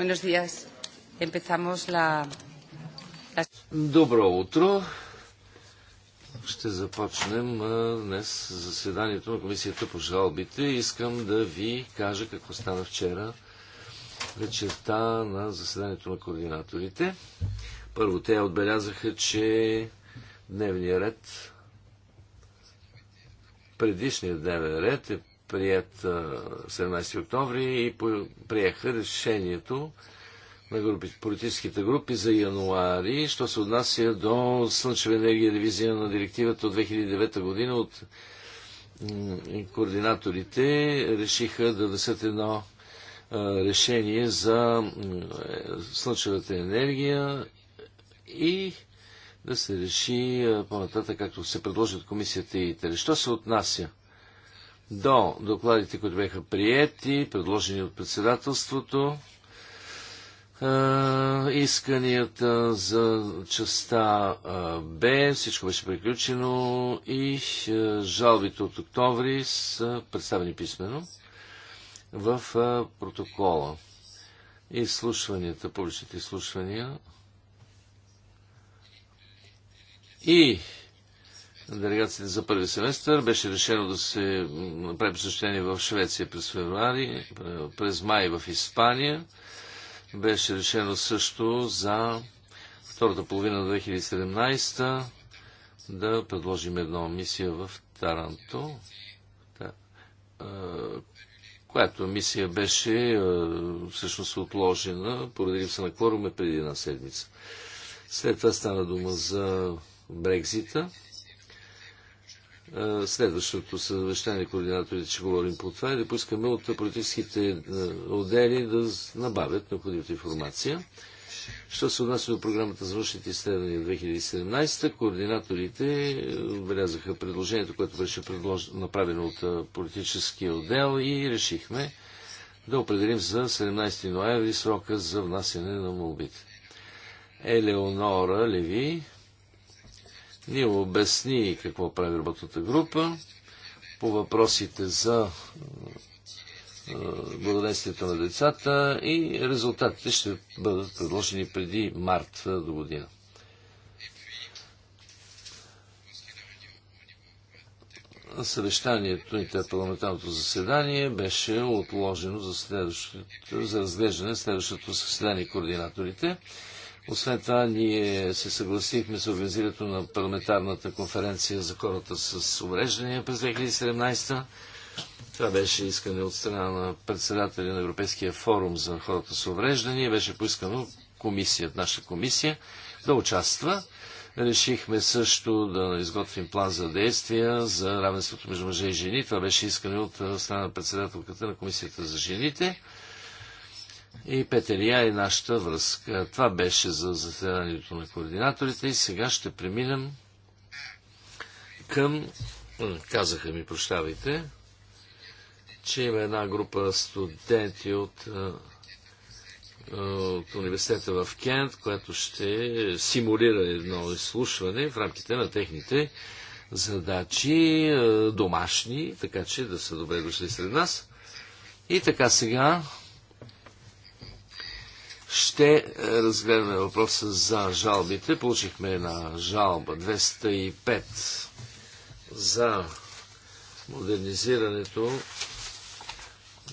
Buenos días. Empezamos la... Добро утро. Ще започнем днес заседанието на Комисията по жалбите. Искам да ви кажа какво стана вчера вечерта на заседанието на координаторите. Първо, те отбелязаха, че дневният ред, предишният дневен ред е прият 17 октомври и приеха решението на групи, политическите групи за януари, що се отнася до слънчева енергия ревизия на директивата от 2009 година от координаторите решиха да дадат едно решение за слънчевата енергия и да се реши по-нататък, както се предложи от комисията и ИТРЕ. Що се отнася до докладите, които бяха приети, предложени от председателството, исканията за частта Б, всичко беше приключено и жалбите от октомври са представени писменно в протокола. Изслушванията, публичните изслушвания и делегациите за първи семестър. Беше решено да се направи посещение в Швеция през февруари, през май в Испания. Беше решено също за втората половина на 2017 да предложим една мисия в Таранто, да, която мисия беше всъщност отложена поради липса на кворума е преди една седмица. След това стана дума за Брекзита следващото съвещание координаторите ще говорим по това и да поискаме от политическите отдели да набавят необходимата информация. Що се отнася до програмата за външните изследвания 2017, координаторите отбелязаха предложението, което беше предлож... направено от политическия отдел и решихме да определим за 17 ноември срока за внасяне на молбите. Елеонора Леви, ни обясни какво прави работната група по въпросите за благоденствието на децата и резултатите ще бъдат предложени преди март до година. Съвещанието и парламентарното заседание беше отложено за, за разглеждане следващото съседание координаторите. Освен това, ние се съгласихме с организирането на парламентарната конференция за хората с увреждания през 2017. Това беше искане от страна на председателя на Европейския форум за хората с увреждания. Беше поискано комисия, наша комисия да участва. Решихме също да изготвим план за действия за равенството между мъже и жени. Това беше искане от страна на председателката на Комисията за жените и Петерия и е нашата връзка. Това беше за заседанието на координаторите и сега ще преминем към, казаха ми, прощавайте, че има една група студенти от, от университета в Кент, която ще симулира едно изслушване в рамките на техните задачи домашни, така че да са добре дошли сред нас. И така сега ще е, разгледаме въпроса за жалбите. Получихме една жалба 205 за модернизирането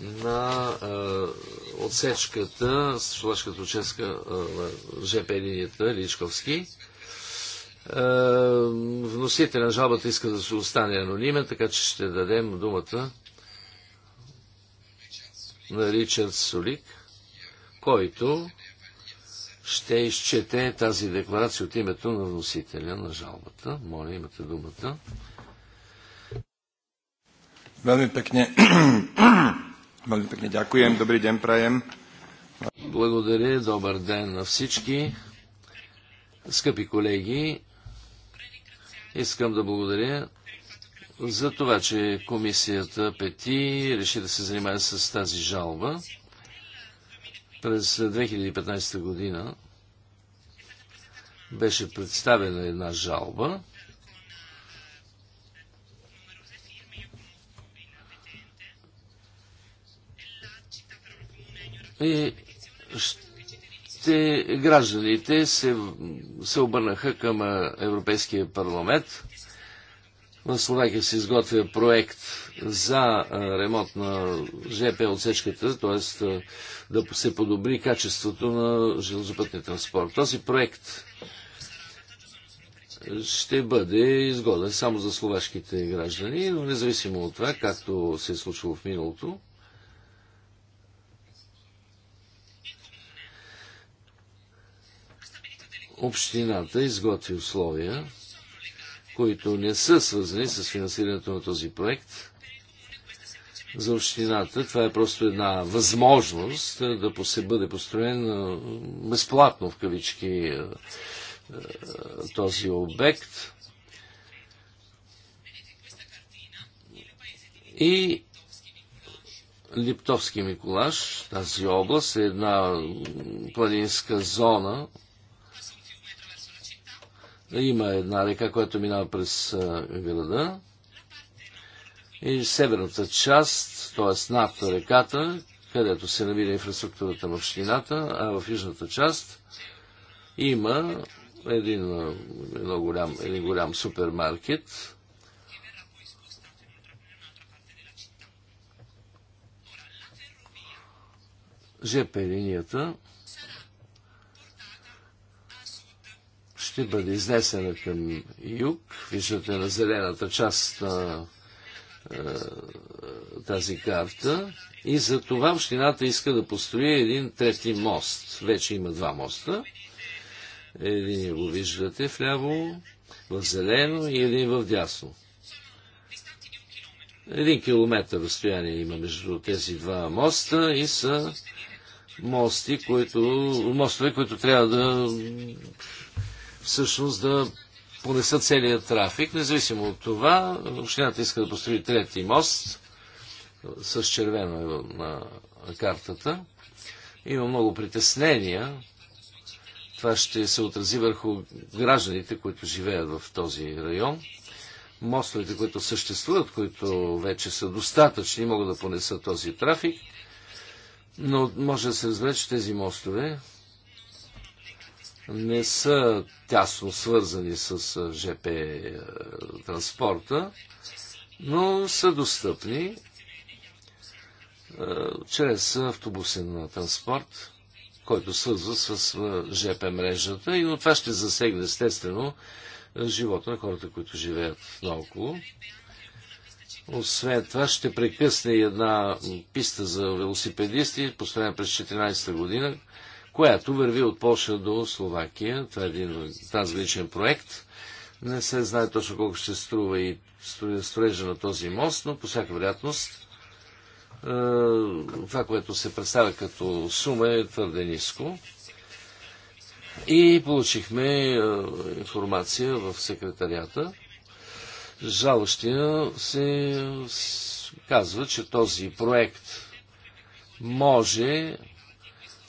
на е, отсечката с Шулашката уческа е, ЖП линията Личковски. Е, вносите на жалбата иска да се остане анонимен, така че ще дадем думата на Ричард Солик който ще изчете тази декларация от името на вносителя на жалбата. Моля, имате думата. Veľmi пекне. veľmi pekne ďakujem, dobrý Благодаря, добър ден на всички. Скъпи колеги, искам да благодаря за това, че комисията Пети реши да се занимава с тази жалба. През 2015 е, година беше представена една жалба, И ще, гражданите се, се обърнаха към е, Европейския парламент в Словакия се изготвя проект за ремонт на ЖП отсечката, т.е. да се подобри качеството на железопътния транспорт. Този проект ще бъде изгоден само за словашките граждани, но независимо от това, както се е случило в миналото, общината изготви условия които не са свързани с финансирането на този проект за общината. Това е просто една възможност да се бъде построен безплатно в кавички този обект. И Липтовски Миколаш, тази област е една планинска зона, има една река, която минава през града и северната част, т.е. над реката, където се намира инфраструктурата на общината, а в южната част има един, едно голям, един голям супермаркет, ЖП линията ще бъде изнесена към юг. Виждате на зелената част на е, тази карта. И за това общината иска да построи един трети мост. Вече има два моста. Един го виждате вляво, в зелено и един в дясно. Един километър разстояние има между тези два моста и са мости, които, мостове, които трябва да всъщност да понесат целият трафик. Независимо от това, общината иска да построи трети мост с червено е на картата. Има много притеснения. Това ще се отрази върху гражданите, които живеят в този район. Мостовете, които съществуват, които вече са достатъчни, могат да понесат този трафик. Но може да се разбере, че тези мостове не са тясно свързани с ЖП транспорта, но са достъпни чрез автобусен транспорт, който свързва с ЖП мрежата и от това ще засегне естествено живота на хората, които живеят наоколо. Освен това ще прекъсне една писта за велосипедисти, построена през 14-та година, която върви от Польша до Словакия. Това е един трансграничен проект. Не се знае точно колко ще струва и строежа на този мост, но по всяка вероятност е, това, което се представя като сума е твърде ниско. И получихме е, информация в секретарията. Жалощия се казва, че този проект може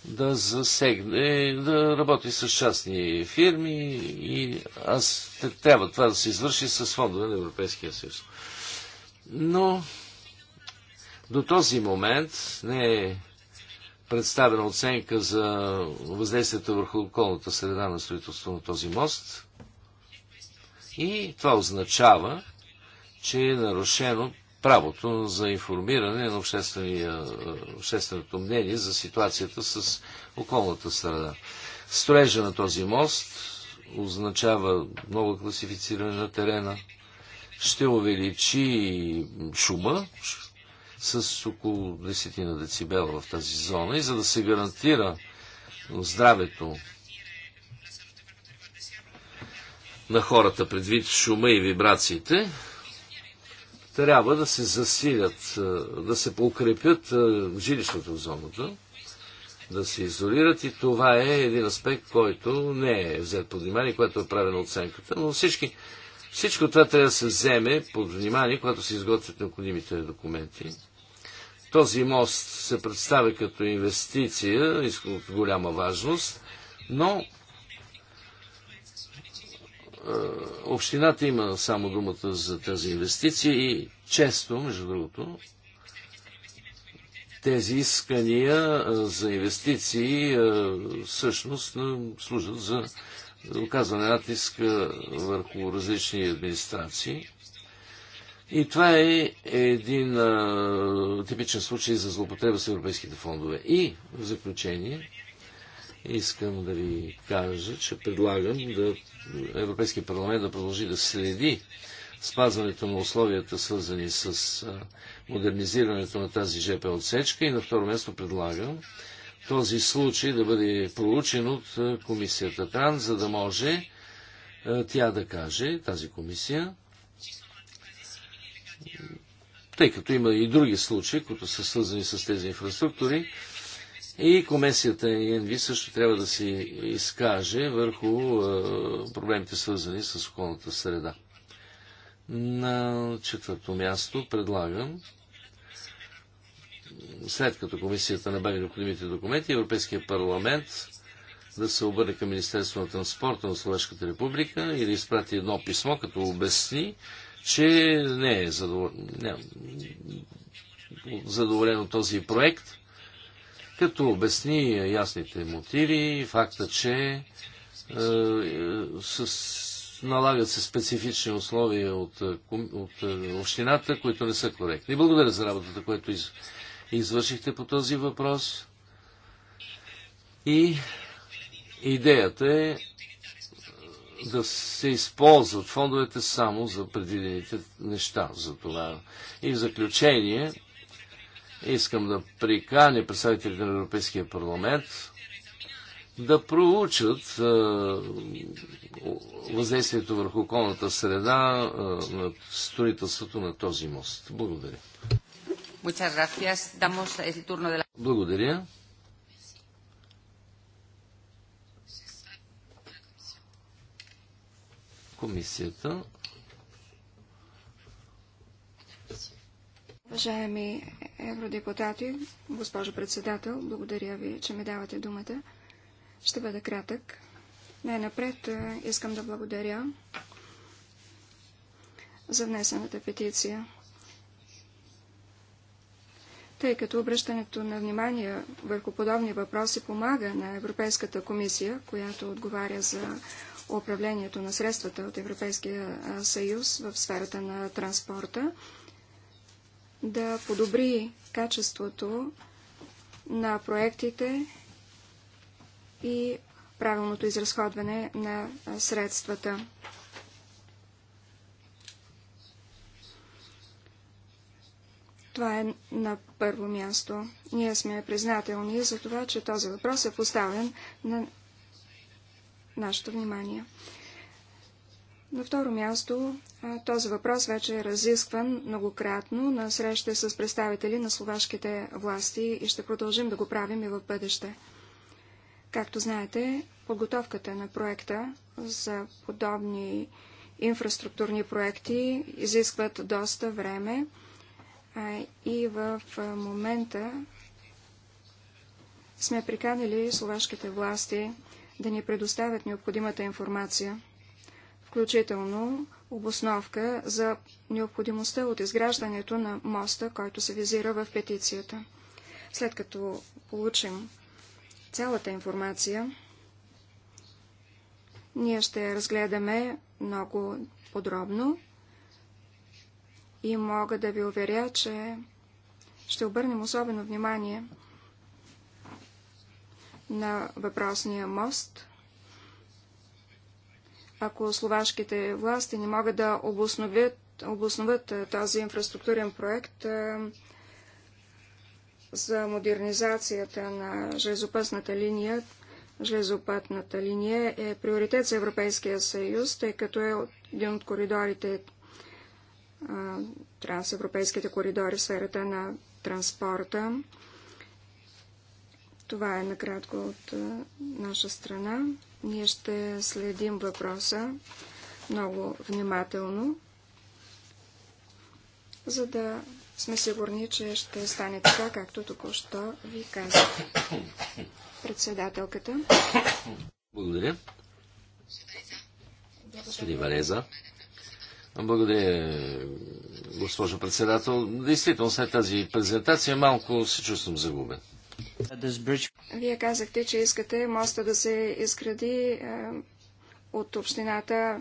да засегне, да работи с частни фирми и аз трябва това да се извърши с фондове на Европейския съюз. Но до този момент не е представена оценка за въздействието върху околната среда на строителство на този мост. И това означава, че е нарушено правото за информиране на общественото мнение за ситуацията с околната среда. Строежа на този мост означава много класифициране на терена, ще увеличи шума с около 10 децибела в тази зона и за да се гарантира здравето на хората предвид шума и вибрациите, трябва да се засилят, е, да се покрепят е, жилищата в зоната, да се изолират и това е един аспект, който не е взет под внимание, което е правена оценката, но всички, всичко това трябва да се вземе под внимание, когато се изготвят необходимите документи. Този мост се представя като инвестиция, от голяма важност, но е, общината има само думата за тази инвестиция и често, между другото, тези искания е, за инвестиции е, всъщност служат за оказване натиск върху различни администрации. И това е един а, типичен случай за злопотреба с европейските фондове. И в заключение искам да ви кажа, че предлагам да Европейския парламент да продължи да следи спазването на условията, свързани с модернизирането на тази ЖП отсечка и на второ място предлагам този случай да бъде проучен от комисията Тран, за да може тя да каже, тази комисия, тъй като има и други случаи, които са свързани с тези инфраструктури, и комисията и ЕНВИ също трябва да се изкаже върху е, проблемите свързани с околната среда. На четвърто място предлагам след като комисията набави необходимите документи, Европейския парламент да се обърне към Министерството на транспорта на Словешката република и да изпрати едно писмо, като обясни, че не е задоволен, не, задоволен от този проект като обясни ясните мотиви, факта, че е, с, налагат се специфични условия от, е, от е, общината, които не са коректни. Благодаря за работата, която из, извършихте по този въпрос. И идеята е, е да се използват фондовете само за предвидените неща за това. И в заключение, Искам да приканя представителите на Европейския парламент да проучат е, въздействието върху околната среда е, на строителството на този мост. Благодаря. Благодаря. Комисията. Уважаеми евродепутати, госпожо председател, благодаря ви, че ми давате думата. Ще бъда кратък. Най-напред е, искам да благодаря за внесената петиция. Тъй като обръщането на внимание върху подобни въпроси помага на Европейската комисия, която отговаря за управлението на средствата от Европейския съюз в сферата на транспорта, да подобри качеството на проектите и правилното изразходване на средствата. Това е на първо място. Ние сме признателни за това, че този въпрос е поставен на нашето внимание. На второ място, този въпрос вече е разискван многократно на среща с представители на словашките власти и ще продължим да го правим и в бъдеще. Както знаете, подготовката на проекта за подобни инфраструктурни проекти изискват доста време и в момента сме приканили словашките власти да ни предоставят необходимата информация включително обосновка за необходимостта от изграждането на моста, който се визира в петицията. След като получим цялата информация, ние ще разгледаме много подробно и мога да ви уверя, че ще обърнем особено внимание на въпросния мост ако словашките власти не могат да обосновят, обосноват е, този инфраструктурен проект е, за модернизацията на железопътната линия, железопътната линия е приоритет за Европейския съюз, тъй като е един от коридорите, е, трансевропейските коридори в сферата на транспорта. Това е накратко от наша страна. Ние ще следим въпроса много внимателно, за да сме сигурни, че ще стане така, както току-що ви казах. Председателката. Благодаря. Господин Вареза. Благодаря, госпожо председател. Действително, след тази презентация малко се чувствам загубен. Вие казахте, че искате моста да се изгради е, от общината. Е,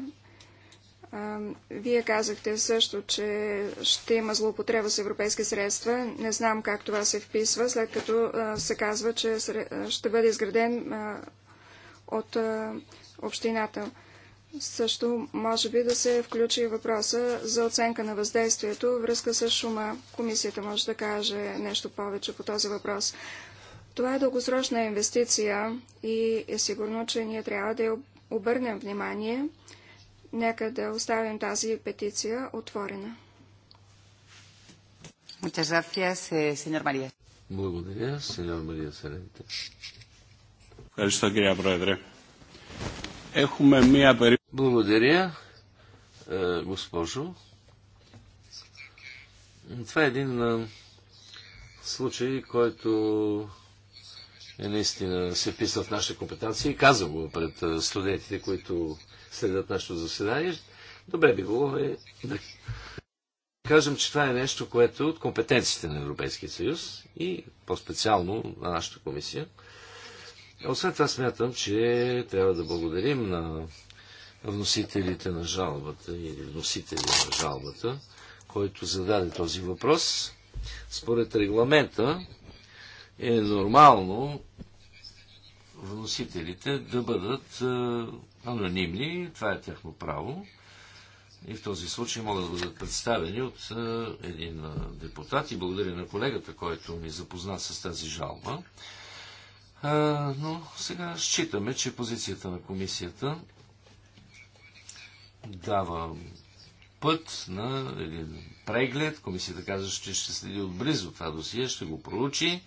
вие казахте също, че ще има злоупотреба с европейски средства. Не знам как това се вписва, след като е, се казва, че ще бъде изграден от общината. Също може би да се включи въпроса за оценка на въздействието, връзка с шума. Комисията може да каже нещо повече по този въпрос. Това е дългосрочна инвестиция и е сигурно, че ние трябва да я обърнем внимание. Нека да оставим тази петиция отворена. Eh, Благодаря, сеньор Мария Сарента. Благодаря, е, госпожо. Това е един е, случай, който наистина се вписва в нашите компетенции. Казвам го пред студентите, които следят нашето заседание. Добре би било е да кажем, че това е нещо, което от компетенциите на Европейския съюз и по-специално на нашата комисия. Освен това смятам, че трябва да благодарим на вносителите на жалбата или вносители на жалбата, който зададе този въпрос. Според регламента е нормално вносителите да бъдат е, анонимни, това е тяхно право. И в този случай могат да бъдат представени от е, един е, депутат и благодаря на колегата, който ми запозна с тази жалба. Но сега считаме, че позицията на комисията дава път на един преглед. Комисията каза, че ще следи отблизо това досие, ще го проучи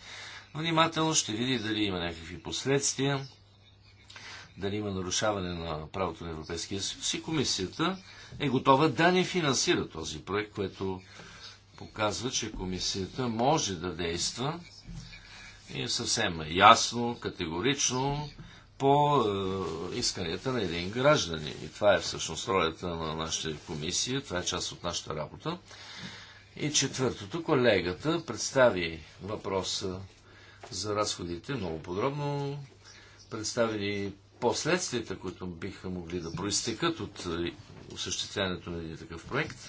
внимателно, ще види дали има някакви последствия, дали има нарушаване на правото на Европейския съюз и комисията е готова да не финансира този проект, което показва, че комисията може да действа и е съвсем ясно, категорично по е, исканията на един гражданин. И това е всъщност ролята на нашата комисия, това е част от нашата работа. И четвъртото, колегата представи въпроса за разходите, много подробно представени последствията, които биха могли да проистекат от е, осъществяването на един такъв проект,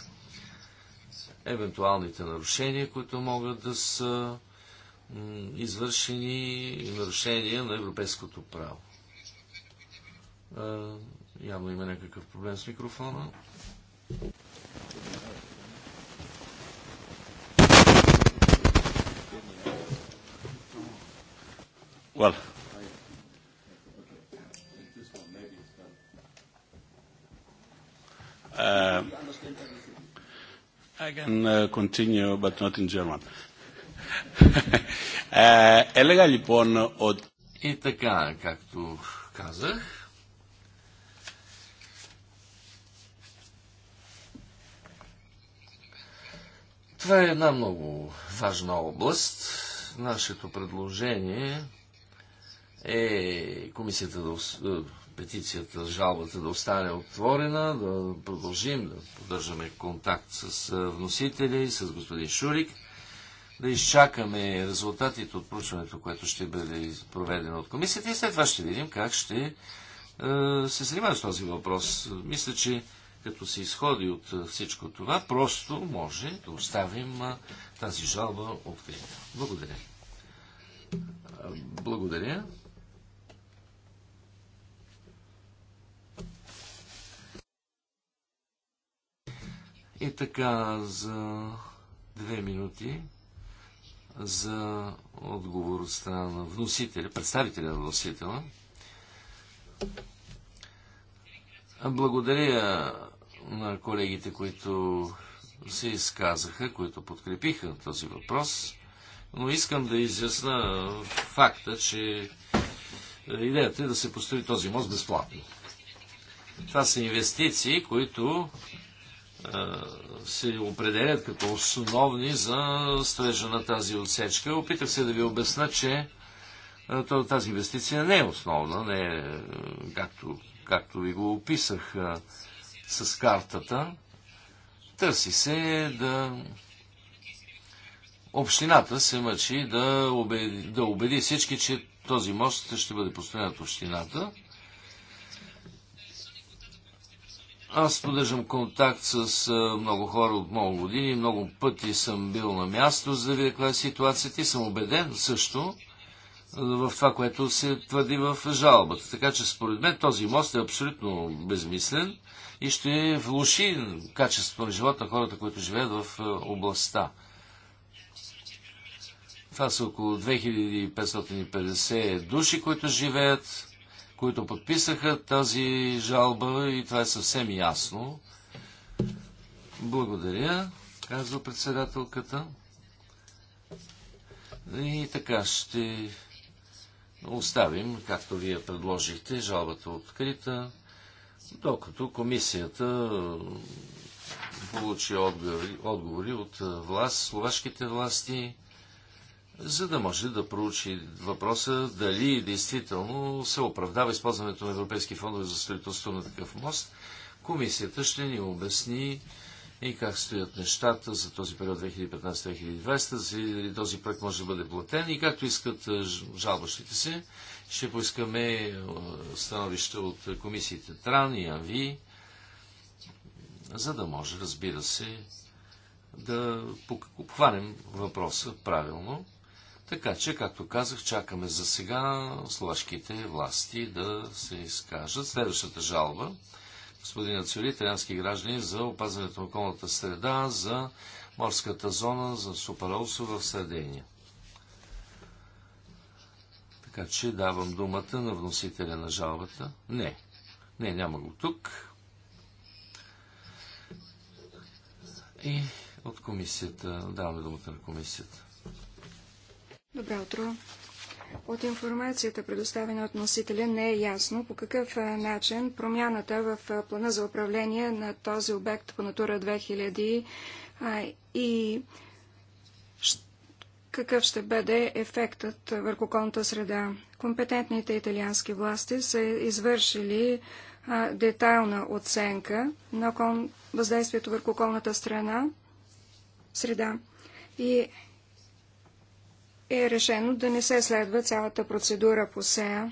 евентуалните нарушения, които могат да са извършени нарушения на европейското право. Е, явно има някакъв проблем с микрофона. Well, uh, I can uh, continue, but not in German. uh, έλεγα λοιπόν ότι... И така, както казах, това е една много важна област. Нашето предложение е е комисията да, е, петицията, жалбата да остане отворена, да продължим да поддържаме контакт с е, вносители, с господин Шурик, да изчакаме резултатите от проучването, което ще бъде проведено от комисията и след това ще видим как ще е, се занимава с този въпрос. Мисля, че като се изходи от всичко това, просто може да оставим тази жалба открита. Благодаря. Благодаря. И така, за две минути за отговор от страна на вносителя, представителя на вносителя. Благодаря на колегите, които се изказаха, които подкрепиха този въпрос, но искам да изясна факта, че е, идеята е да се построи този мост безплатно. Това са инвестиции, които е, се определят като основни за строежа на тази отсечка. Опитах се да ви обясна, че е, тази инвестиция не е основна, не е, както, както ви го описах е, с картата. Търси се да общината се мъчи да убеди, да убеди всички, че този мост ще бъде построен от общината. Аз поддържам контакт с много хора от много години, много пъти съм бил на място, за да видя каква е ситуацията и съм убеден също в това, което се твърди в жалбата. Така че според мен този мост е абсолютно безмислен и ще влуши качеството на живота на хората, които живеят в областта. Това са около 2550 души, които живеят които подписаха тази жалба и това е съвсем ясно. Благодаря, казва председателката. И така ще оставим, както вие предложихте, жалбата открита, докато комисията получи отговори, отговори от власт, словашките власти за да може да проучи въпроса дали действително се оправдава използването на европейски фондове за строителство на такъв мост. Комисията ще ни обясни и как стоят нещата за този период 2015-2020, дали този проект може да бъде платен и както искат е, жалбащите се. Ще поискаме е, становище от комисиите Тран и АВИ, за да може, разбира се, да обхванем въпроса правилно. Така че, както казах, чакаме за сега словашките власти да се изкажат. Следващата жалба. Господин Ацюри, италиански граждани за опазването на околната среда, за морската зона, за Супаролсо в Сардения. Така че давам думата на вносителя на жалбата. Не. Не, няма го тук. И от комисията. Даваме думата на комисията. Добро утро. От информацията, предоставена от носителя, не е ясно по какъв начин промяната в плана за управление на този обект по Натура 2000 и какъв ще бъде ефектът върху околната среда. Компетентните италиански власти са извършили детайлна оценка на въздействието върху околната страна, среда и е решено да не се следва цялата процедура по СЕА,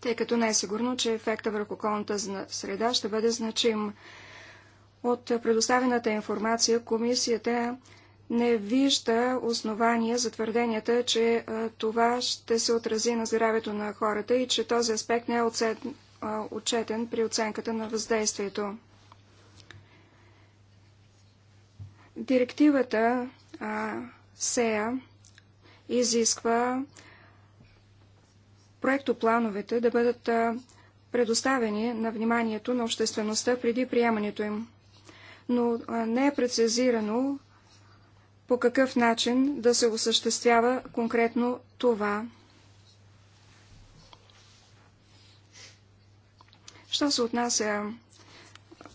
тъй като не е сигурно, че ефекта върху околната среда ще бъде значим. От предоставената информация комисията не вижда основания за твърденията, че това ще се отрази на здравето на хората и че този аспект не е отчетен при оценката на въздействието. Директивата СЕА изисква проектоплановете да бъдат предоставени на вниманието на обществеността преди приемането им. Но не е прецизирано по какъв начин да се осъществява конкретно това. Що се отнася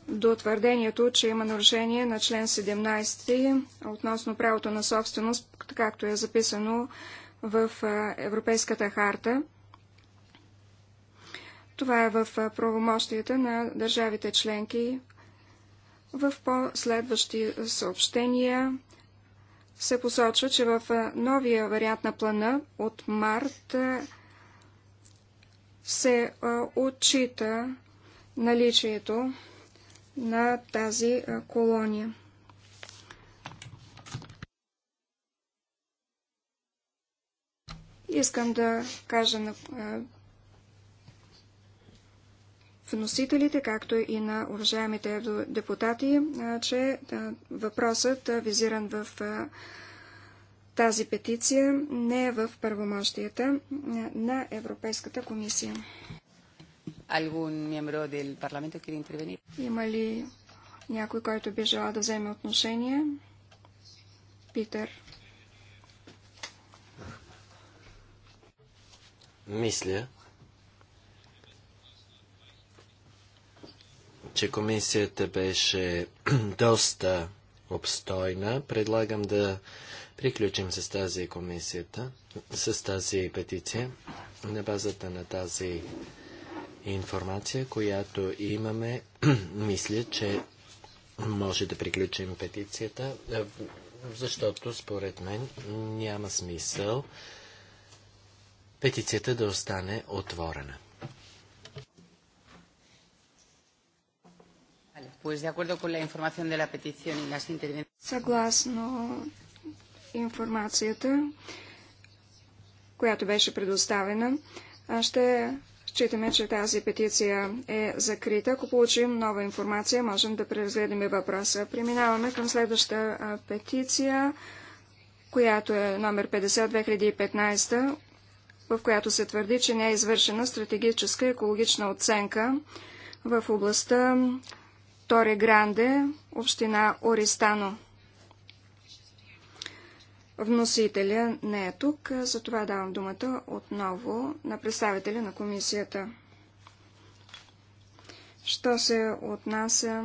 до твърдението, че има нарушение на член 17 относно правото на собственост, както е записано в Европейската харта. Това е в правомощията на държавите членки. В последващи съобщения се посочва, че в новия вариант на плана от март се отчита наличието на тази колония. Искам да кажа на вносителите, както и на уважаемите депутати, че въпросът, визиран в тази петиция, не е в първомощията на Европейската комисия algún miembro del Parlamento quiere intervenir? Има ли някой, който би да вземе отношение? Питер. Мисля, че комисията беше доста обстойна. Предлагам да приключим с тази комисията, с тази петиция. На базата на тази информация, която имаме. Мисля, че може да приключим петицията, е, защото според мен няма смисъл петицията да остане отворена. Съгласно информацията, която беше предоставена, ще Считаме, че тази петиция е закрита. Ако получим нова информация, можем да преразгледаме въпроса. Преминаваме към следващата петиция, която е номер 50-2015, в която се твърди, че не е извършена стратегическа екологична оценка в областта Торе Гранде, община Ористано. Вносителя не е тук, затова давам думата отново на представителя на комисията. Що се отнася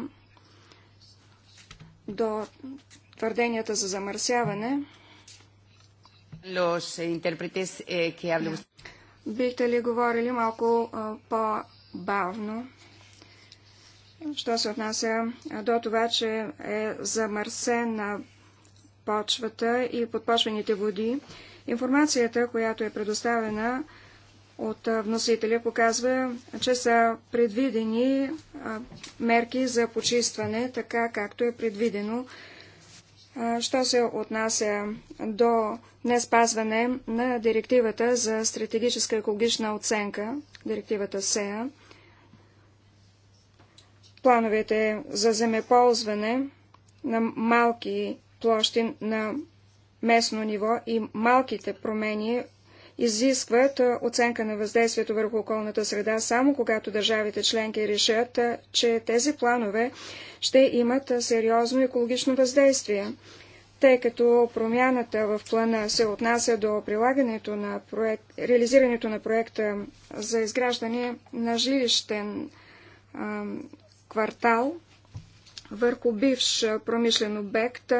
до твърденията за замърсяване, eh, бихте ли говорили малко по-бавно? Що се отнася до това, че е замърсена почвата и подпочвените води. Информацията, която е предоставена от вносителя, показва, че са предвидени мерки за почистване, така както е предвидено. Що се отнася до неспазване на директивата за стратегическа екологична оценка, директивата СЕА, плановете за земеползване на малки площи на местно ниво и малките промени изискват оценка на въздействието върху околната среда само когато държавите членки решат, че тези планове ще имат сериозно екологично въздействие. Тъй като промяната в плана се отнася до прилагането на проект, реализирането на проекта за изграждане на жилищен квартал върху бивш промишлен обект,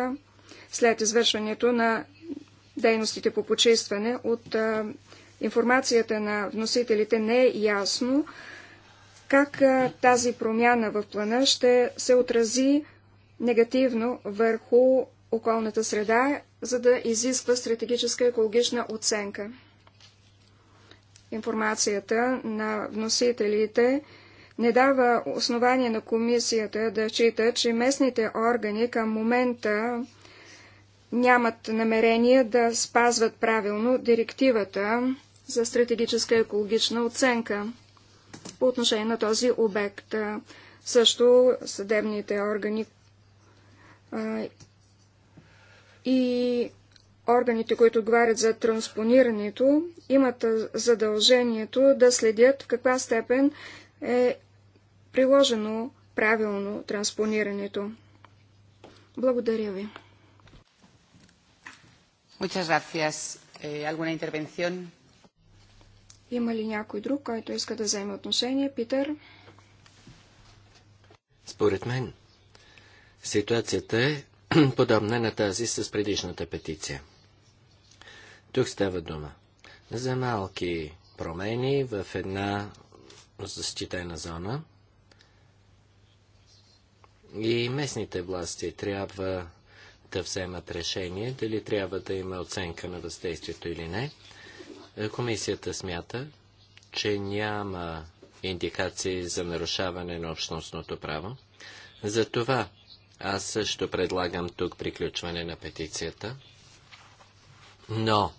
след извършването на дейностите по почистване. От а, информацията на вносителите не е ясно как а, тази промяна в плана ще се отрази негативно върху околната среда, за да изисква стратегическа екологична оценка. Информацията на вносителите не дава основание на комисията да чита, че местните органи към момента нямат намерение да спазват правилно директивата за стратегическа екологична оценка по отношение на този обект. Също съдебните органи а, и органите, които отговарят за транспонирането, имат задължението да следят в каква степен е приложено правилно транспонирането. Благодаря ви. Muchas gracias. Eh, ¿Alguna intervención? Има ли някой друг, който иска да вземе отношение? Питер? Според мен, ситуацията е подобна на тази с предишната петиция. Тук става дума за малки промени в една защитена зона. И местните власти трябва да вземат решение дали трябва да има оценка на въздействието или не. Е, комисията смята, че няма индикации за нарушаване на общностното право. Затова аз също предлагам тук приключване на петицията. Но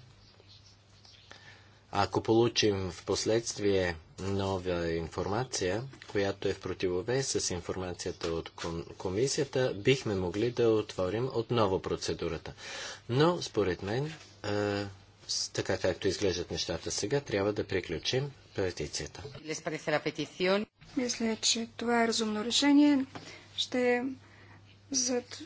ако получим в последствие нова информация, която е в противовес с информацията от комисията, бихме могли да отворим отново процедурата. Но, според мен, е, така както изглеждат нещата сега, трябва да приключим петицията. Мисля, че това е разумно решение. Ще зад...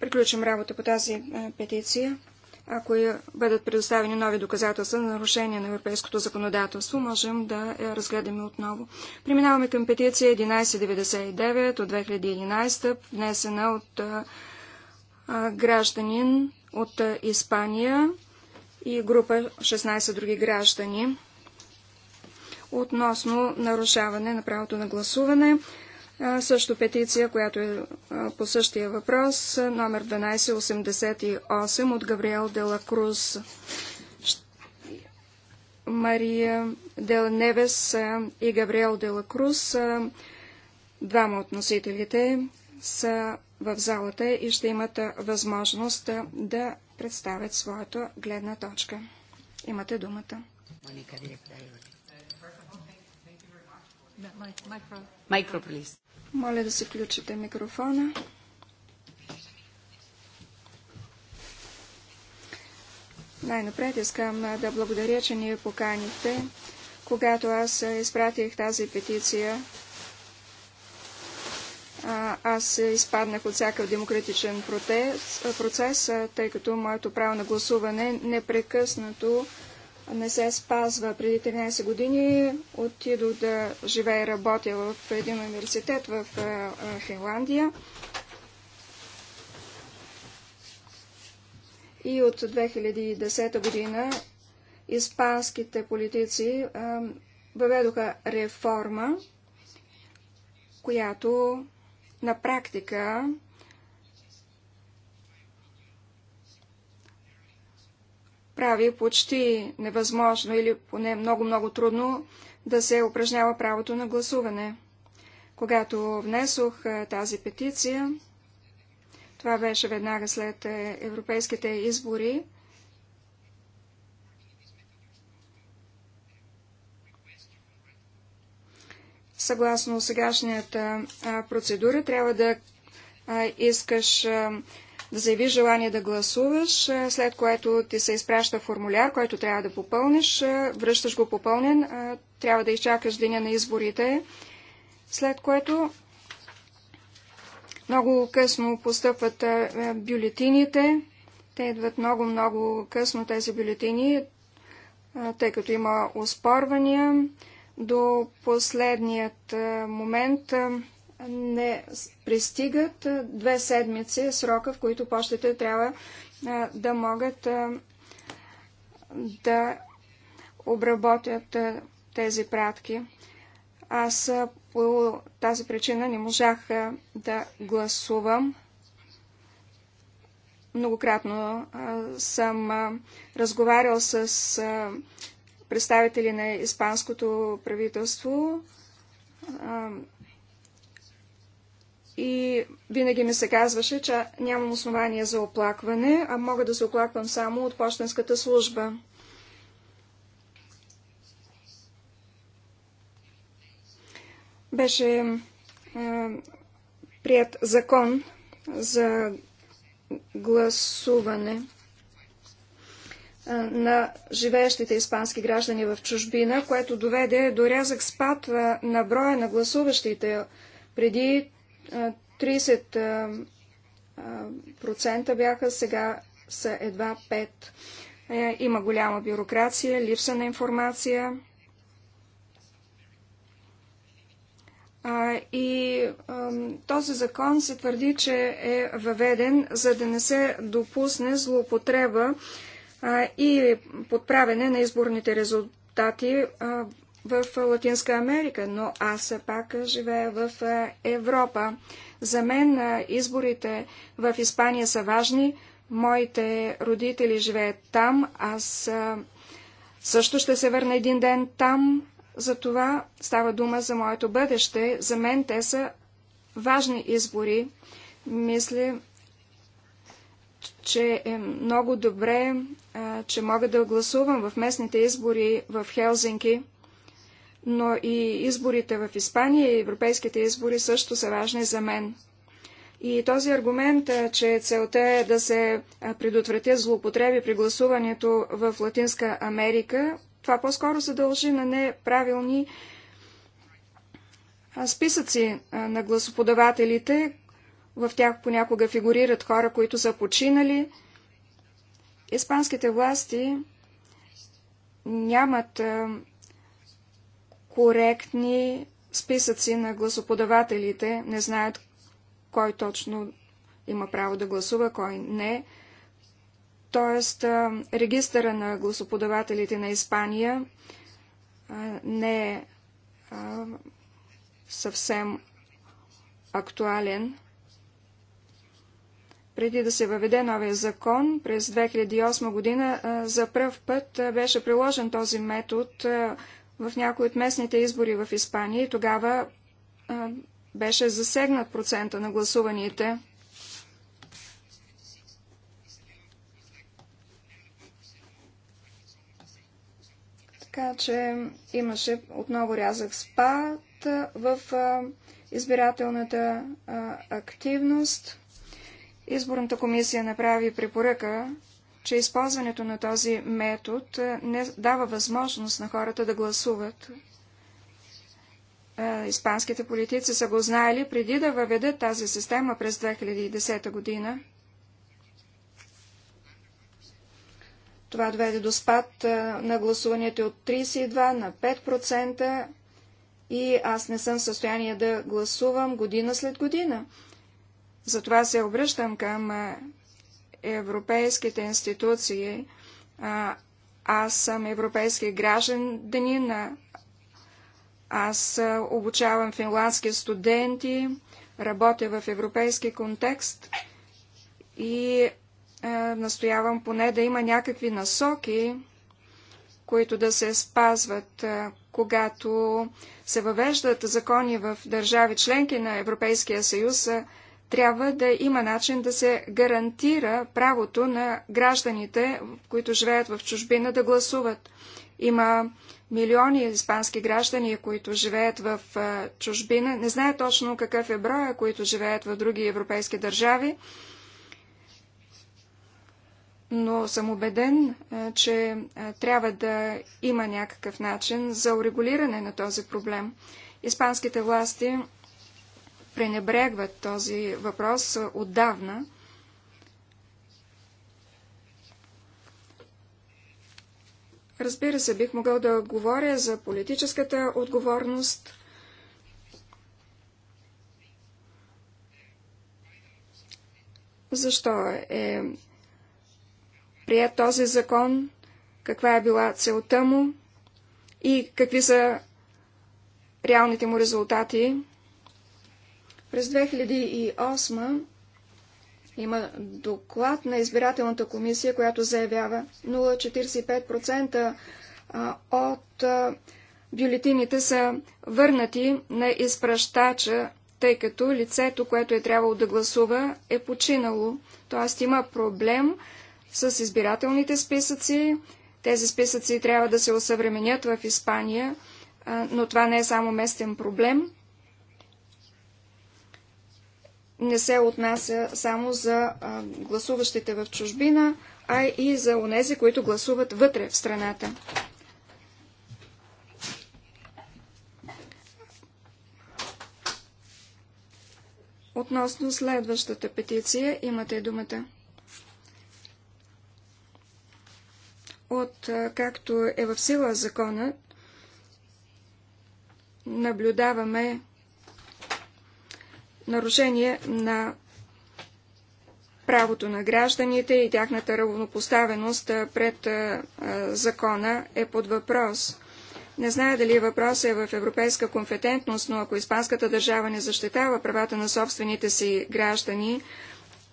приключим работа по тази петиция ако е- бъдат предоставени нови доказателства на нарушение на европейското законодателство, можем да я разгледаме отново. Преминаваме към петиция 1199 от 2011, внесена от гражданин от Испания и група 16 други граждани относно нарушаване на правото на гласуване също петиция, която е по същия въпрос, номер 1288 от Габриел Дела Круз. Мария Дел Невес и Габриел Дела Круз, двама от носителите, са в залата и ще имат възможност да представят своята гледна точка. Имате думата. Е, Micro, please. Моля да се включите микрофона. Най-напред искам да благодаря, че ни поканихте. Когато аз изпратих тази петиция, аз изпаднах от всякакъв демократичен процес, тъй като моето право на гласуване непрекъснато не се спазва. Преди 13 години отидох да живея и работя в един университет в Финландия. И от 2010 година испанските политици въведоха реформа, която на практика прави почти невъзможно или поне много-много трудно да се упражнява правото на гласуване. Когато внесох тази петиция, това беше веднага след европейските избори, съгласно сегашната процедура, трябва да искаш да заявиш желание да гласуваш, е, след което ти се изпраща формуляр, който трябва да попълниш, е, връщаш го попълнен, е, трябва да изчакаш деня на изборите, след което много късно постъпват бюлетините. Те идват много-много късно тези бюлетини, тъй като има оспорвания. До последният момент не пристигат две седмици е срока, в които почтите трябва да могат да обработят тези пратки. Аз по тази причина не можах да гласувам. Многократно съм разговарял с представители на испанското правителство и винаги ми се казваше, че нямам основание за оплакване, а мога да се оплаквам само от почтенската служба. Беше е, прият закон за гласуване е, на живеещите испански граждани в чужбина, което доведе до рязък спад е, на броя на гласуващите. Преди 30 бяха, сега са едва 5. Е, има голяма бюрокрация, липса на информация и този закон се твърди, че е въведен, за да не се допусне злоупотреба и подправене на изборните резултати в Латинска Америка, но аз пак живея в Европа. За мен изборите в Испания са важни. Моите родители живеят там. Аз също ще се върна един ден там. За това става дума за моето бъдеще. За мен те са важни избори. Мисля, че е много добре, че мога да гласувам в местните избори в Хелзинки но и изборите в Испания и европейските избори също са важни за мен. И този аргумент, че целта е да се предотвратят злоупотреби при гласуването в Латинска Америка, това по-скоро се дължи на неправилни списъци на гласоподавателите. В тях понякога фигурират хора, които са починали. Испанските власти нямат коректни списъци на гласоподавателите, не знаят кой точно има право да гласува, кой не. Тоест, регистъра на гласоподавателите на Испания не е съвсем актуален. Преди да се въведе новия закон, през 2008 година за пръв път беше приложен този метод в някои от местните избори в Испания и тогава а, беше засегнат процента на гласуваните. Така че имаше отново рязък спад в а, избирателната а, активност. Изборната комисия направи препоръка че използването на този метод е, не дава възможност на хората да гласуват. Е, испанските политици са го знаели преди да въведат тази система през 2010 година. Това доведе до спад е, на гласуването от 32 на 5% и аз не съм в състояние да гласувам година след година. Затова се обръщам към европейските институции. Аз съм европейски гражданин, аз обучавам финландски студенти, работя в европейски контекст и настоявам поне да има някакви насоки, които да се спазват, когато се въвеждат закони в държави членки на Европейския съюз, трябва да има начин да се гарантира правото на гражданите, които живеят в чужбина, да гласуват. Има милиони испански граждани, които живеят в чужбина. Не знае точно какъв е броя, които живеят в други европейски държави, но съм убеден, че трябва да има някакъв начин за урегулиране на този проблем. Испанските власти пренебрегват този въпрос отдавна. Разбира се, бих могъл да говоря за политическата отговорност. Защо е прият този закон? Каква е била целта му? И какви са реалните му резултати? През 2008 има доклад на избирателната комисия, която заявява 0,45% от бюлетините са върнати на изпращача, тъй като лицето, което е трябвало да гласува, е починало. Тоест има проблем с избирателните списъци. Тези списъци трябва да се осъвременят в Испания, но това не е само местен проблем не се отнася само за гласуващите в чужбина, а и за онези, които гласуват вътре в страната. Относно следващата петиция, имате думата. От както е в сила закона наблюдаваме нарушение на правото на гражданите и тяхната равнопоставеност пред закона е под въпрос. Не зная дали въпросът е в европейска компетентност, но ако испанската държава не защитава правата на собствените си граждани,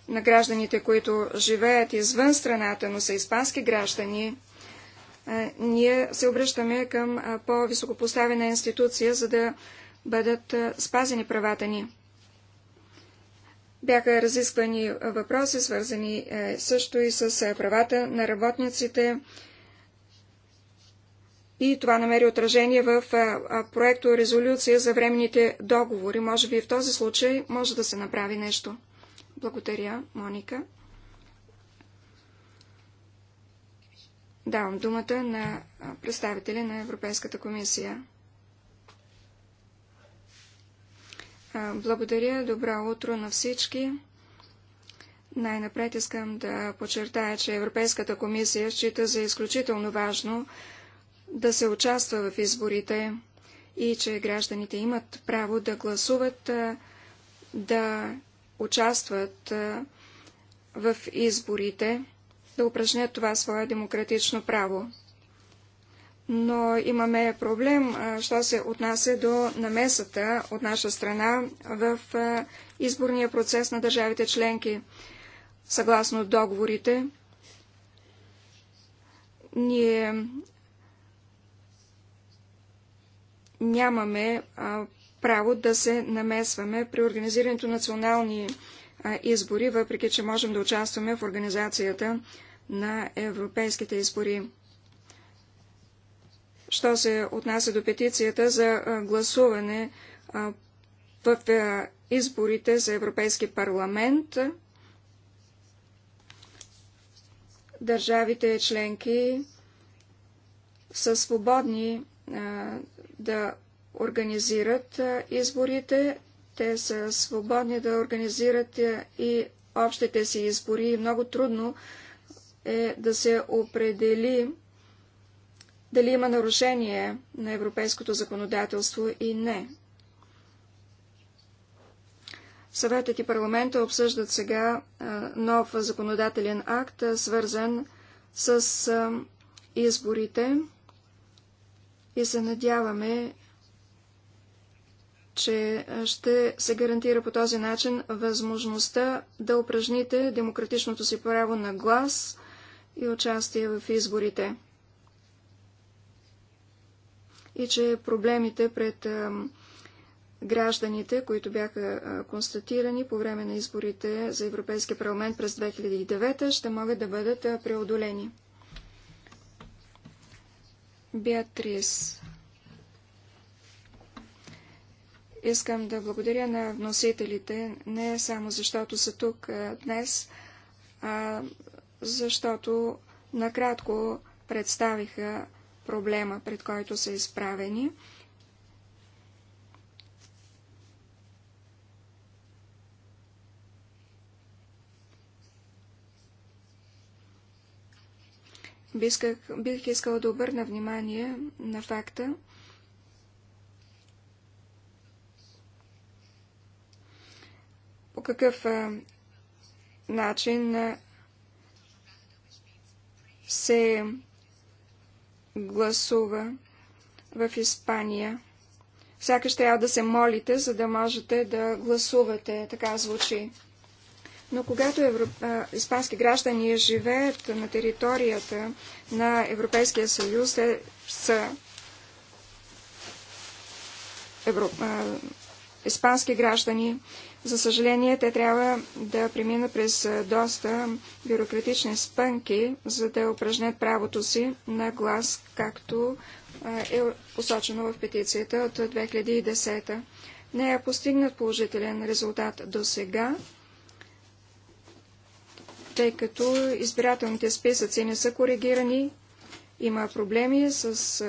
на гражданите, които живеят извън страната, но са испански граждани, ние се обръщаме към по-високопоставена институция, за да бъдат спазени правата ни. Бяха разисквани въпроси, свързани е, също и с е, правата на работниците. И това намери отражение в е, проекто резолюция за временните договори. Може би в този случай може да се направи нещо. Благодаря, Моника. Давам думата на представители на Европейската комисия. Благодаря, добро утро на всички. Най-напред искам да подчертая, че Европейската комисия счита за изключително важно да се участва в изборите и че гражданите имат право да гласуват, да участват в изборите, да упражнят това свое демократично право но имаме проблем, що се отнася до намесата от наша страна в изборния процес на държавите членки. Съгласно договорите, ние нямаме право да се намесваме при организирането на национални избори, въпреки че можем да участваме в организацията на европейските избори що се отнася до петицията за гласуване в изборите за Европейски парламент. Държавите членки са свободни да организират изборите. Те са свободни да организират и общите си избори. Много трудно е да се определи дали има нарушение на европейското законодателство и не. Съветът и парламента обсъждат сега нов законодателен акт, свързан с изборите и се надяваме, че ще се гарантира по този начин възможността да упражните демократичното си право на глас и участие в изборите и че проблемите пред гражданите, които бяха констатирани по време на изборите за Европейския парламент през 2009, ще могат да бъдат преодолени. Беатрис. Искам да благодаря на вносителите, не само защото са тук днес, а защото накратко представиха проблема, пред който са изправени. бих искал да обърна внимание на факта, по какъв начин се гласува в Испания. Сякаш трябва да се молите, за да можете да гласувате, така звучи. Но когато евро... испански граждани живеят на територията на Европейския съюз, те са Евро... испански граждани за съжаление, те трябва да преминат през доста бюрократични спънки, за да упражнят правото си на глас, както е посочено в петицията от 2010. Не е постигнат положителен резултат до сега, тъй като избирателните списъци не са коригирани, има проблеми с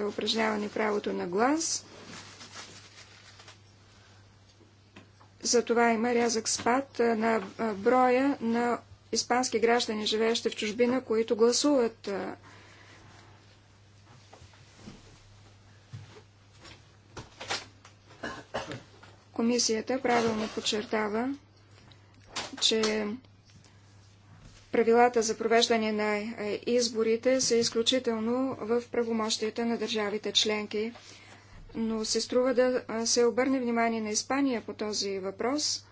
упражняване правото на глас – Затова има рязък спад на броя на испански граждани, живеещи в чужбина, които гласуват. Комисията правилно подчертава, че правилата за провеждане на изборите са изключително в правомощията на държавите членки но се струва да се обърне внимание на Испания по този въпрос.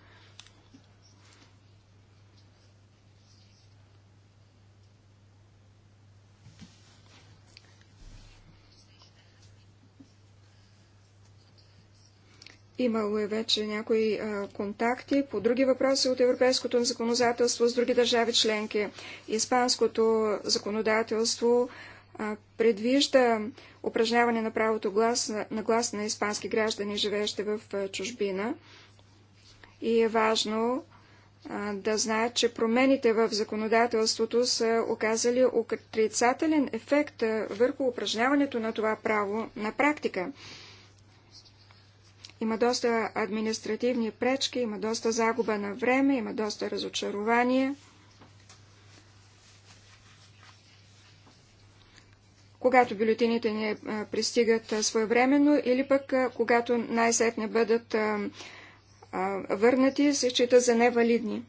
Имало е вече някои а, контакти по други въпроси от европейското законодателство с други държави членки. Испанското законодателство предвижда упражняване на правото глас, на глас на испански граждани, живеещи в чужбина. И е важно да знаят, че промените в законодателството са оказали отрицателен ефект върху упражняването на това право на практика. Има доста административни пречки, има доста загуба на време, има доста разочарование – когато бюлетините не е, пристигат своевременно или пък когато най-сетне бъдат върнати, се счита за невалидни.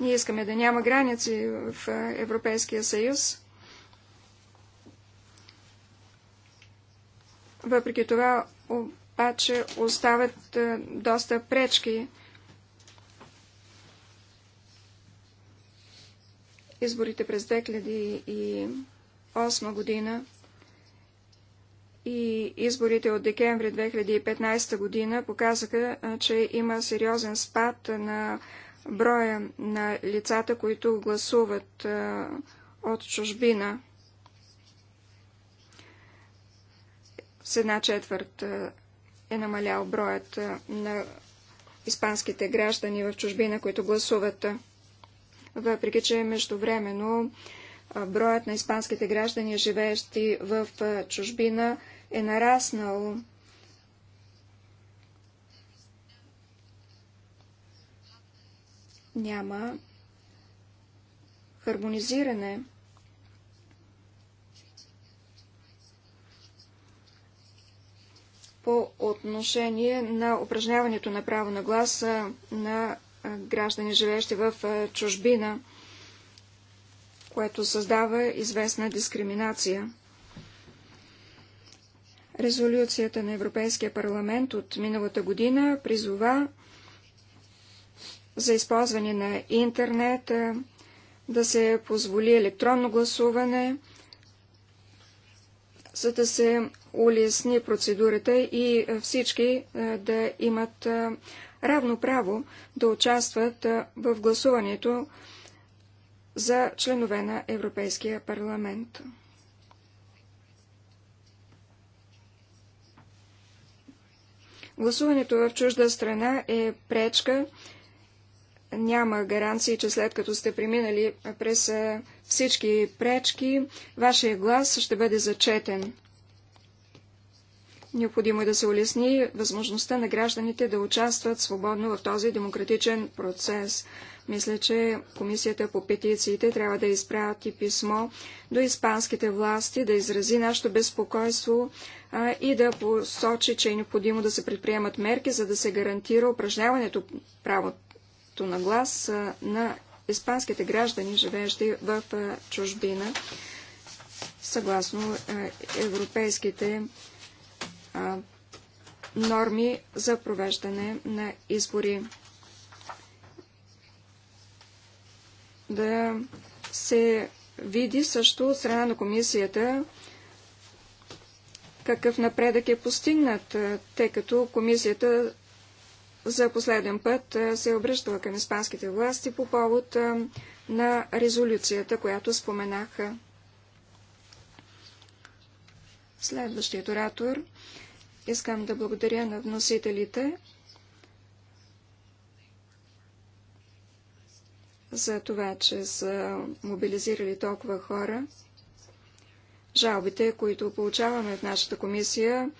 Ние искаме да няма граници в Европейския съюз. Въпреки това обаче остават доста пречки изборите през 2008 година и изборите от декември 2015 година показаха, че има сериозен спад на броя на лицата, които гласуват от чужбина. С една четвърт е намалял броят на испанските граждани в чужбина, които гласуват въпреки че междувременно броят на испанските граждани, живеещи в чужбина, е нараснал. Няма хармонизиране. по отношение на упражняването на право на гласа на граждани, живеещи в чужбина, което създава известна дискриминация. Резолюцията на Европейския парламент от миналата година призова за използване на интернет, да се позволи електронно гласуване, за да се улесни процедурата и всички да имат равно право да участват в гласуването за членове на Европейския парламент. Гласуването в чужда страна е пречка. Няма гаранции, че след като сте преминали през всички пречки, вашия глас ще бъде зачетен. Необходимо е да се улесни възможността на гражданите да участват свободно в този демократичен процес. Мисля, че Комисията по петициите трябва да изпрати писмо до испанските власти, да изрази нашето безпокойство а, и да посочи, че е необходимо да се предприемат мерки, за да се гарантира упражняването правото на глас а, на испанските граждани, живеещи в а, чужбина, съгласно европейските норми за провеждане на избори. Да се види също от страна на комисията какъв напредък е постигнат, тъй като комисията за последен път се е обръщала към испанските власти по повод на резолюцията, която споменаха. Следващият оратор Искам да благодаря на вносителите за това, че са мобилизирали толкова хора. Жалбите, които получаваме в нашата комисия,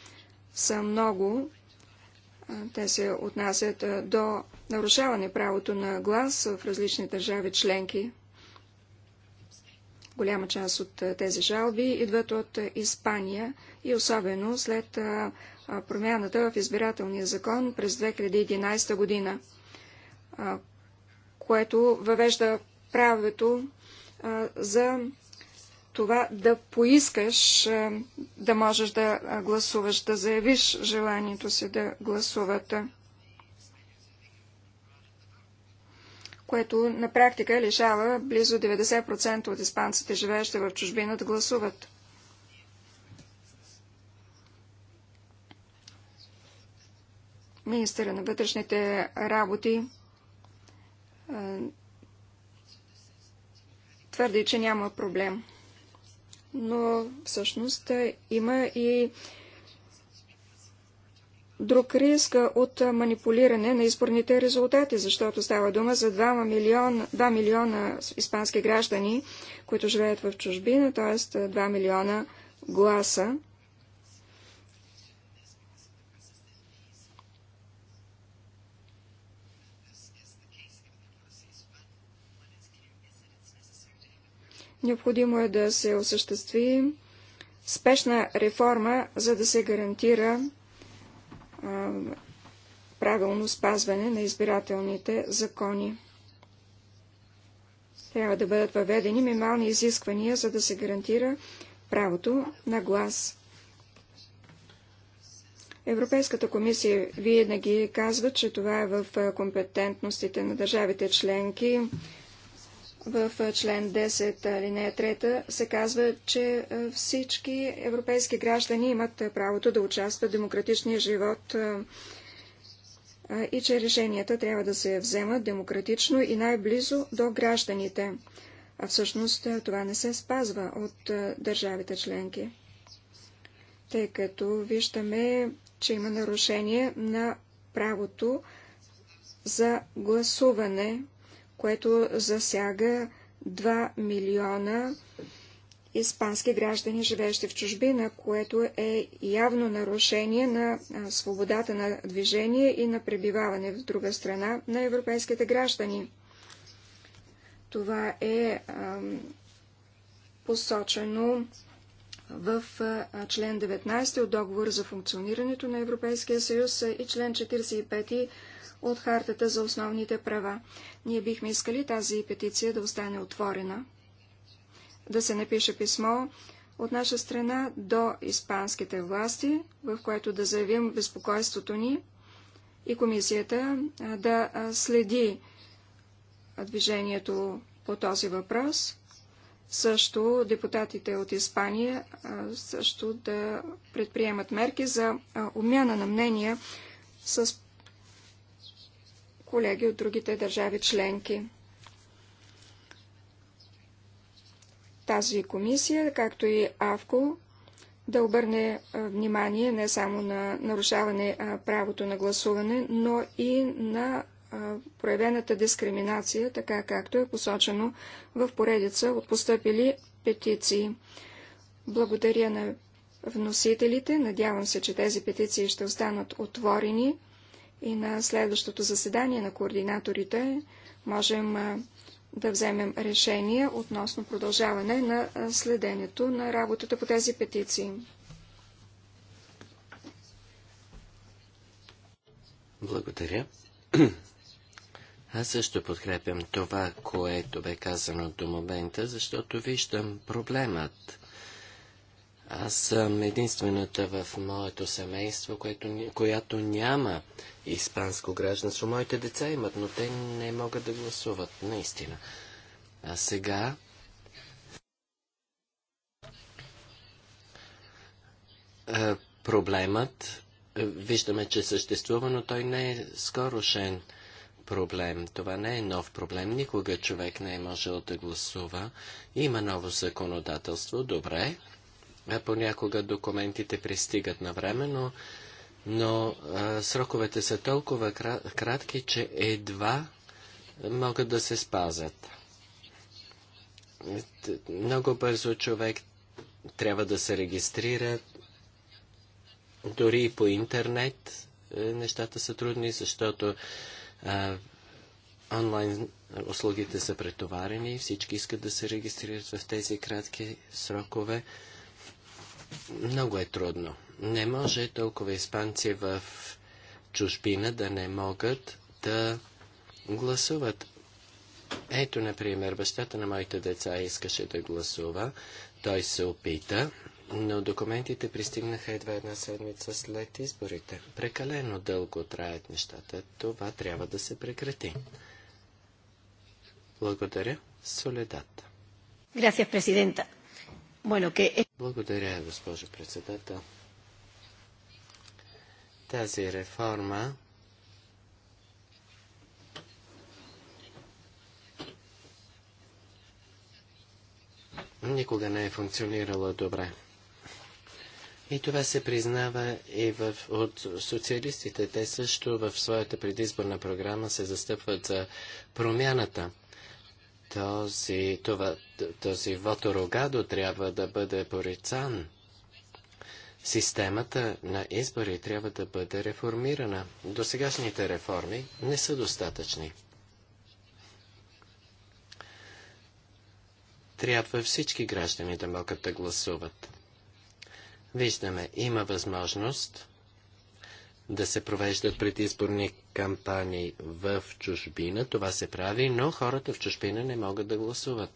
са много. Те се отнасят до нарушаване правото на глас в различни държави членки. Голяма част от тези жалби идват от Испания и особено след промяната в избирателния закон през 2011 година, което въвежда правото за това да поискаш да можеш да гласуваш, да заявиш желанието си да гласувате. което на практика лишава близо 90% от испанците, живеещи в чужбина, да гласуват. министъра на вътрешните работи твърди, че няма проблем. Но всъщност има и друг риск от манипулиране на изборните резултати, защото става дума за 2 милиона, 2 милиона испански граждани, които живеят в чужбина, т.е. 2 милиона гласа. Необходимо е да се осъществи спешна реформа, за да се гарантира а, правилно спазване на избирателните закони. Трябва да бъдат въведени минимални изисквания, за да се гарантира правото на глас. Европейската комисия винаги казва, че това е в компетентностите на държавите членки в член 10, алинея 3 се казва, че всички европейски граждани имат правото да участват в демократичния живот и че решенията трябва да се вземат демократично и най-близо до гражданите. А всъщност това не се спазва от държавите членки, тъй като виждаме, че има нарушение на правото за гласуване което засяга 2 милиона испански граждани, живеещи в чужбина, което е явно нарушение на свободата на движение и на пребиваване в друга страна на европейските граждани. Това е посочено в член 19 от договор за функционирането на Европейския съюз и член 45 от Хартата за основните права. Ние бихме искали тази петиция да остане отворена, да се напише писмо от наша страна до испанските власти, в което да заявим безпокойството ни и комисията да следи движението по този въпрос. Също депутатите от Испания също да предприемат мерки за обмяна на мнения с колеги от другите държави членки. Тази комисия, както и АВКО, да обърне внимание не само на нарушаване правото на гласуване, но и на проявената дискриминация, така както е посочено в поредица от поступили петиции. Благодаря на вносителите. Надявам се, че тези петиции ще останат отворени и на следващото заседание на координаторите можем да вземем решение относно продължаване на следенето на работата по тези петиции. Благодаря. Аз също подкрепям това, което бе казано до момента, защото виждам проблемът. Аз съм единствената в моето семейство, което, която няма испанско гражданство. Моите деца имат, но те не могат да гласуват, наистина. А сега... проблемът, виждаме, че съществува, но той не е скорошен проблем. Това не е нов проблем. Никога човек не е можел да гласува. Има ново законодателство, добре. А понякога документите пристигат на време, но но а, сроковете са толкова кратки, че едва могат да се спазят. Много бързо човек трябва да се регистрира, дори и по интернет е, нещата са трудни, защото а, онлайн услугите са претоварени, всички искат да се регистрират в тези кратки срокове. Много е трудно. Не може толкова испанци в чужбина да не могат да гласуват. Ето, например, бащата на моите деца искаше да гласува. Той се опита, но документите пристигнаха едва една седмица след изборите. Прекалено дълго траят нещата. Това трябва да се прекрати. Благодаря. Соледата. Благодаря, госпожо председател. Тази реформа никога не е функционирала добре. И това се признава и в, от социалистите. Те също в своята предизборна програма се застъпват за промяната. Този, това, този воторогадо трябва да бъде порицан. Системата на избори трябва да бъде реформирана. Досегашните реформи не са достатъчни. Трябва всички граждани да могат да гласуват. Виждаме, има възможност да се провеждат предизборни кампании в чужбина. Това се прави, но хората в чужбина не могат да гласуват.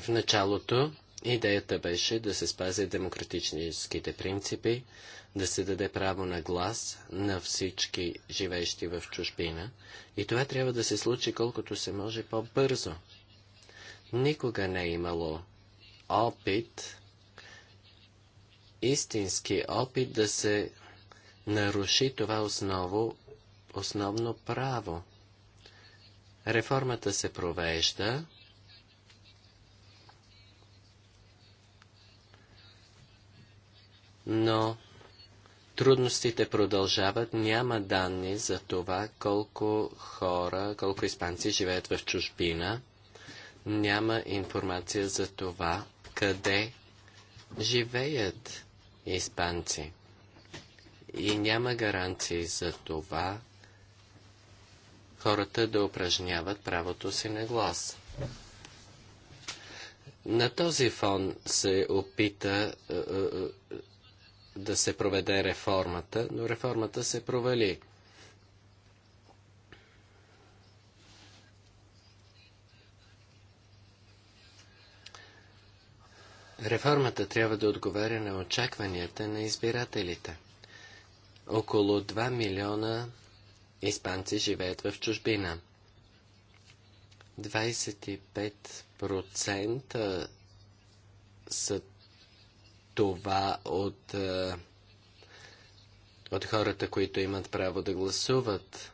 В началото идеята беше да се спазят демократическите принципи, да се даде право на глас на всички живеещи в чужбина и това трябва да се случи колкото се може по-бързо. Никога не е имало опит, истински опит да се наруши това осново, основно право. Реформата се провежда, но трудностите продължават. Няма данни за това колко хора, колко испанци живеят в чужбина. Няма информация за това къде живеят испанци. И няма гаранции за това хората да упражняват правото си на глас. На този фон се опита е, е, е, да се проведе реформата, но реформата се провали. Реформата трябва да отговаря на очакванията на избирателите. Около 2 милиона испанци живеят в чужбина. 25% са това от, е, от хората, които имат право да гласуват.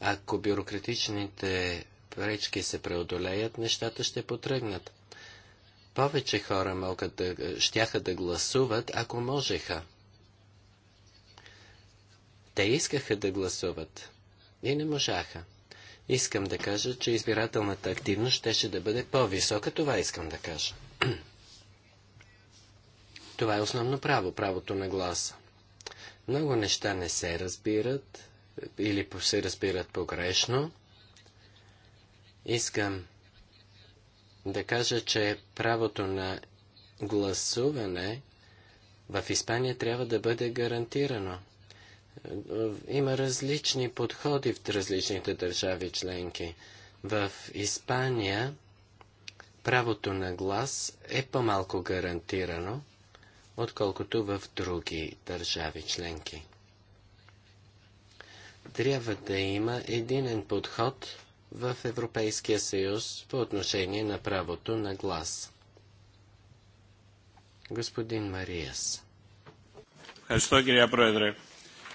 Ако бюрократичните пречки се преодолеят, нещата ще потръгнат. Повече хора могат да, щяха да гласуват, ако можеха. Те искаха да гласуват. И не можаха. Искам да кажа, че избирателната активност щеше да бъде по-висока. Това искам да кажа. Това е основно право, правото на гласа. Много неща не се разбират или се разбират погрешно. Искам да кажа, че правото на гласуване в Испания трябва да бъде гарантирано. Има различни подходи в различните държави членки. В Испания правото на глас е по-малко гарантирано, отколкото в други държави членки. Трябва да има единен подход в Европейския съюз по отношение на правото на глас. Господин Мариас. Ευχαριστώ, κυρία Πρόεδρε.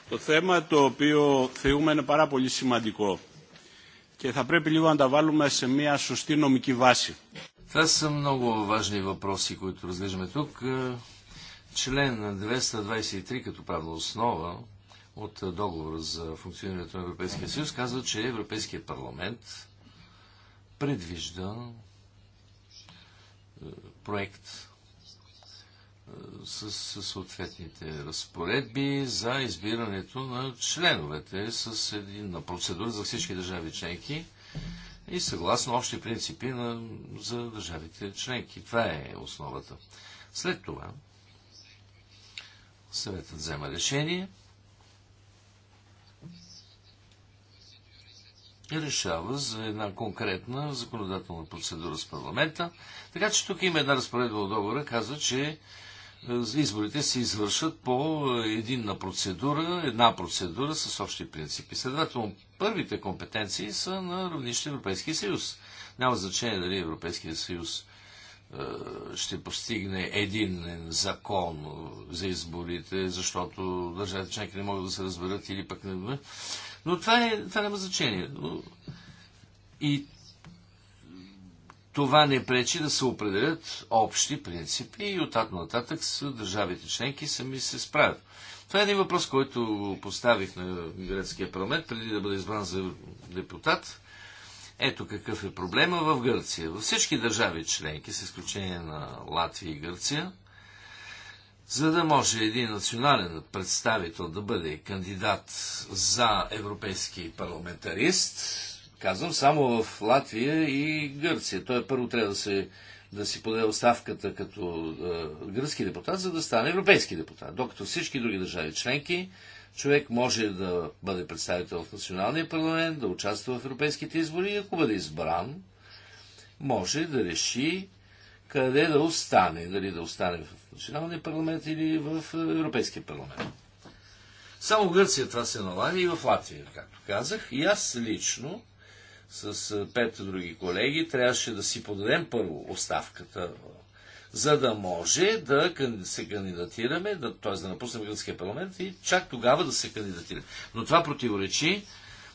Το θέμα το οποίο θεούμε είναι πάρα πολύ σημαντικό και θα πρέπει λίγο να τα βάλουμε σε μια σωστή νομική βάση. Това са много важни въпроси, които разглеждаме тук. Е, член 223 като правна основа от договора за функционирането на Европейския съюз казва, че Европейския парламент предвижда е, проект с, съответните разпоредби за избирането на членовете с на процедура за всички държави членки и съгласно общи принципи на, за държавите членки. Това е основата. След това съветът взема решение и решава за една конкретна законодателна процедура с парламента. Така че тук има една разпоредба от договора, казва, че изборите се извършат по е, единна процедура, една процедура с общи принципи. Следователно, първите компетенции са на равнище Европейския съюз. Няма значение дали Европейския съюз е, ще постигне един закон за изборите, защото държавите членки не могат да се разберат или пък не. Но това, е, това няма значение. И това не пречи да се определят общи принципи и оттат нататък с държавите членки сами се справят. Това е един въпрос, който поставих на гръцкия парламент преди да бъде избран за депутат. Ето какъв е проблема в Гърция. Във всички държави членки, с изключение на Латвия и Гърция, за да може един национален представител да бъде кандидат за европейски парламентарист, казвам, само в Латвия и Гърция. Той първо трябва да, се, да си подаде оставката като е, гръцки депутат, за да стане европейски депутат. Докато всички други държави членки, човек може да бъде представител в националния парламент, да участва в европейските избори и ако бъде избран, може да реши къде да остане. Дали да остане в националния парламент или в е, европейския парламент. Само в Гърция това се налага и в Латвия, както казах. И аз лично с пет други колеги, трябваше да си подадем първо оставката, за да може да се кандидатираме, да, т.е. да напуснем гръцкия парламент и чак тогава да се кандидатираме. Но това противоречи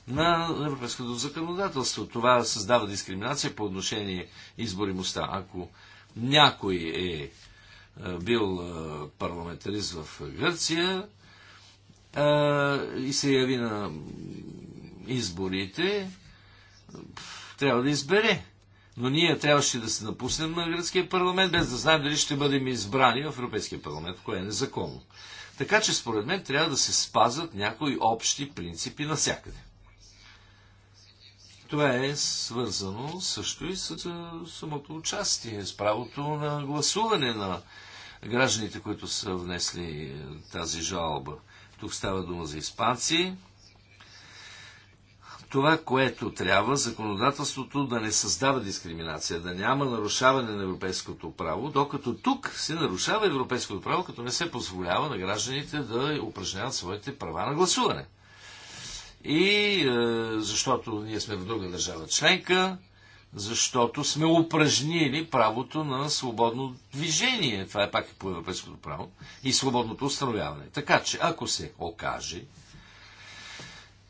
на европейското законодателство. Това създава дискриминация по отношение изборимостта. Ако някой е, е бил парламентарист в Гърция и се яви на изборите, трябва да избере. Но ние трябваше да се напуснем на гръцкия парламент, без да знаем дали ще бъдем избрани в Европейския парламент, кое е незаконно. Така че според мен трябва да се спазват някои общи принципи навсякъде. Това е свързано също и с самото участие, с правото на гласуване на гражданите, които са внесли тази жалба. Тук става дума за испанци, това, което трябва, законодателството да не създава дискриминация, да няма нарушаване на европейското право, докато тук се нарушава европейското право, като не се позволява на гражданите да упражняват своите права на гласуване. И е, защото ние сме в друга държава членка, защото сме упражнили правото на свободно движение. Това е пак и по европейското право. И свободното установяване. Така че, ако се окаже,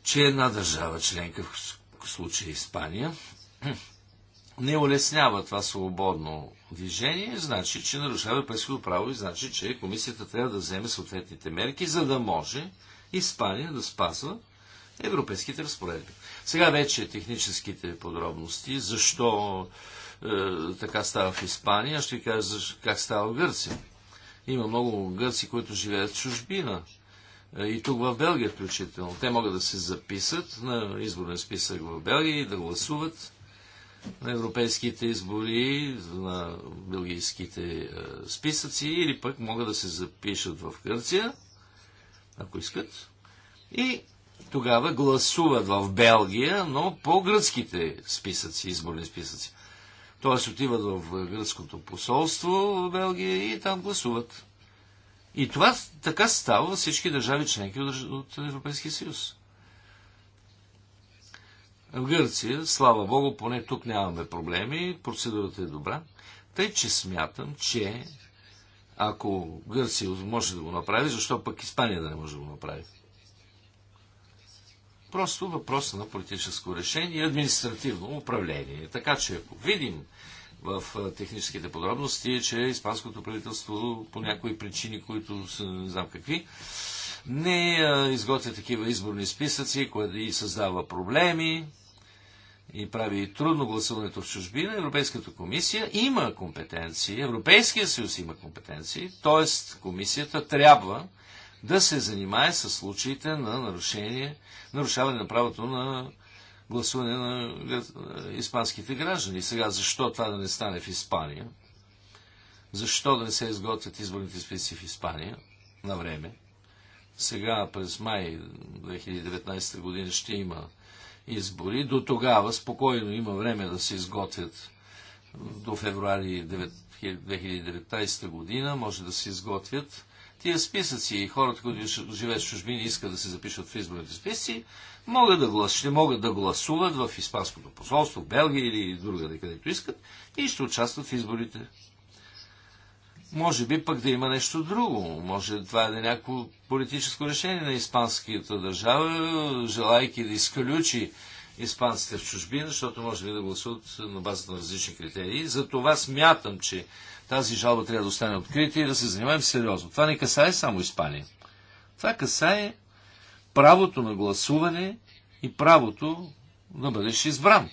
че една държава членка, в случая Испания, не улеснява това свободно движение, значи, че нарушава европейското право и значи, че комисията трябва да вземе съответните мерки, за да може Испания да спазва европейските разпоредби. Сега вече техническите подробности, защо е, така става в Испания, ще ви кажа как става в Гърция. Има много гърци, които живеят в чужбина. Е, и тук в Белгия включително. Те могат да се записат на изборен списък в Белгия и да гласуват на европейските избори, на белгийските е, списъци или пък могат да се запишат в Гърция, ако искат. И тогава гласуват в Белгия, но по гръцките списъци, изборни списъци. Тоест отиват в гръцкото посолство в Белгия и там гласуват. И това така става във всички държави членки от Европейския съюз. В Гърция, слава Богу, поне тук нямаме проблеми, процедурата е добра. Тъй, че смятам, че ако Гърция може да го направи, защо пък Испания да не може да го направи? Просто въпрос на политическо решение и административно управление. Така че ако видим в техническите подробности е, че испанското правителство по някои причини, които са не знам какви, не изготвя такива изборни списъци, което и създава проблеми и прави трудно гласуването в чужбина, Европейската комисия има компетенции, Европейския съюз има компетенции, т.е. комисията трябва да се занимае с случаите на нарушение, нарушаване на правото на гласуване на испанските граждани. Сега, защо това да не стане в Испания? Защо да не се изготвят изборните списъци в Испания на време? Сега, през май 2019 година ще има избори. До тогава спокойно има време да се изготвят до февруари 2019 година. Може да се изготвят тия списъци и хората, които живеят в чужбина и искат да се запишат в изборните списъци, могат да глас, ще могат да гласуват в Испанското посолство, в Белгия или другаде, където искат и ще участват в изборите. Може би пък да има нещо друго. Може това да е някакво политическо решение на испанската държава, желайки да изключи испанците в чужбина, защото може би да гласуват на базата на различни критерии. За това смятам, че тази жалба трябва да остане открита и да се занимаем сериозно. Това не касае само Испания. Това касае правото на гласуване и правото да бъдеш избран.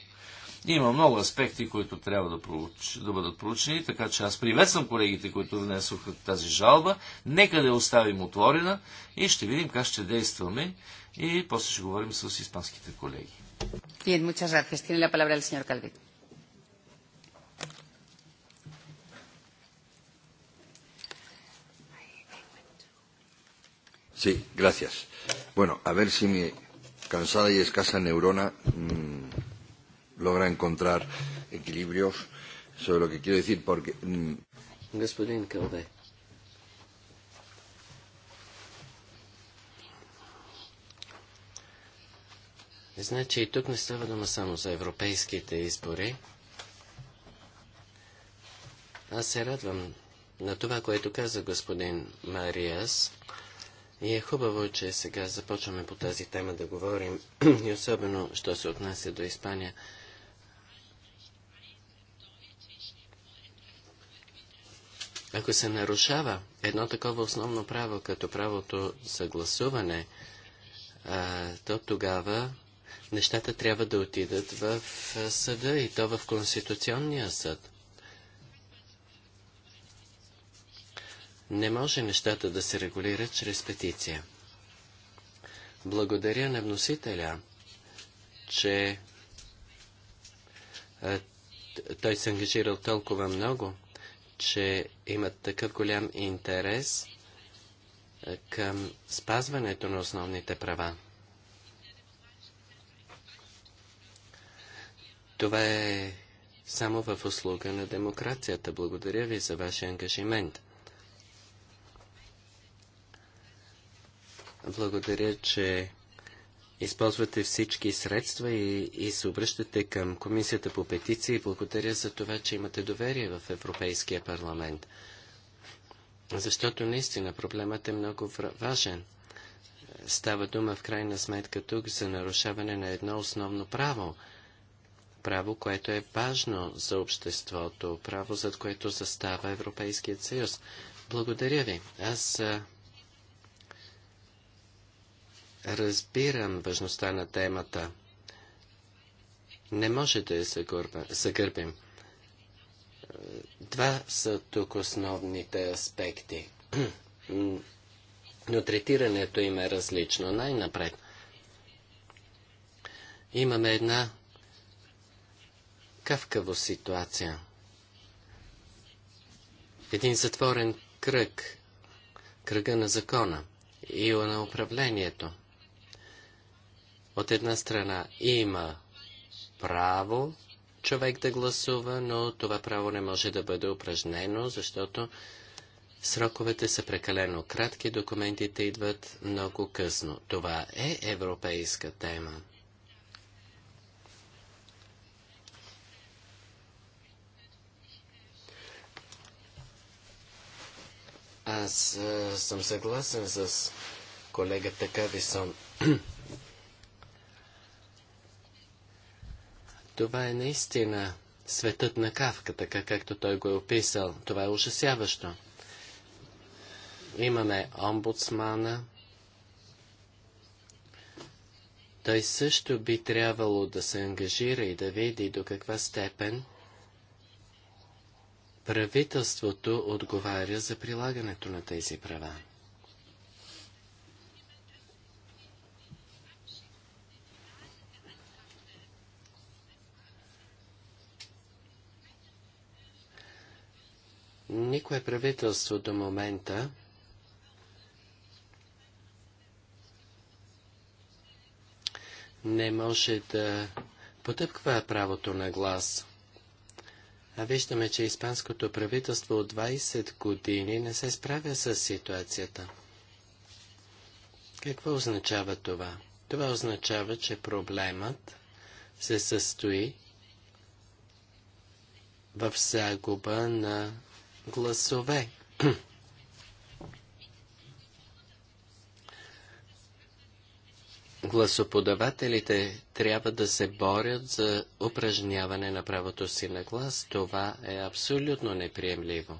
Има много аспекти, които трябва да, проуч... да бъдат проучени, така че аз приветствам колегите, които внесоха тази жалба. Нека да я оставим отворена и ще видим как ще действаме и после ще говорим с испанските колеги. Bien, muchas gracias. Tiene la palabra el señor Calvito. Sí, gracias. Bueno, a ver si mi cansada y escasa neurona mmm, logra encontrar equilibrios sobre lo que quiero decir, porque. Mmm... Значи и тук не става дума само за европейските избори. Аз се радвам на това, което каза господин Мариас. И е хубаво, че сега започваме по тази тема да говорим, и особено, що се отнася до Испания. Ако се нарушава едно такова основно право, като правото съгласуване, то тогава нещата трябва да отидат в съда и то в Конституционния съд. Не може нещата да се регулират чрез петиция. Благодаря на вносителя, че той се ангажирал толкова много, че имат такъв голям интерес към спазването на основните права. Това е само в услуга на демокрацията. Благодаря ви за вашия ангажимент. Благодаря, че използвате всички средства и, и се обръщате към Комисията по петиции. Благодаря за това, че имате доверие в Европейския парламент. Защото наистина проблемът е много важен. Става дума в крайна сметка тук за нарушаване на едно основно право. Право, което е важно за обществото, право, зад което застава Европейският съюз. Благодаря ви. Аз Разбирам важността на темата. Не може да я загърбим. Два са тук основните аспекти. Но третирането им е различно. Най-напред. Имаме една кавкаво ситуация. Един затворен кръг. Кръга на закона и на управлението – от една страна има право човек да гласува, но това право не може да бъде упражнено, защото сроковете са прекалено кратки, документите идват много късно. Това е европейска тема. Аз съм съгласен с колегата Кависон. Това е наистина светът на кавка, така както той го е описал. Това е ужасяващо. Имаме омбудсмана. Той също би трябвало да се ангажира и да види до каква степен правителството отговаря за прилагането на тези права. Никое правителство до момента не може да потъпква правото на глас. А виждаме, че испанското правителство от 20 години не се справя с ситуацията. Какво означава това? Това означава, че проблемът се състои в загуба на гласове. Гласоподавателите трябва да се борят за упражняване на правото си на глас. Това е абсолютно неприемливо.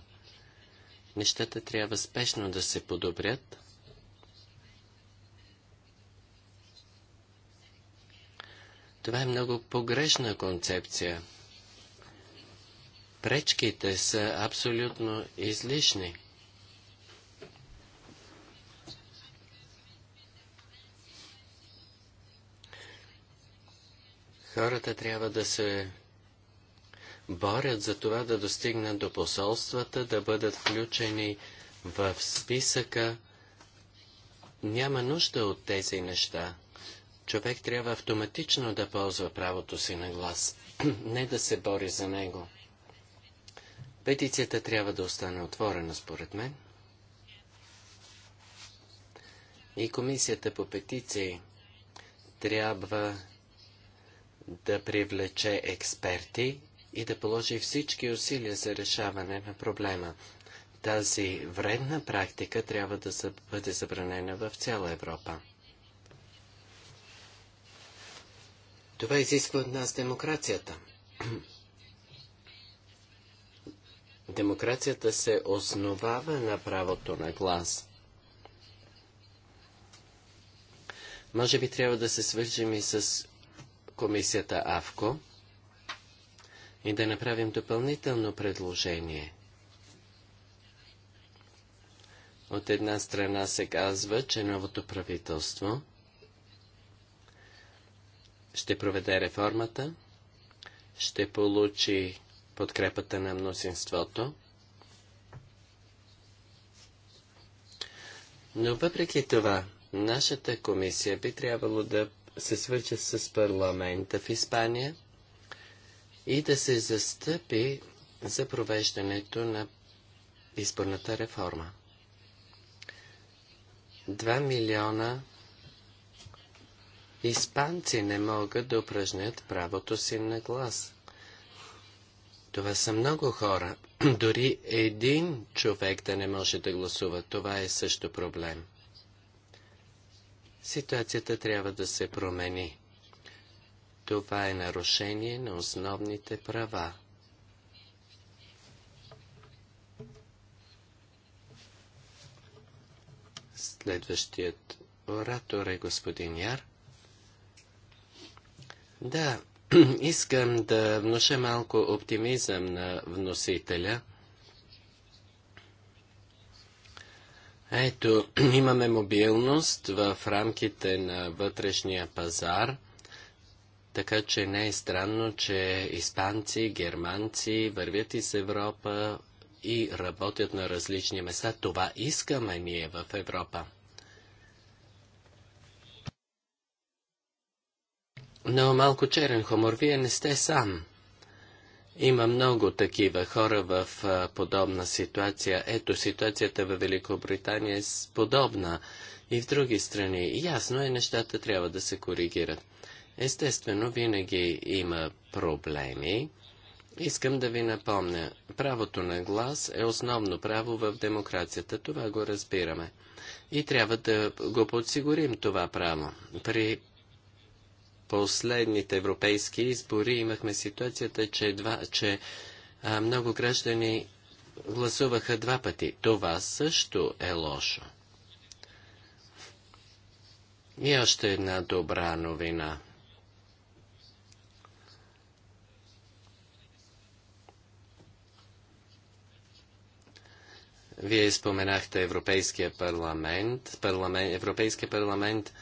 Нещата трябва спешно да се подобрят. Това е много погрешна концепция пречките са абсолютно излишни. Хората трябва да се борят за това да достигнат до посолствата, да бъдат включени в списъка. Няма нужда от тези неща. Човек трябва автоматично да ползва правото си на глас, не да се бори за него. Петицията трябва да остане отворена, според мен. И комисията по петиции трябва да привлече експерти и да положи всички усилия за решаване на проблема. Тази вредна практика трябва да бъде забранена в цяла Европа. Това изисква от нас демокрацията. Демокрацията се основава на правото на глас. Може би трябва да се свържим и с комисията АВКО и да направим допълнително предложение. От една страна се казва, че новото правителство ще проведе реформата, ще получи подкрепата на мнозинството. Но въпреки това, нашата комисия би трябвало да се свърже с парламента в Испания и да се застъпи за провеждането на изборната реформа. Два милиона испанци не могат да упражнят правото си на глас. Това са много хора. Дори един човек да не може да гласува. Това е също проблем. Ситуацията трябва да се промени. Това е нарушение на основните права. Следващият оратор е господин Яр. Да, Искам да внуша малко оптимизъм на вносителя. Ето, имаме мобилност в рамките на вътрешния пазар, така че не е странно, че испанци, германци вървят из Европа и работят на различни места. Това искаме ние в Европа. Но малко черен хумор, вие не сте сам. Има много такива хора в а, подобна ситуация. Ето, ситуацията в Великобритания е подобна и в други страни. Ясно е, нещата трябва да се коригират. Естествено, винаги има проблеми. Искам да ви напомня, правото на глас е основно право в демокрацията, това го разбираме. И трябва да го подсигурим това право. При последните европейски избори имахме ситуацията, че, два, че а, много граждани гласуваха два пъти. Това също е лошо. И още една добра новина. Вие споменахте Европейския парламент. парламент Европейския парламент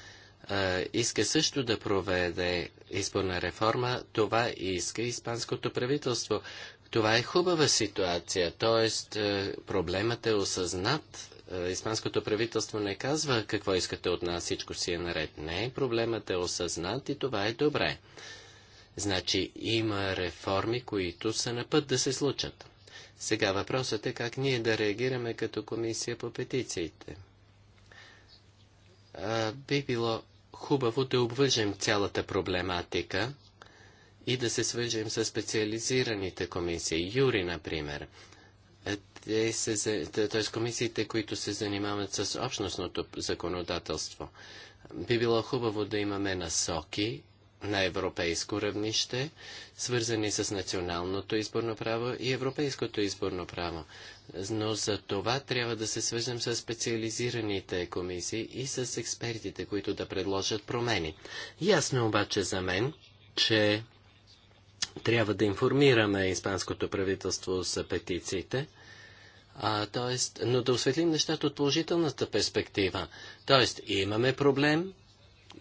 иска също да проведе изборна реформа. Това иска испанското правителство. Това е хубава ситуация, т.е. проблемът е осъзнат. Испанското правителство не казва какво искате от нас, всичко си е наред. Не, проблемът е осъзнат и това е добре. Значи има реформи, които са на път да се случат. Сега въпросът е как ние да реагираме като комисия по петициите. А, би било хубаво да обвържем цялата проблематика и да се свържем с специализираните комисии. Юри, например. Е, те се, т.е. комисиите, които се занимават с общностното законодателство. Би било хубаво да имаме насоки на европейско равнище, свързани с националното изборно право и европейското изборно право. Но за това трябва да се свържем с специализираните комисии и с експертите, които да предложат промени. Ясно обаче за мен, че трябва да информираме испанското правителство за петициите, а, тоест, но да осветлим нещата от положителната перспектива. Тоест, имаме проблем,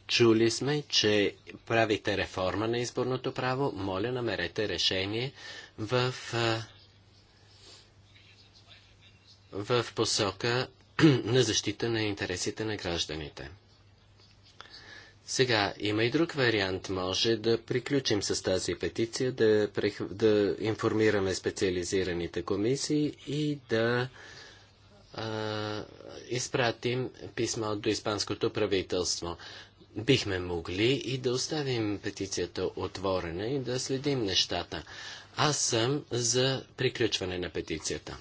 Чули сме, че правите реформа на изборното право. Моля, намерете решение в, в посока на защита на интересите на гражданите. Сега, има и друг вариант. Може да приключим с тази петиция, да, да информираме специализираните комисии и да а, изпратим писмо до испанското правителство бихме могли и да оставим петицията отворена и да следим нещата. Аз съм за приключване на петицията.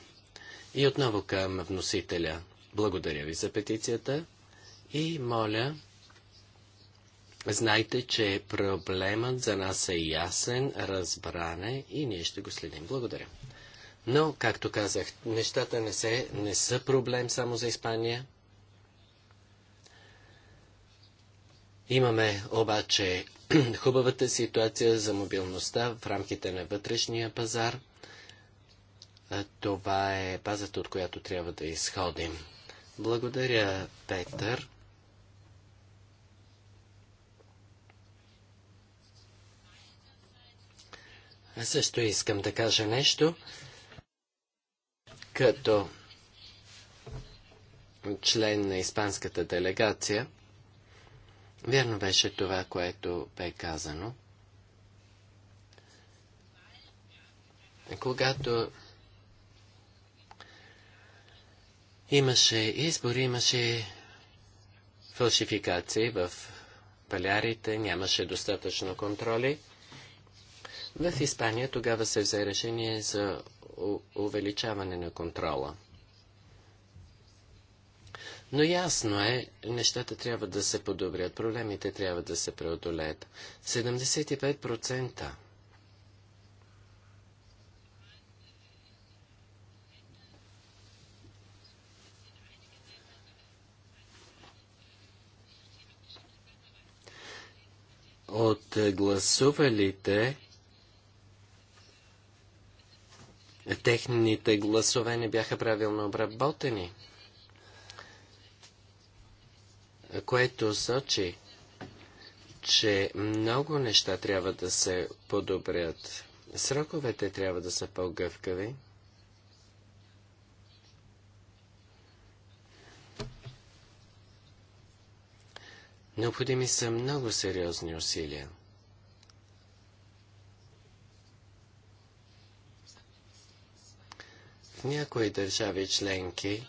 И отново към вносителя. Благодаря ви за петицията и моля, знайте, че проблемът за нас е ясен, разбране и ние ще го следим. Благодаря. Но, както казах, нещата не, се, не са проблем само за Испания. Имаме обаче хубавата ситуация за мобилността в рамките на вътрешния пазар. Това е базата, от която трябва да изходим. Благодаря, Петър. Аз също искам да кажа нещо, като член на испанската делегация – Вярно беше това, което бе казано. Когато имаше избори, имаше фалшификации в палярите, нямаше достатъчно контроли. В Испания тогава се взе решение за увеличаване на контрола. Но ясно е, нещата трябва да се подобрят, проблемите трябва да се преодолеят. 75% от гласувалите техните гласове не бяха правилно обработени което сочи, че много неща трябва да се подобрят. Сроковете трябва да са по-гъвкави. Необходими са много сериозни усилия. В някои държави членки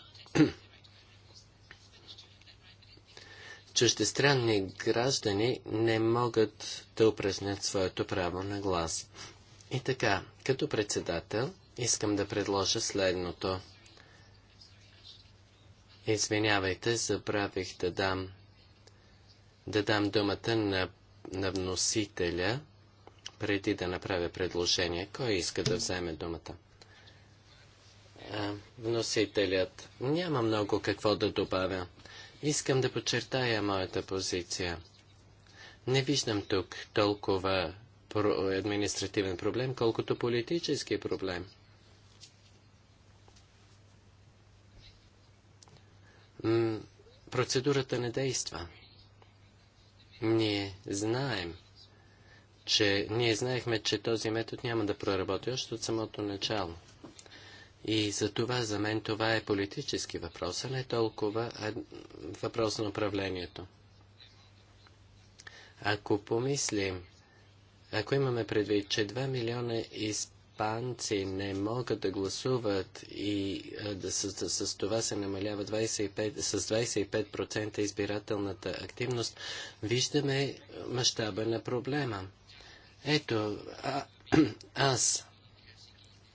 чуждестранни граждани не могат да упражнят своето право на глас. И така, като председател, искам да предложа следното. Извинявайте, забравих да дам, да дам думата на, на вносителя, преди да направя предложение. Кой иска да вземе думата? А, вносителят. Няма много какво да добавя. Искам да подчертая моята позиция. Не виждам тук толкова административен проблем, колкото политически проблем. процедурата не действа. Ние знаем, че ние знаехме, че този метод няма да проработи още от самото начало. И за това, за мен, това е политически въпрос, а не толкова а въпрос на управлението. Ако помислим, ако имаме предвид, че 2 милиона испанци не могат да гласуват и да, с, да, с това се намалява 25, с 25% избирателната активност, виждаме мащаба на проблема. Ето, а, аз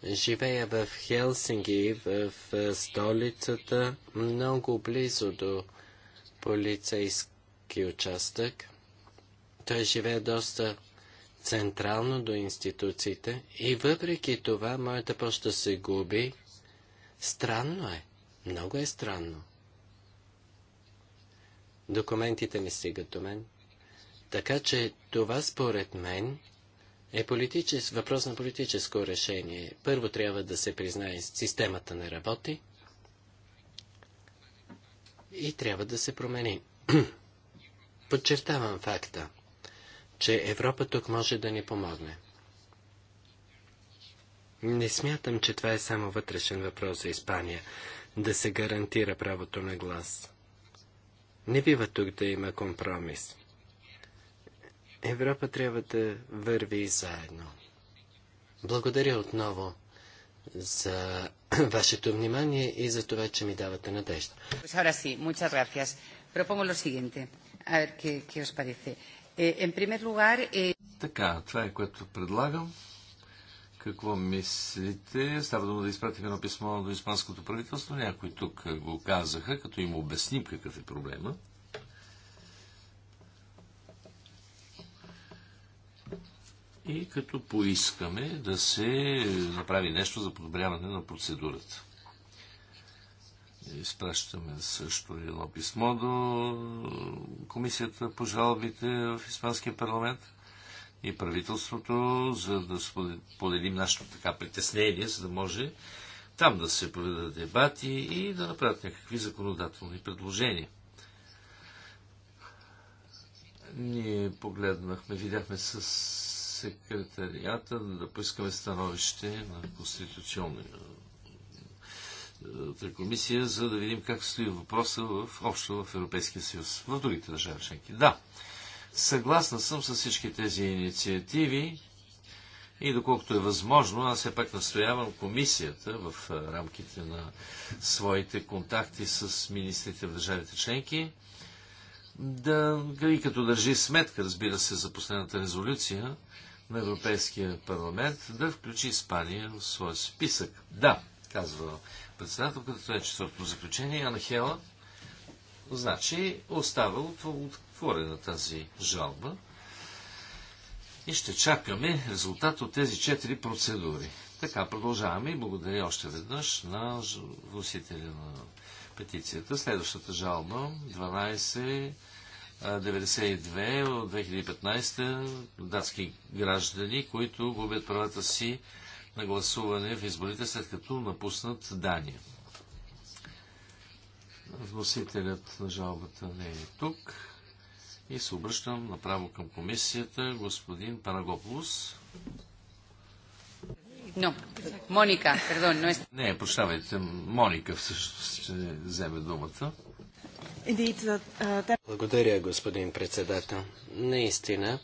Живея в Хелсинги, в столицата, много близо до полицейски участък. Той живее доста централно до институциите и въпреки това моята почта се губи. Странно е. Много е странно. Документите ми стигат до мен. Така че това според мен е политичес, въпрос на политическо решение. Първо трябва да се признае, системата не работи и трябва да се промени. Подчертавам факта, че Европа тук може да ни помогне. Не смятам, че това е само вътрешен въпрос за Испания, да се гарантира правото на глас. Не бива тук да има компромис. Европа трябва да върви заедно. Благодаря отново за вашето внимание и за това, че ми давате надежда. Eh, eh, така, това е което предлагам. Какво мислите? Става дума да изпратим едно писмо до испанското правителство. Някои тук го казаха, като им обясним какъв е проблема. и като поискаме да се направи нещо за подобряване на процедурата. Изпращаме също едно писмо до Комисията по жалбите в Испанския парламент и правителството, за да поделим нашето така притеснение, за да може там да се проведат дебати и да направят някакви законодателни предложения. Ние погледнахме, видяхме с секретарията да поискаме становище на Конституционната е, комисия, за да видим как стои въпроса в, общо в Европейския съюз, в другите държави членки. Да, съгласна съм с всички тези инициативи и доколкото е възможно, аз все пак настоявам комисията в е, рамките на своите контакти с министрите в държавите членки да, и като държи сметка, разбира се, за последната резолюция, на Европейския парламент да включи Испания в своя списък. Да, казва председател, като това е четвъртото заключение. Анахела, значи, остава отворена тази жалба и ще чакаме резултат от тези четири процедури. Така, продължаваме и благодаря още веднъж на вносителя на петицията. Следващата жалба, 12 92 от 2015 датски граждани, които губят правата си на гласуване в изборите, след като напуснат Дания. Вносителят на жалбата не е тук и се обръщам направо към комисията господин Парагоплус. Но, Моника, пардон, no е... Не, прощавайте, Моника всъщност ще вземе думата. Uh, uh, Благодаря, господин председател. Наистина,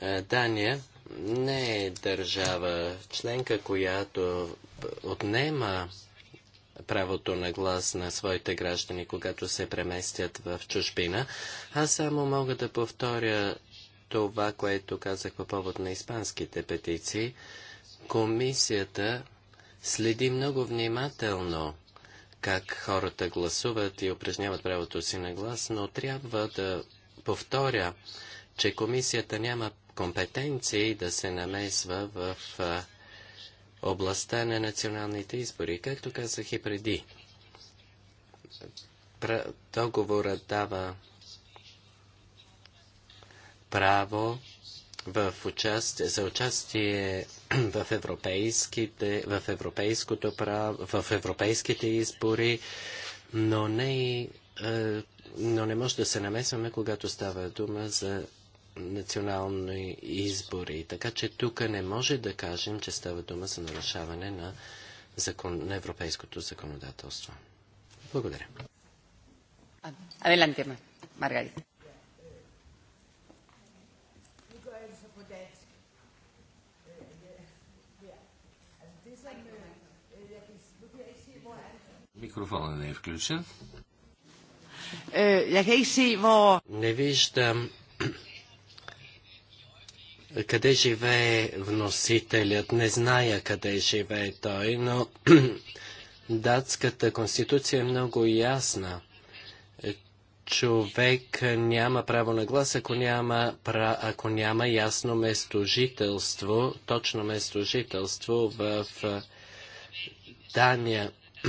е, Дания не е държава членка, която отнема правото на глас на своите граждани, когато се преместят в чужбина. Аз само мога да повторя това, което казах по повод на испанските петиции. Комисията следи много внимателно как хората гласуват и упражняват правото си на глас, но трябва да повторя, че комисията няма компетенции да се намесва в областта на националните избори. Както казах и преди, договорът дава право в участие, за участие в, европейските, в, европейското право, в европейските избори, но не, и, е, но не може да се намесваме, когато става дума за национални избори. Така че тук не може да кажем, че става дума за нарушаване на, закон, на европейското законодателство. Благодаря. Adelante, не е включен. Е, не виждам къде живее вносителят. Не зная къде живее той, но датската конституция е много ясна. Човек няма право на глас, ако няма, ако няма ясно местожителство, точно местожителство в Дания.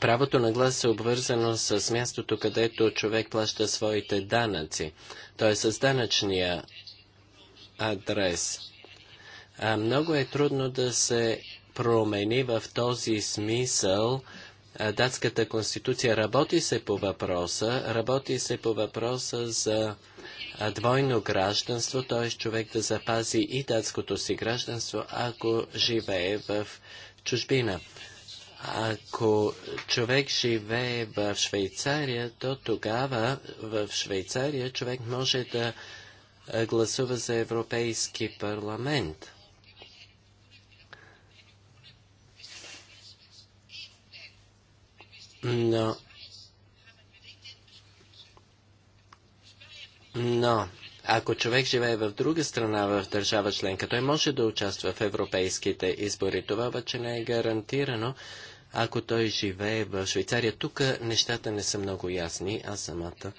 правото на глас е обвързано с мястото, където човек плаща своите данъци, Той е с данъчния адрес. А много е трудно да се промени в този смисъл датската конституция. Работи се по въпроса, работи се по въпроса за двойно гражданство, т.е. човек да запази и датското си гражданство, ако живее в чужбина. Ако човек живее в Швейцария, то тогава в Швейцария човек може да гласува за Европейски парламент. Но, но ако човек живее в друга страна, в държава членка, той може да участва в европейските избори. Това обаче не е гарантирано, ако той живее в Швейцария. Тук нещата не са много ясни, а самата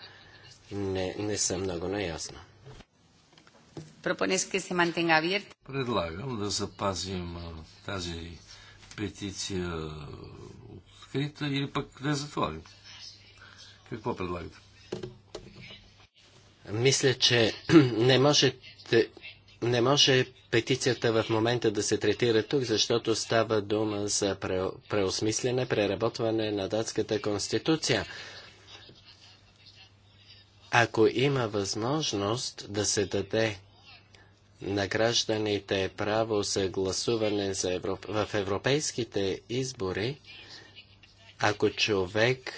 не, не са много наясна. Предлагам да запазим тази петиция открита или пък да я затворим. Какво предлагате? Мисля, че не можете. Не може петицията в момента да се третира тук, защото става дума за преосмислене, преработване на датската конституция. Ако има възможност да се даде на гражданите право за гласуване за Европ... в европейските избори, ако човек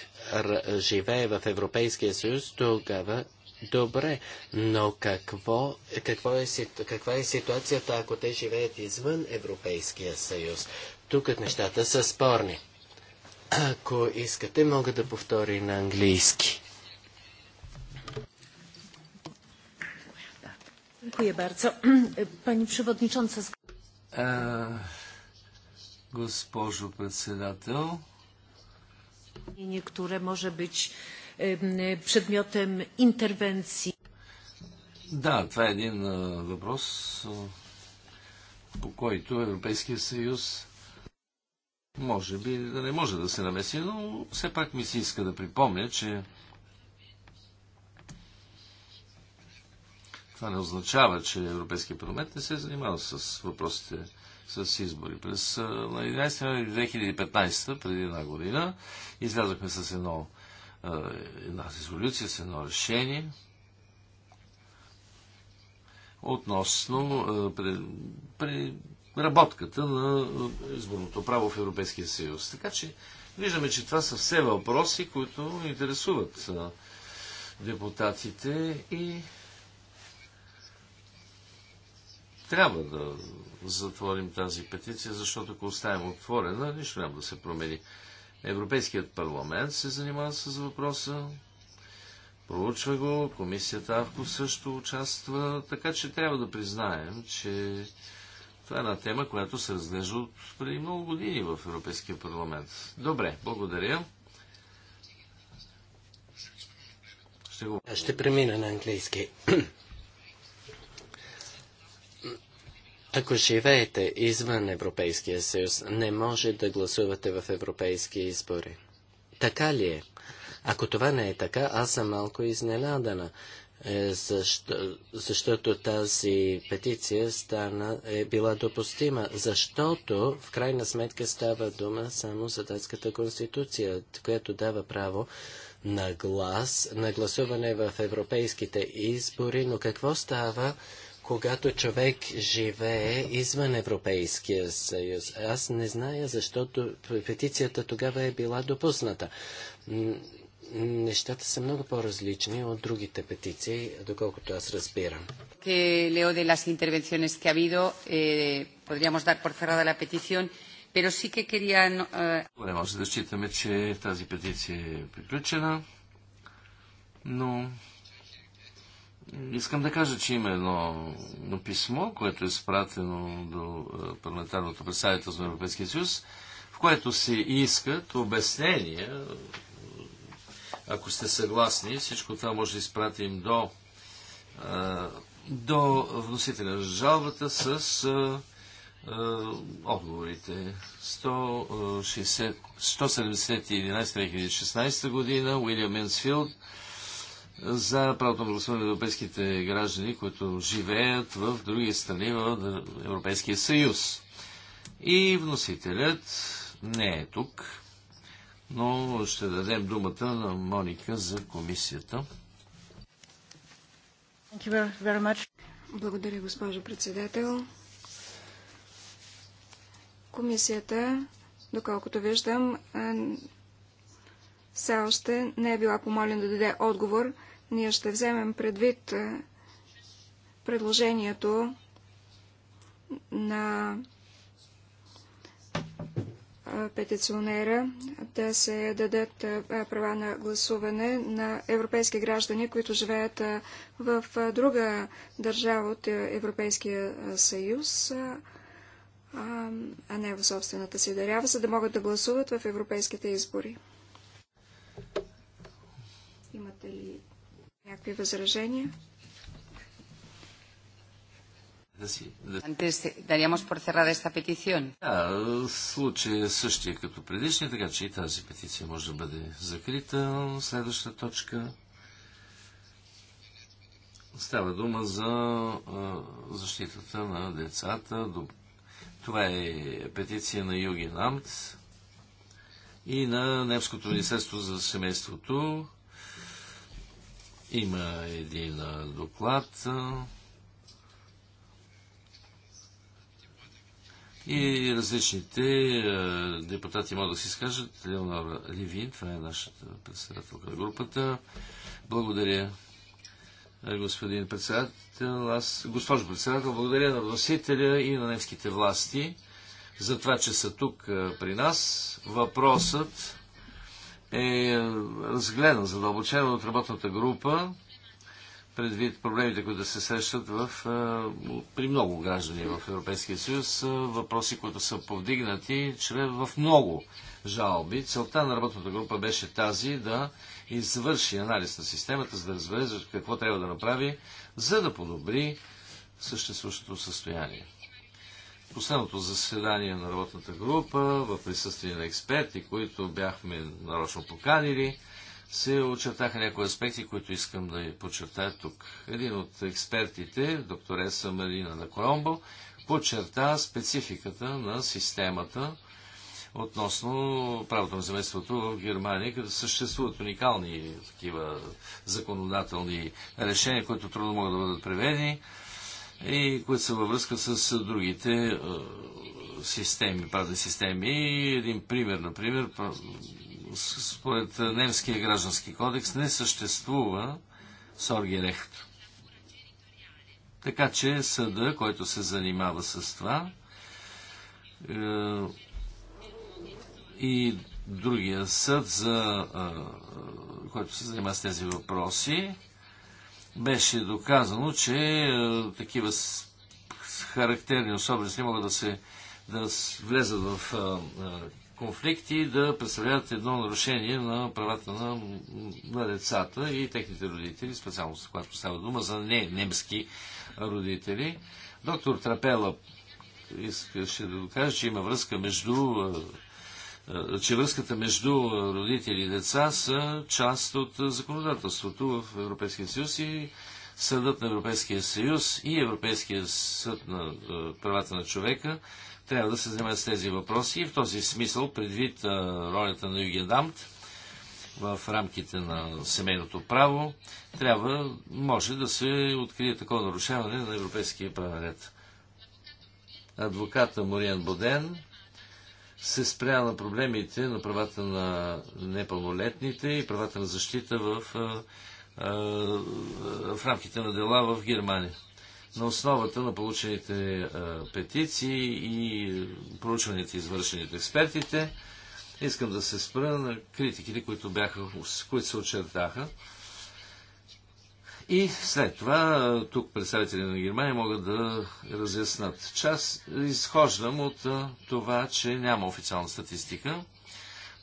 живее в Европейския съюз, тогава добре, но какво, какво е, каква е ситуацията, ако те живеят извън Европейския съюз? Тук нещата са спорни. Ако искате, мога да повтори на английски. Dziękuję bardzo. Pani Przewodnicząca. Госпожо председател. E, Niektóre może być е, предметом интервенции. Да, това е един въпрос, по който Европейския съюз може би да не може да се намеси, но все пак ми се иска да припомня, че това не означава, че Европейския парламент не се е занимава с въпросите с избори. През 11 ноември 2015, преди една година, излязохме с едно една резолюция с едно решение относно преработката на изборното право в Европейския съюз. Така че виждаме, че това са все въпроси, които интересуват депутатите и трябва да затворим тази петиция, защото ако оставим отворена, нищо няма да се промени. Европейският парламент се занимава с въпроса, проучва го, комисията АВКО също участва, така че трябва да признаем, че това е една тема, която се разглежда от преди много години в Европейския парламент. Добре, благодаря. Ще, го... Ще премина на английски. Ако живеете извън Европейския съюз, не може да гласувате в европейски избори. Така ли е? Ако това не е така, аз съм малко изненадана, е, защо, защото тази петиция стана, е била допустима, защото в крайна сметка става дума само за датската конституция, която дава право на глас, на гласуване в европейските избори, но какво става когато човек живее извън Европейския съюз. Аз не зная, защото петицията тогава е била допусната. Нещата са много по-различни от другите петиции, доколкото аз разбирам. Leo de las intervenciones que ha habido, eh, podríamos dar por cerrada la petición, pero sí que quería... Не eh, може да считаме, че тази петиция е приключена, но Искам да кажа, че има едно писмо, което е спратено до е, парламентарното представителство на Европейския съюз, в което се искат обяснения. Ако сте съгласни, всичко това може да изпратим до, е, до вносителя на жалбата с е, отговорите. 160, 171 2016 година, Уилям Менсфилд, за правото на гласуване на европейските граждани, които живеят в други страни в Европейския съюз. И вносителят не е тук, но ще дадем думата на Моника за комисията. Благодаря, госпожо председател. Комисията, доколкото виждам, е, все още не е била помолена да даде отговор ние ще вземем предвид е, предложението на е, петиционера да се дадат е, права на гласуване на европейски граждани, които живеят в друга държава от Европейския съюз, а не в собствената си дарява, за да могат да гласуват в европейските избори. Имате ли Някакви възражения? Antes daríamos por cerrada esta petición. Да, случай е същия като предишния, така че и тази петиция може да бъде закрита. Следваща точка. Става дума за а, защитата на децата. Това е петиция на Юген Амт и на Немското министерство за семейството има един доклад. И различните депутати могат да си скажат. Леонора Ливин, това е нашата председателка на групата. Благодаря, господин председател. Аз, госпожо председател, благодаря на вносителя и на немските власти за това, че са тук при нас. Въпросът е, е разгледан задълбочено от работната група предвид проблемите, които се срещат в, е, при много граждани в Европейския съюз, е, въпроси, които са повдигнати чрез в много жалби. Целта на работната група беше тази да извърши анализ на системата, за да разбере какво трябва да направи, за да подобри съществуващото състояние последното заседание на работната група в присъствие на експерти, които бяхме нарочно поканили, се очертаха някои аспекти, които искам да подчертая тук. Един от експертите, доктореса Марина Накоромбо, подчерта спецификата на системата относно правото на земеството в Германия, като съществуват уникални такива законодателни решения, които трудно могат да бъдат преведени и които са във връзка с другите е, системи, пазни системи. Един пример, например, според немския граждански кодекс не съществува Соргерехт. Така че съда, който се занимава с това, е, и другия съд, за, е, който се занимава с тези въпроси, беше доказано, че е, такива характерни особености могат да се да влезат в е, е, конфликти и да представляват едно нарушение на правата на, на децата и техните родители, специално с когато става дума за не немски родители. Доктор Трапела искаше да докаже, че има връзка между е, че връзката между е, родители и деца са част от е, законодателството в Европейския съюз и Съдът на Европейския съюз и Европейския съд на правата на човека трябва да се занимават с тези въпроси и в този смисъл, предвид ролята на Дамт в рамките на семейното право, трябва, може да се открие такова нарушаване на европейския правен ред. Адвоката Мориан Боден се спря на проблемите на правата на непълнолетните и правата на защита в, в рамките на дела в Германия. На основата на получените петиции и проучванията, извършени от експертите, искам да се спра на критиките, които, бяха, които се очертаха и след това тук представители на Германия могат да разяснат. Час изхождам от това, че няма официална статистика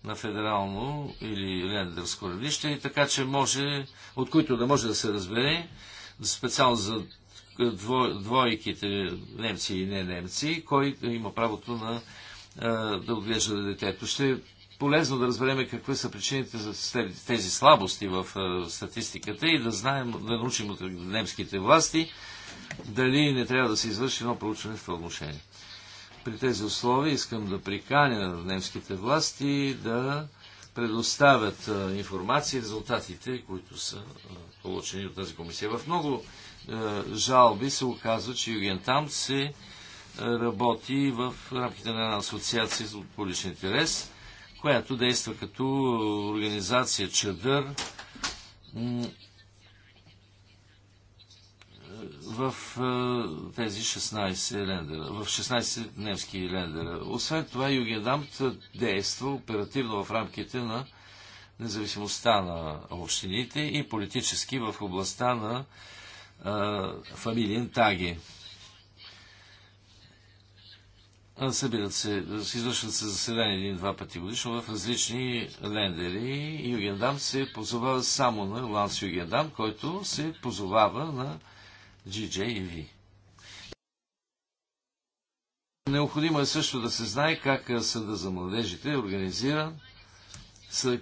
на федерално или лендерско равнище, и така че може, от които да може да се разбере, специално за двойките немци и не немци, кой има правото на да отглежда детето. Ще полезно да разбереме какви са причините за тези слабости в е, статистиката и да знаем, да научим от немските власти дали не трябва да се извърши едно проучване в това отношение. При тези условия искам да приканя немските власти да предоставят е, информация и резултатите, които са е, получени от тази комисия. В много жалби се оказва, че Югентам се работи в рамките на една асоциация от публичен интерес – която действа като организация Чадър в тези 16 лендера, в 16 немски лендера. Освен това, Югендамт действа оперативно в рамките на независимостта на общините и политически в областта на а, фамилиен таги. Събират се, извършват се заседания един-два пъти годишно в различни лендери. и Югендам се позовава само на Ланс Югендам, който се позовава на GJV. Необходимо е също да се знае как Съда за младежите е организиран,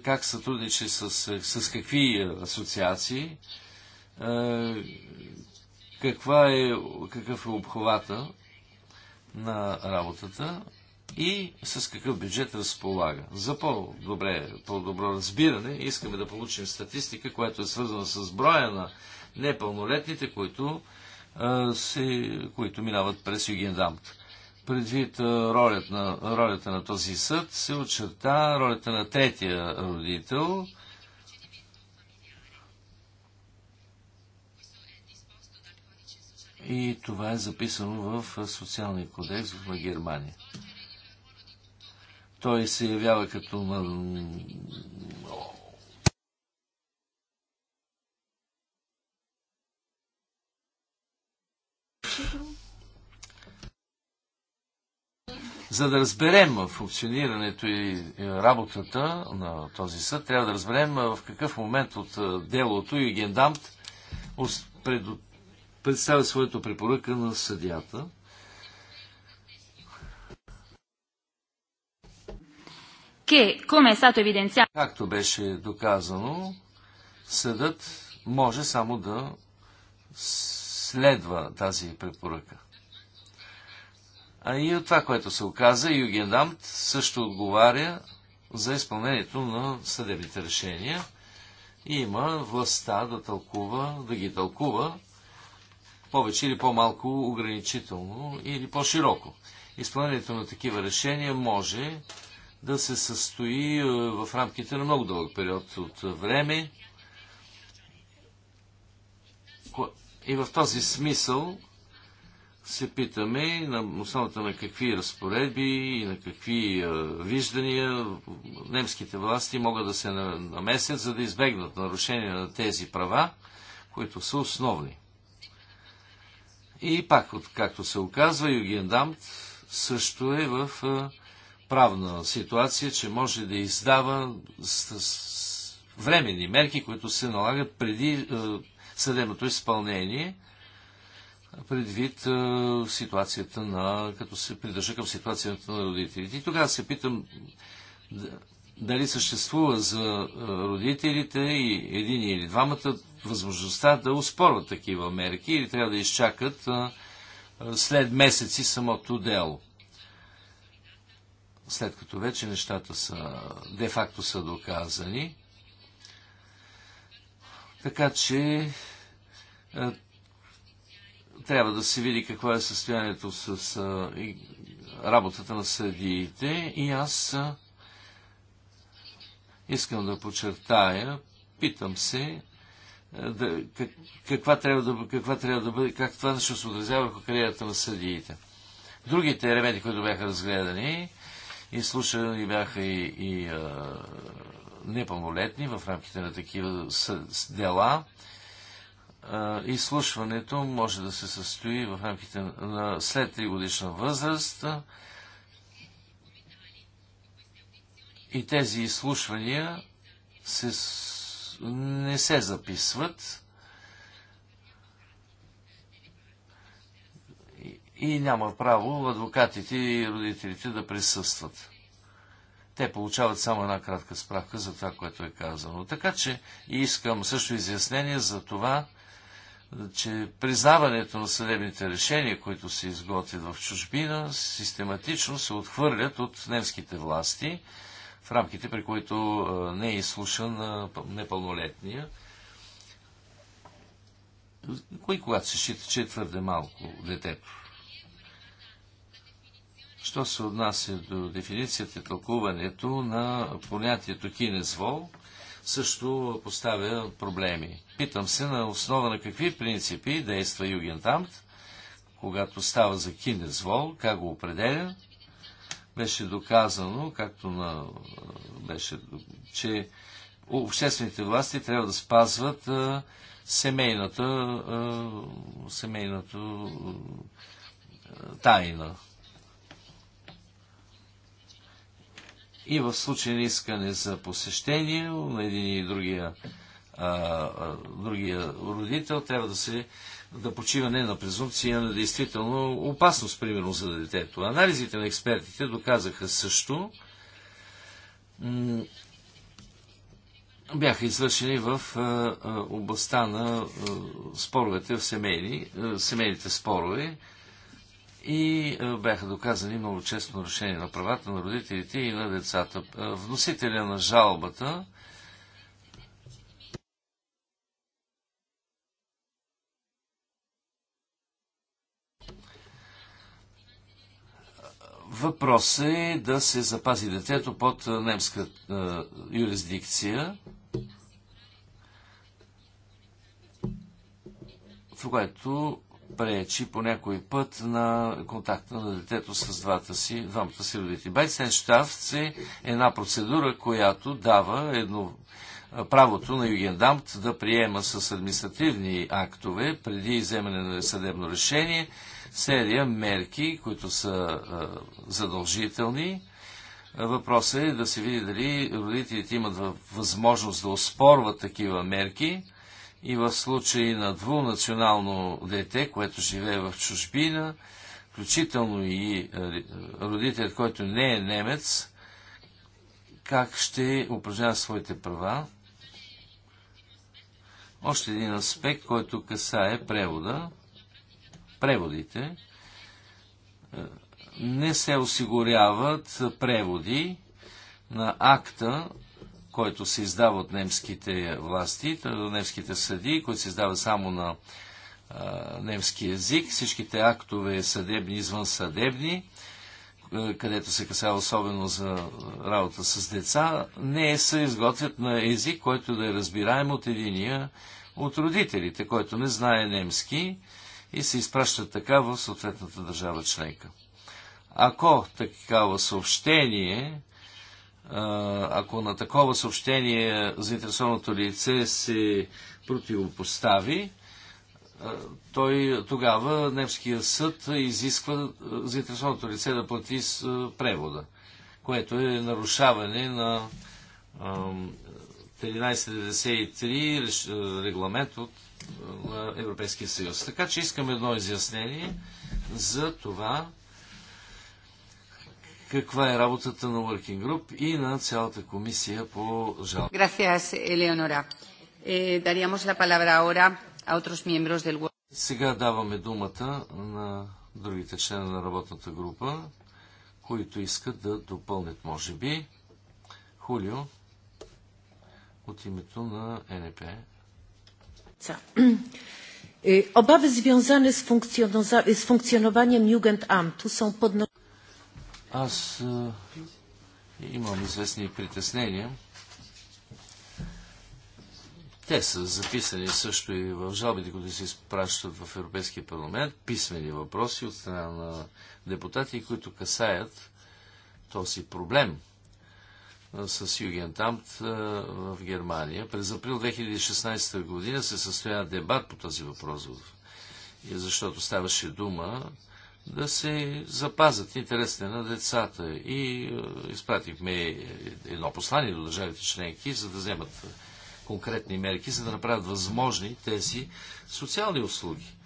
как сътрудничи с, с какви асоциации, каква е, какъв е обхвата на работата и с какъв бюджет разполага. За по-добре, по-добро разбиране искаме да получим статистика, която е свързана с броя на непълнолетните, които, а, си, които минават през Югендамт. Предвид ролята на, ролята на този съд се очерта ролята на третия родител, И това е записано в социалния кодекс на Германия. Той се явява като За да разберем функционирането и работата на този съд, трябва да разберем в какъв момент от делото и Гендамт представя своята препоръка на съдията. Е Както беше доказано, съдът може само да следва тази препоръка. А и от това, което се оказа, Югендамт също отговаря за изпълнението на съдебните решения и има властта да тълкува, да ги тълкува повече или по-малко ограничително или по-широко. Изпълнението на такива решения може да се състои е, в рамките на много дълъг период от време. И в този смисъл се питаме на основата на какви разпоредби и на какви е, виждания немските власти могат да се намесят, за да избегнат нарушения на тези права, които са основни. И пак, както се оказва, Дамт също е в правна ситуация, че може да издава временни мерки, които се налагат преди съдебното изпълнение, предвид ситуацията на, като се придържа към ситуацията на родителите. И тогава се питам дали съществува за родителите и един или двамата възможността да успорват такива мерки или трябва да изчакат след месеци самото дело. След като вече нещата са, де-факто са доказани. Така че трябва да се види какво е състоянието с работата на съдиите и аз искам да подчертая, питам се, е, да, как, каква, трябва да, каква трябва да бъде, как това ще се отразява върху кариерата на съдиите. Другите елементи, които бяха разгледани, и изслушани бяха и, и а, непълнолетни в рамките на такива с, дела. А, изслушването може да се състои в рамките на след 3 годишна възраст. И тези изслушвания се не се записват. и няма право адвокатите и родителите да присъстват. Те получават само една кратка справка за това, което е казано. Така че искам също изяснение за това, че признаването на съдебните решения, които се изготвят в чужбина, систематично се отхвърлят от немските власти в рамките, при които не е изслушан непълнолетния, кои когато се счита, че е твърде малко детето. Що се отнася до дефиницията и тълкуването на понятието кинезвол, също поставя проблеми. Питам се на основа на какви принципи действа Югентамт, когато става за кинезвол, как го определя беше доказано, както на, беше, че обществените власти трябва да спазват а, семейната, а, семейната а, тайна. И в случай на искане за посещение на един и другия, а, а, другия родител трябва да се да почива не на презумпция, а на действително опасност, примерно, за детето. Анализите на експертите доказаха също, бяха извършени в областта на споровете в семейни, семейните спорове и бяха доказани много често нарушения на правата на родителите и на децата. Вносителя на жалбата Въпрос е да се запази детето под немска юрисдикция, в което пречи по някой път на контакта на детето с двата си, двамата си родители. Байценштафт е една процедура, която дава едно, правото на Югендамт да приема с административни актове преди вземане на съдебно решение серия мерки, които са задължителни. Въпросът е да се види дали родителите имат възможност да оспорват такива мерки и в случай на двунационално дете, което живее в чужбина, включително и родител, който не е немец, как ще упражнява своите права. Още един аспект, който касае превода преводите, е, не се осигуряват преводи на акта, който се издава от немските власти, от немските съди, който се издава само на а, е, немски язик. Всичките актове е съдебни, извънсъдебни, където се касава, особено за работа с деца, не се изготвят на език, който да е разбираем от единия от родителите, който не знае немски и се изпраща така в съответната държава членка. Ако такава съобщение, ако на такова съобщение заинтересованото лице се противопостави, той тогава немския съд изисква заинтересованото лице да плати с превода, което е нарушаване на 1393 регламент от на Европейския съюз. Така че искам едно изяснение за това каква е работата на Working Group и на цялата комисия по жалба. Gracias, Eleonora. Eh, daríamos la palabra ahora a otros miembros del Сега даваме думата на другите члена на работната група, които искат да допълнят, може би, Хулио от името на НП. Przewodnicząca! Obawy związane z, funkcjonowaniem Jugendamtu są podnoszone. Аз e, имам известни притеснения. Те са записани също и в жалбите, които се изпращат в Европейския парламент, писмени въпроси от страна на депутати, които касаят този проблем – с Югентамт в Германия. През април 2016 година се състоя дебат по този въпрос, защото ставаше дума да се запазят интересите на децата. И изпратихме едно послание до държавите членки, за да вземат конкретни мерки, за да направят възможни тези социални услуги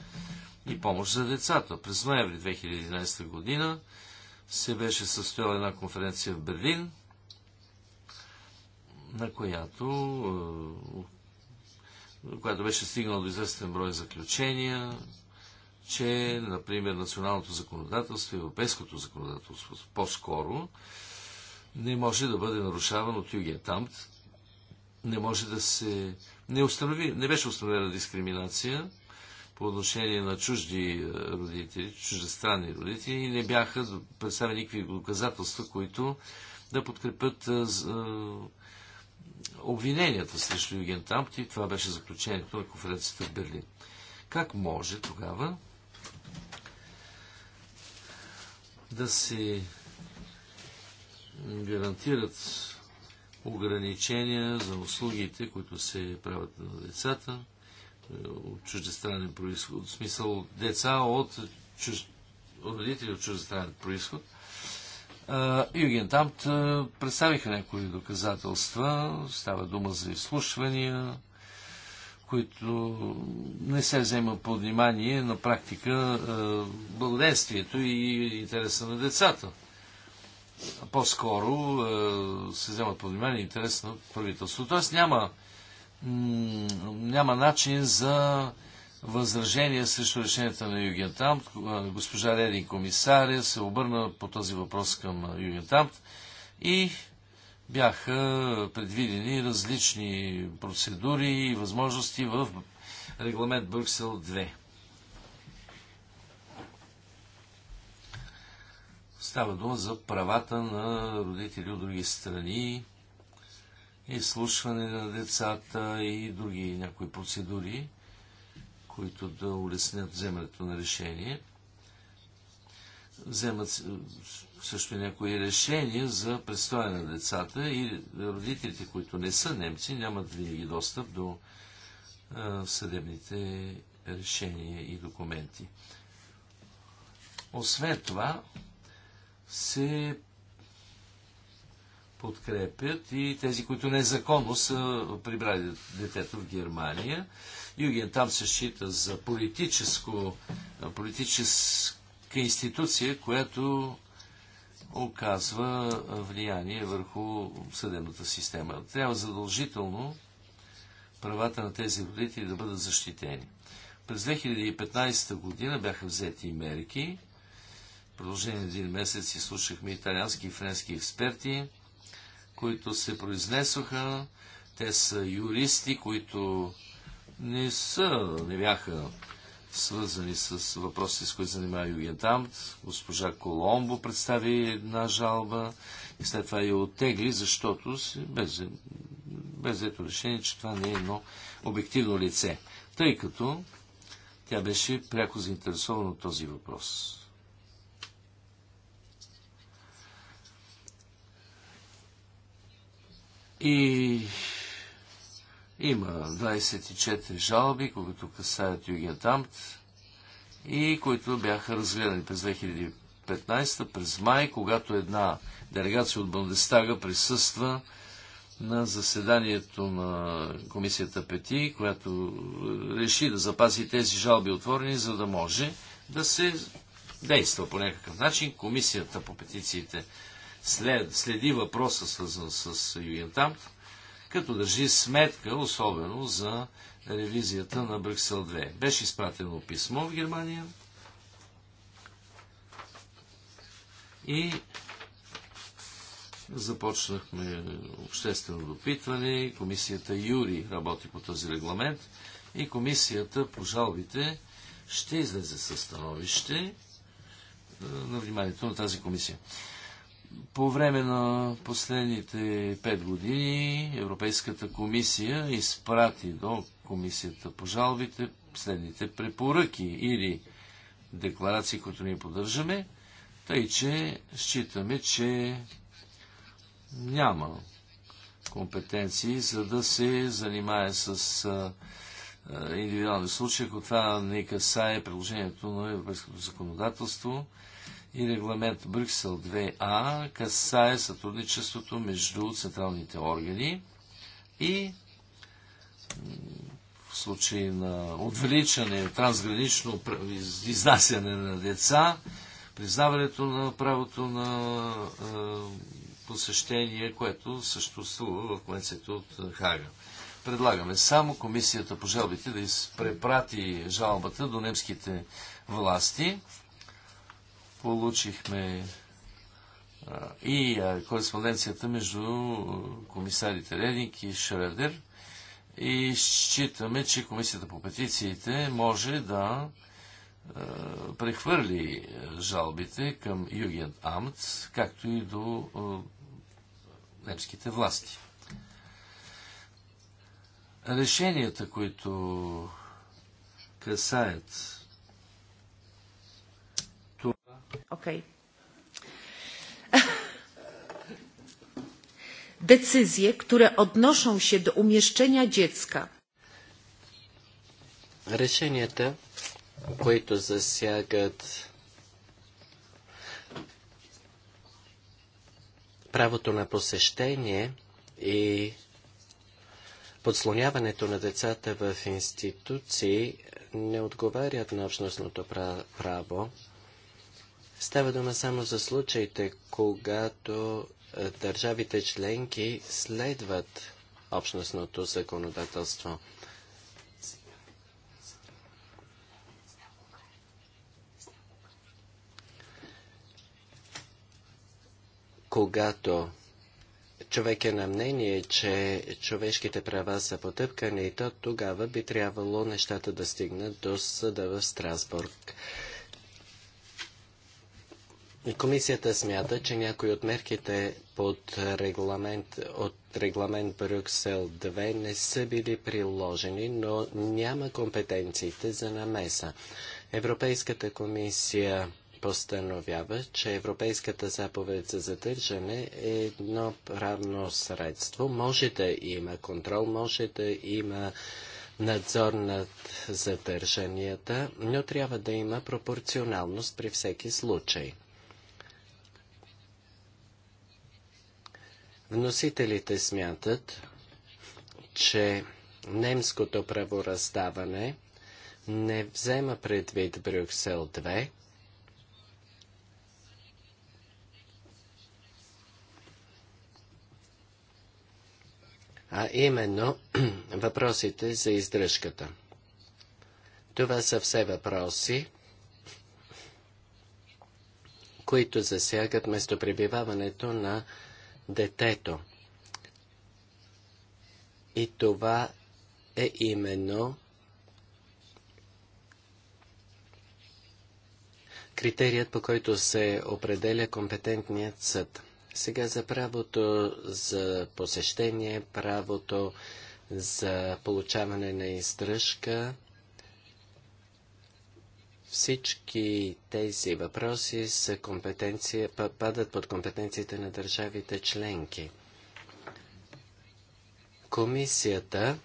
и помощ за децата. През ноември 2011 година се беше състояла една конференция в Берлин – на която, е, която беше стигнала до известен брой заключения, че, например, националното законодателство, европейското законодателство по-скоро, не може да бъде нарушавано от Югия Тамт, не може да се... Не, установи, не беше установена дискриминация по отношение на чужди е, родители, чуждестранни родители и не бяха представени никакви доказателства, които да подкрепят е, обвиненията срещу Юген Трамп и това беше заключението на конференцията в Берлин. Как може тогава да се гарантират ограничения за услугите, които се правят на децата е, от чуждестранен происход, в смисъл деца от чуж... родители от чуждестранен происход – Югентамт представиха някои доказателства. Става дума за изслушвания, които не се взема под внимание на практика благоденствието и интереса на децата. По-скоро се вземат по внимание интерес на правителството. Тоест няма, няма начин за възражения срещу решенията на Югентамт. Госпожа Редин комисаря се обърна по този въпрос към Югентамт и бяха предвидени различни процедури и възможности в регламент Брюксел 2. Става дума за правата на родители от други страни, изслушване на децата и други някои процедури които да улеснят вземането на решение. Вземат е, също някои решения за престоя на децата и родителите, които не са немци, нямат винаги достъп до е, съдебните решения и документи. Освен това, се подкрепят и тези, които незаконно са прибрали детето в Германия. Юген там се счита за политическо, политическа институция, която оказва влияние върху съдебната система. Трябва задължително правата на тези родители да бъдат защитени. През 2015 година бяха взети мерки. В продължение на един месец изслушахме италиански и френски експерти, които се произнесоха. Те са юристи, които не са, не бяха свързани с въпросите, с които занимава Югентамт. Госпожа Коломбо представи една жалба и след това я оттегли, защото си без, без ето решение, че това не е едно обективно лице. Тъй като тя беше пряко заинтересована от този въпрос. И има 24 жалби, които касаят Югентамт и които бяха разгледани през 2015, през май, когато една делегация от Бундестага присъства на заседанието на комисията Пети, която е, реши да запази тези жалби отворени, за да може да се действа по някакъв начин. Комисията по петициите след, следи въпроса, свързан с Югентамт като държи сметка особено за ревизията на Брюксел 2. Беше изпратено писмо в Германия и започнахме обществено допитване. Комисията Юри работи по този регламент и комисията по жалбите ще излезе със становище на вниманието на тази комисия. По време на последните пет години Европейската комисия изпрати до Комисията по жалбите следните препоръки или декларации, които ние поддържаме, тъй че считаме, че няма компетенции, за да се занимае с индивидуални случаи, ако това не касае предложението на европейското законодателство и регламент Брюксел 2А касае сътрудничеството между централните органи и в случай на отвличане, трансгранично изнасяне на деца, признаването на правото на е, посещение, което съществува в Конвенцията от Хага. Предлагаме само Комисията по жалбите да изпрепрати жалбата до немските власти Получихме и кореспонденцията между комисарите Редник и Шредер и считаме, че комисията по петициите може да прехвърли жалбите към Юген Амт, както и до немските власти. Решенията, които касаят Okej. Decyzje, które odnoszą się do umieszczenia dziecka. Решенията, които засягат правото на посещение и подслоняването на децата в институции не отговарят на общностното право. Става дума само за случаите, когато е, държавите членки следват общностното законодателство. Когато човек е на мнение, че човешките права са потъпкани, то тогава би трябвало нещата да стигнат до съда в Страсбург. Комисията смята, че някои от мерките под регламент, от регламент Брюксел 2 не са били приложени, но няма компетенциите за намеса. Европейската комисия постановява, че Европейската заповед за задържане е едно правно средство. Може да има контрол, може да има надзор над задържанията, но трябва да има пропорционалност при всеки случай. Вносителите смятат, че немското правораздаване не взема предвид Брюксел 2, а именно въпросите за издръжката. Това са все въпроси, които засягат местопребиваването на детето. И това е именно критерият, по който се определя компетентният съд. Сега за правото за посещение, правото за получаване на издръжка, всички тези въпроси са компетенция, падат под компетенциите на държавите членки. Комисията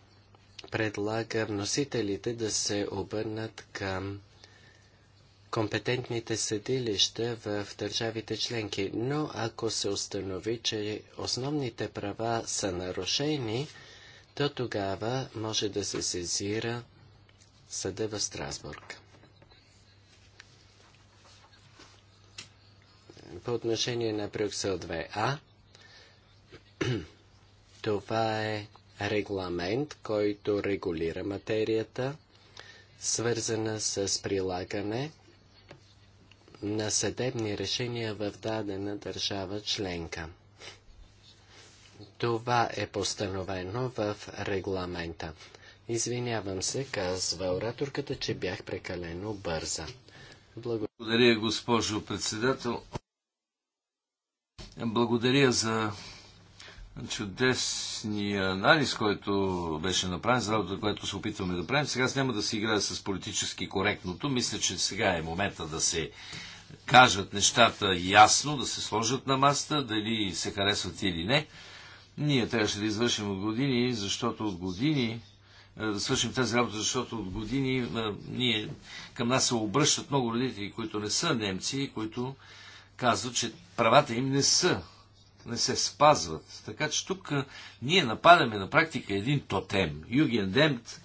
предлага вносителите да се обърнат към компетентните съдилища в държавите членки. Но ако се установи, че основните права са нарушени, то тогава може да се сезира съда в Страсбург. по отношение на Брюксел 2А. Това е регламент, който регулира материята, свързана с прилагане на съдебни решения в дадена държава членка. Това е постановено в регламента. Извинявам се, казва ораторката, че бях прекалено бърза. Благодаря, госпожо председател. Благодаря за чудесния анализ, който беше направен, за работата, която се опитваме да правим. Сега няма да се играе с политически коректното. Мисля, че сега е момента да се кажат нещата ясно, да се сложат на маста, дали се харесват или не. Ние трябваше да извършим от години, защото от години е, да свършим тази работа, защото от години е, ние, към нас се обръщат много родители, които не са немци, които казва, че правата им не са, не се спазват. Така че тук ние нападаме на практика един тотем. Югендемт,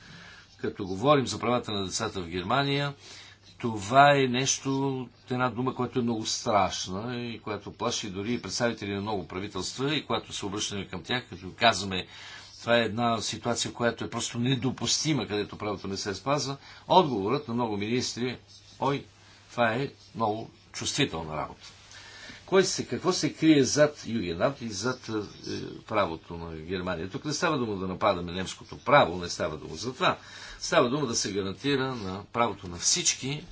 като говорим за правата на децата в Германия, това е нещо, една дума, която е много страшна и която плаши дори и представители на много правителства и когато се обръщаме към тях, като казваме, това е една ситуация, която е просто недопустима, където правото не се спазва, отговорът на много министри, е, ой, това е много чувствителна работа. Кой се, какво се крие зад Югенат и зад е, правото на Германия? Тук не става дума да нападаме немското право, не става дума за това. Става дума да се гарантира на правото на всички,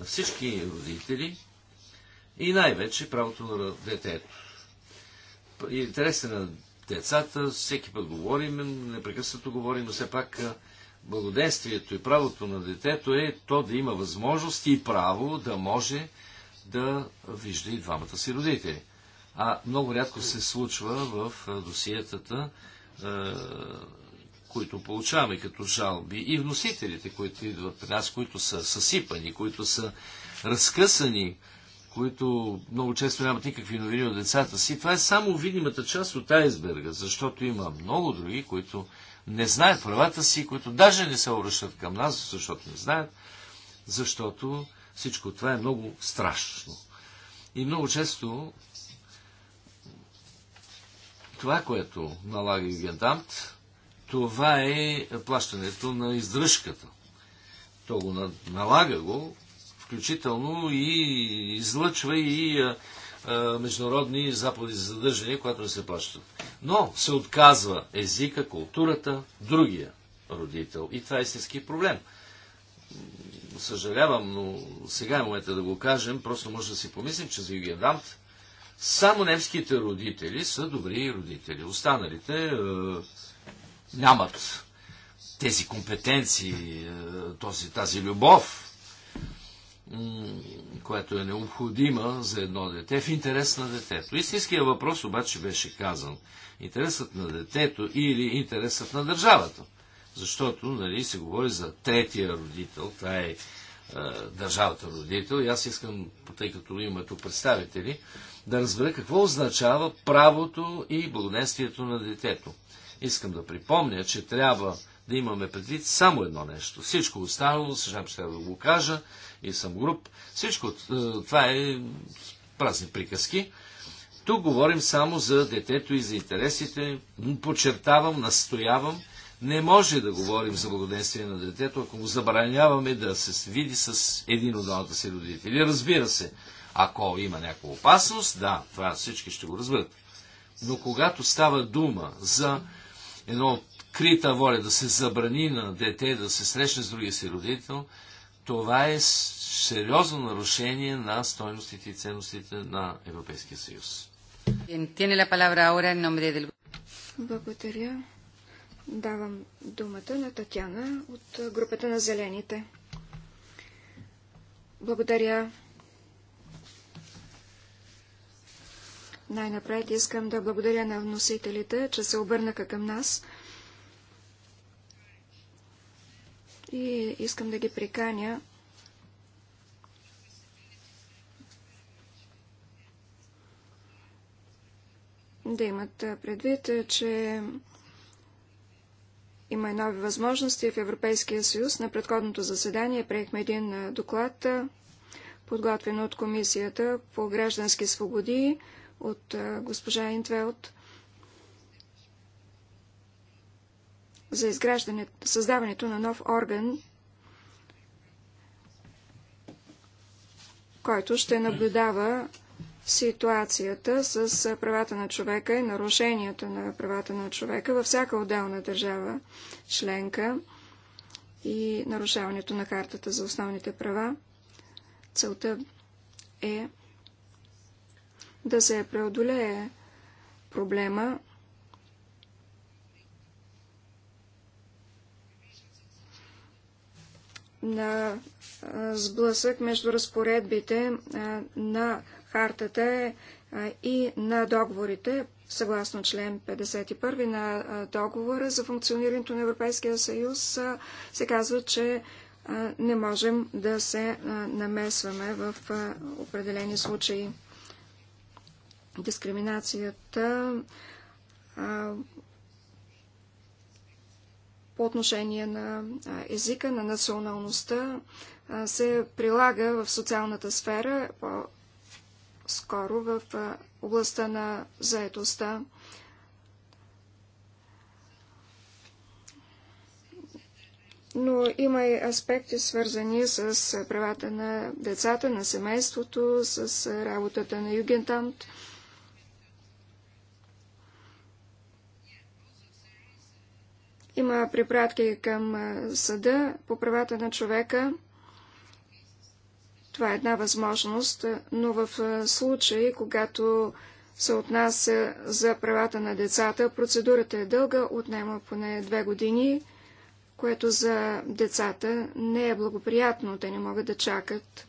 на всички родители и най-вече правото на детето. Интересен на децата, всеки път говорим, непрекъснато говорим, но все пак е, благоденствието и правото на детето е то да има възможност и право да може да вижда и двамата си родители. А много рядко се случва в досиетата, които получаваме като жалби и вносителите, които идват при нас, които са съсипани, които са разкъсани, които много често нямат никакви новини от децата си. Това е само видимата част от айсберга, защото има много други, които не знаят правата си, които даже не се обръщат към нас, защото не знаят, защото всичко това е много страшно. И много често това, което налага Гендант, това е плащането на издръжката. То го налага го, включително и излъчва и международни заповеди за задържане, които не се плащат. Но се отказва езика, културата, другия родител. И това е истински проблем съжалявам, но сега е момента да го кажем, просто може да си помислим, че за Югендант само немските родители са добри родители. Останалите е, нямат тези компетенции, е, този, тази любов, която е необходима за едно дете в интерес на детето. Истинския въпрос обаче беше казан. Интересът на детето или интересът на държавата. Защото нали, се говори за третия родител, това е, е държавата родител. И аз искам, тъй като има тук представители, да разбера какво означава правото и благоденствието на детето. Искам да припомня, че трябва да имаме предвид само едно нещо. Всичко останало, съжалявам, ще трябва да го кажа и съм груп. Всичко е, това е празни приказки. Тук говорим само за детето и за интересите. Подчертавам, настоявам, не може да говорим за благоденствие на детето, ако му забраняваме да се види с един от двамата си родители. Разбира се, ако има някаква опасност, да, това всички ще го разберат. Но когато става дума за едно открита воля да се забрани на дете да се срещне с другия си родител, това е сериозно нарушение на стойностите и ценностите на Европейския съюз. Благодаря. Давам думата на Татяна от групата на Зелените. Благодаря. Най-напред искам да благодаря на вносителите, че се обърнаха към нас. И искам да ги приканя да имат предвид, че има и нови възможности в Европейския съюз. На предходното заседание приехме един доклад, подготвен от Комисията по граждански свободи от госпожа Интвелт за изграждане, създаването на нов орган, който ще наблюдава ситуацията с правата на човека и нарушенията на правата на човека във всяка отделна държава членка и нарушаването на хартата за основните права. Целта е да се преодолее проблема на сблъсък между разпоредбите на хартата е, и на договорите, съгласно член 51 на договора за функционирането на Европейския съюз, се казва, че не можем да се намесваме в определени случаи. Дискриминацията по отношение на езика, на националността, се прилага в социалната сфера скоро в областта на заедостта. но има и аспекти свързани с правата на децата, на семейството, с работата на югентант. Има препратки към съда по правата на човека. Това е една възможност, но в случай, когато се отнася за правата на децата, процедурата е дълга, отнема поне две години, което за децата не е благоприятно. Те не могат да чакат,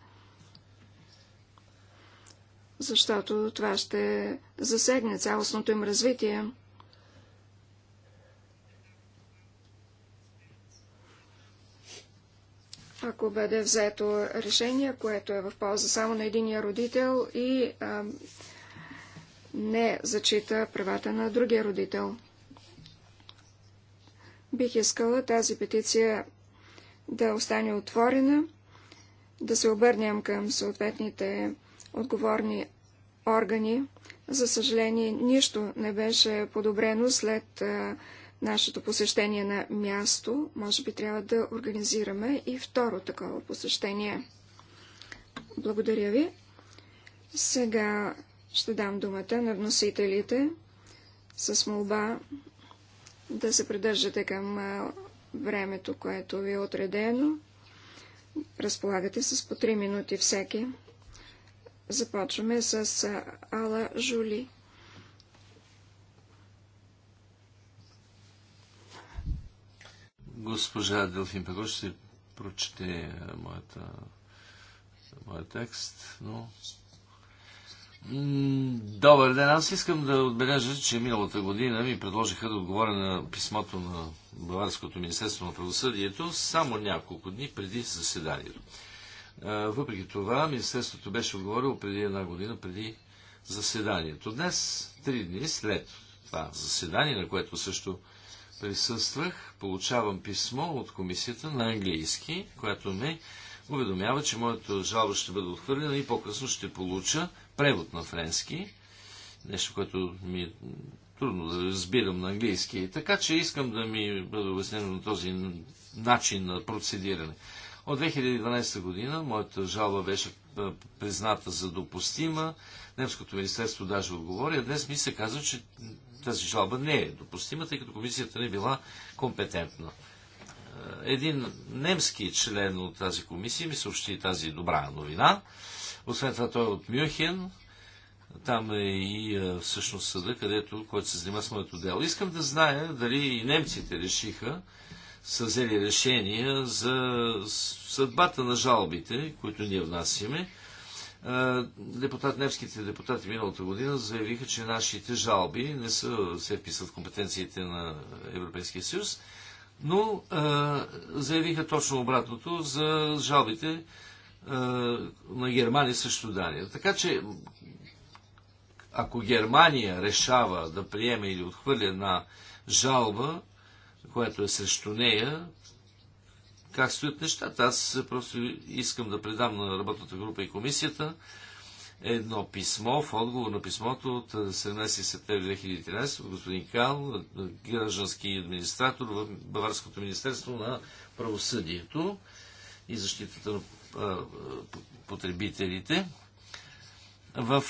защото това ще засегне цялостното им развитие. ако бъде взето решение, което е в полза само на единия родител и а, не зачита правата на другия родител. Бих искала тази петиция да остане отворена, да се обърнем към съответните отговорни органи. За съжаление, нищо не беше подобрено след а, нашето посещение на място, може би трябва да организираме и второ такова посещение. Благодаря ви. Сега ще дам думата на вносителите с молба да се придържате към времето, което ви е отредено. Разполагате с по 3 минути всеки. Започваме с Ала Жули. Госпожа Делфин Пего ще прочете моята, моят текст, но... Добър ден, аз искам да отбележа, че миналата година ми предложиха да отговоря на писмото на Баварското Министерство на правосъдието само няколко дни преди заседанието. Въпреки това, Министерството беше отговорило преди една година, преди заседанието. Днес, три дни след това заседание, на което също присъствах, получавам писмо от комисията на английски, което ме уведомява, че моето жалба ще бъде отхвърлена и по-късно ще получа превод на френски. Нещо, което ми е трудно да разбирам на английски. Така че искам да ми бъде обяснено на този начин на процедиране. От 2012 година моята жалба беше призната за допустима. Немското министерство даже отговори, а днес ми се казва, че тази жалба не е допустима, тъй като комисията не е била компетентна. Е, един немски член от тази комисия ми съобщи тази добра новина. Освен това той е от Мюнхен. Там е и е, всъщност съда, където, който се занимава с моето дело. Искам да зная дали и немците решиха, са взели решения за съдбата на жалбите, които ние внасяме е, депутат, немските депутати миналата година заявиха, че нашите жалби не са се вписват в компетенциите на Европейския съюз, но а, е, заявиха точно обратното за жалбите а, е, на Германия срещу Дания. Така че, ако Германия решава да приеме или отхвърля една жалба, която е срещу нея, как стоят нещата. Аз просто искам да предам на работната група и комисията едно писмо, в отговор на писмото от 17 септември 2013 от господин Кал, граждански администратор в Баварското министерство на правосъдието и защитата на потребителите. В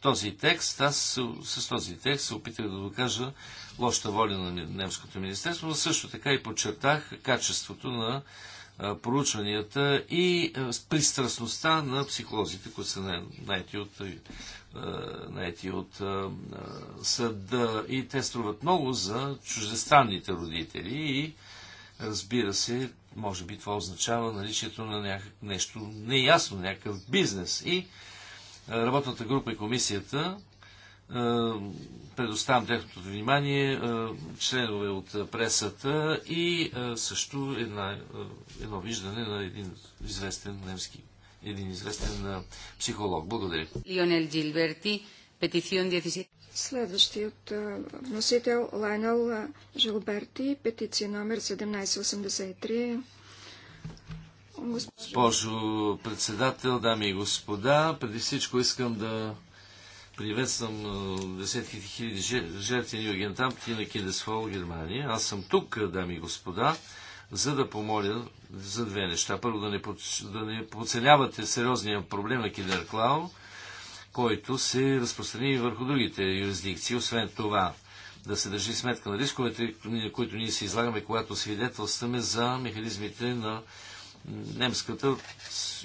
този текст, аз с този текст се опитах да докажа лошата воля на немското министерство, но също така и подчертах качеството на проучванията и пристрастността на психолозите, които са наети от, наети от съда. И те струват много за чуждестранните родители и разбира се, може би това означава наличието на някак, нещо неясно, някакъв бизнес. И работната група и комисията предоставям техното внимание е, членове от пресата и е, също една, е, едно виждане на един известен немски, един известен психолог. Благодаря. Лионел Джилберти, петицион 17. Следващият вносител Лайнел Жилберти, петиция номер 1783. Госпожо председател, дами и господа, преди всичко искам да Приветствам десетки хиляди жертви на Югентамти на Киндесфол, Германия. Аз съм тук, дами и господа, за да помоля за две неща. Първо, да не, подценявате сериозния проблем на Киндер Клау, който се разпространи и върху другите юрисдикции. Освен това, да се държи сметка на рисковете, които ние се излагаме, когато свидетелстваме за механизмите на немската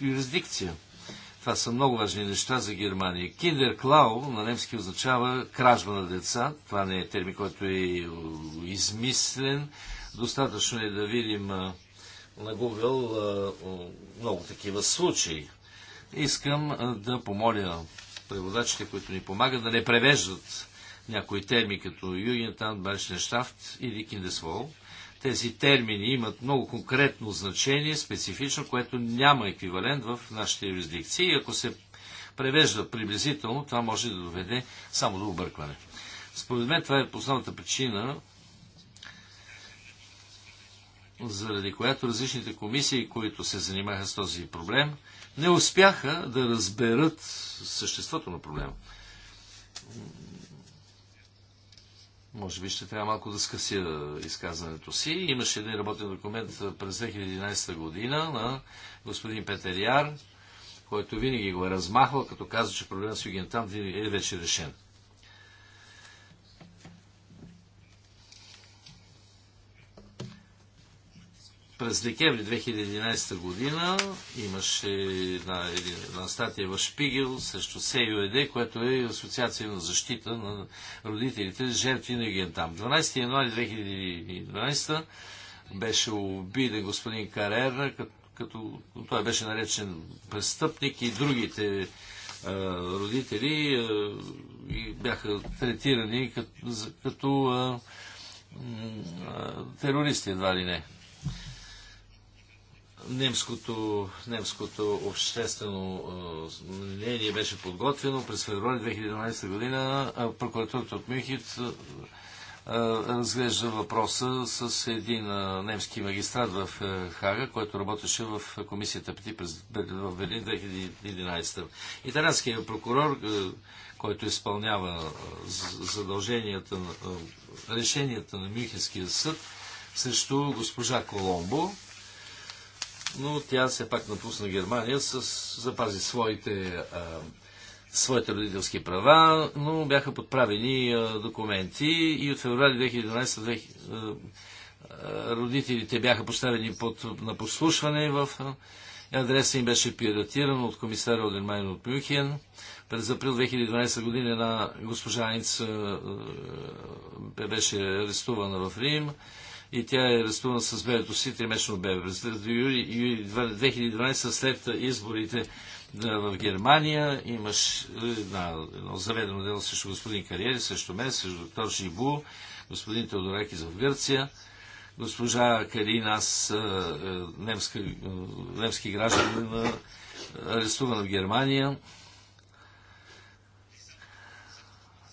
юрисдикция. Това са много важни неща за Германия. Киндерклау на немски означава кражба на деца. Това не е термин, който е измислен. Достатъчно е да видим на Google много такива случаи. Искам да помоля преводачите, които ни помагат, да не превеждат някои терми като Югентан, Брешнештафт или Киндесвол. Тези термини имат много конкретно значение, специфично, което няма еквивалент в нашите юрисдикции. И ако се превежда приблизително, това може да доведе само до объркване. Според мен това е основната причина, заради която различните комисии, които се занимаха с този проблем, не успяха да разберат съществото на проблема може би ще трябва малко да скъси изказването си. Имаше един работен документ през 2011 година на господин Петериар, който винаги го е размахвал, като каза, че проблемът с Югентам е вече решен. През декември 2011 година имаше една, една статия в Шпигел срещу СЮЕД, което е Асоциация на защита на родителите, жертви на Югентам. 12 януари 2012 беше обиден господин Карер, като, като той беше наречен престъпник и другите а, родители а, и бяха третирани като, като а, терористи едва ли не немското, немското обществено мнение беше подготвено. През февруари 2012 година прокуратурата от Мюнхит разглежда въпроса с един немски магистрат в Хага, който работеше в комисията Пети през, в Берлин 2011. Италянският прокурор, който изпълнява задълженията, на решенията на Мюнхенския съд срещу госпожа Коломбо, но тя все пак напусна Германия, с, запази своите, а, своите родителски права, но бяха подправени а, документи и от феврали 2011 а, родителите бяха поставени под, на послушване в адреса им беше пиратиран от комисаря Одермайн от Мюхен. През април 2012 година една госпожа беше арестувана в Рим и тя е разпълна с бебето си, тримесечно бебе. През 2012 след изборите в Германия имаш една, едно заведено дело срещу господин Кариери, срещу мен, срещу доктор Жибу, господин Теодоракис в Гърция госпожа Карин, аз е, е, немска, е, немски гражданин, арестуван в Германия.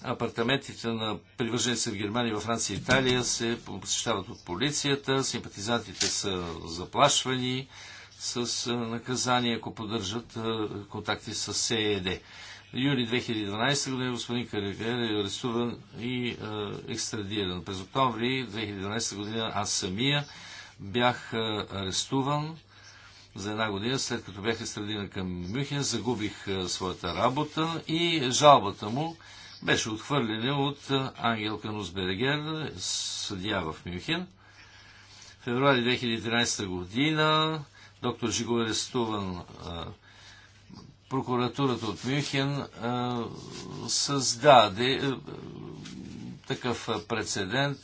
Апартаментите на привърженици в Германия, във Франция и Италия се посещават от полицията, симпатизантите са заплашвани с наказание, ако поддържат контакти с СЕД. Юли 2012 година господин Карегер е арестуван и екстрадиран. През октомври 2012 година аз самия бях арестуван за една година, след като бях екстрадиран към Мюхен, загубих своята работа и жалбата му беше отхвърлене от Ангел Канус Берегер, съдия в Мюнхен. В февруари 2013 година доктор Жигов е арестуван прокуратурата от Мюнхен създаде такъв прецедент.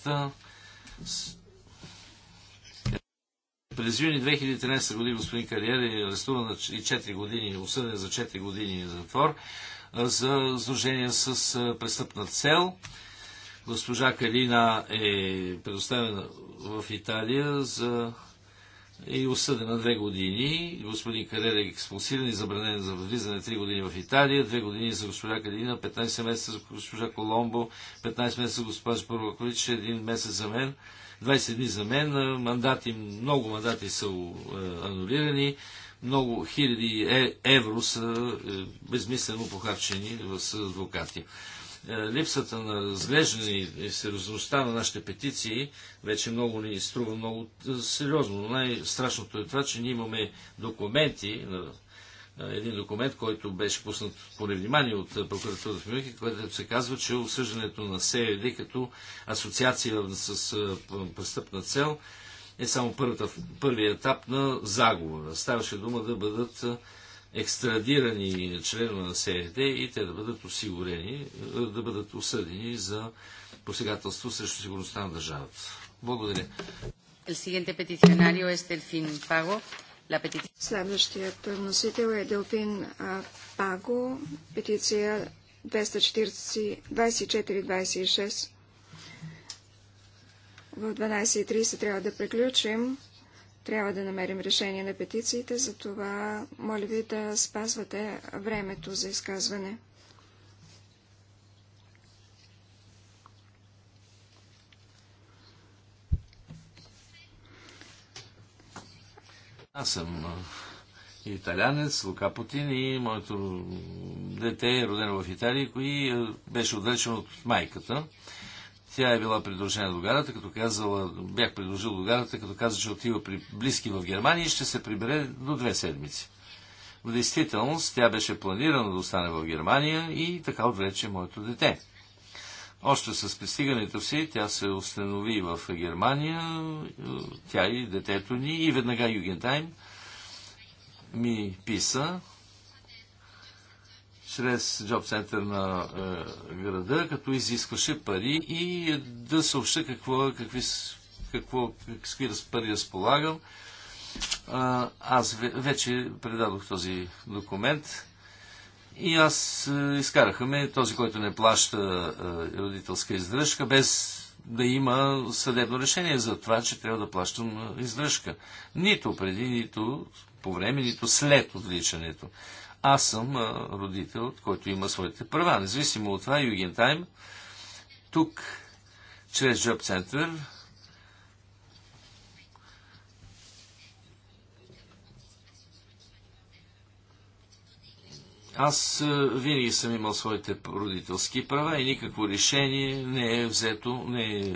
През юни 2013 година господин Кариер е арестуван и 4 години, осъден за 4 години затвор за сдружения с престъпна цел. Госпожа Калина е предоставена в Италия за и осъдена две години. Господин Карер е експулсиран и забранен за влизане три години в Италия, две години за госпожа Калина, 15 месеца за госпожа Коломбо, 15 месеца за госпожа Първакович, един месец за мен, 20 дни за мен. Мандати, много мандати са е, анулирани много хиляди е, евро са е, безмислено похарчени с адвокати. Е, липсата на разглеждане и сериозността на нашите петиции вече много ни струва много е, сериозно. най-страшното е това, че ние имаме документи, един документ, който беше пуснат по невнимание от прокуратурата в Мюнхен, където се казва, че осъждането на СЕВД като асоциация с престъпна цел е само първата, първият етап на заговора. Ставаше дума да бъдат екстрадирани членове на СРД и те да бъдат осигурени, да бъдат осъдени за посегателство срещу сигурността на държавата. Благодаря. Следващият носител е Делфин Паго, петиция 24 26 в 12.30 трябва да приключим. Трябва да намерим решение на петициите, затова моля ви да спазвате времето за изказване. Аз съм италянец, Лука Путин и моето дете е родено в Италия, и беше отречено от майката. Тя е била предложена до гарата, като казала, бях предложил до гарата, като каза, че отива при близки в Германия и ще се прибере до две седмици. В действителност тя беше планирана да остане в Германия и така отвлече моето дете. Още с пристигането си тя се установи в Германия, тя и детето ни и веднага Югентайм ми писа чрез джоб център на е, града, като изискваше пари и да съобща какво, какви, какво, какви пари разполагам. аз вече предадох този документ и аз е, изкарахаме този, който не плаща е, родителска издръжка, без да има съдебно решение за това, че трябва да плащам е, издръжка. Нито преди, нито по време, нито след отличането. Аз съм родител, който има своите права. Независимо от това, Югентайм тук чрез Job Center Аз е, винаги съм имал своите родителски права и никакво решение не е взето, не е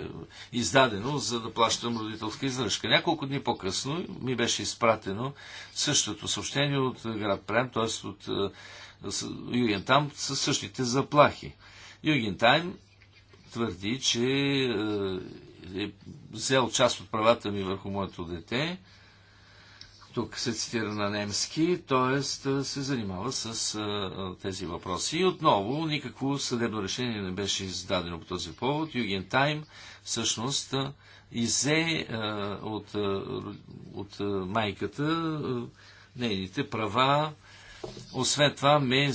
издадено, за да плащам родителска издръжка. Няколко дни по-късно ми беше изпратено същото съобщение от град Прем, т.е. от е, Там със същите заплахи. Тайм твърди, че е, е взел част от правата ми върху моето дете, тук се цитира на немски, т.е. се занимава с а, тези въпроси. И отново никакво съдебно решение не беше издадено по този повод. Юген Тайм всъщност изе а, от, а, от а, майката а, нейните права. Освен това, ме,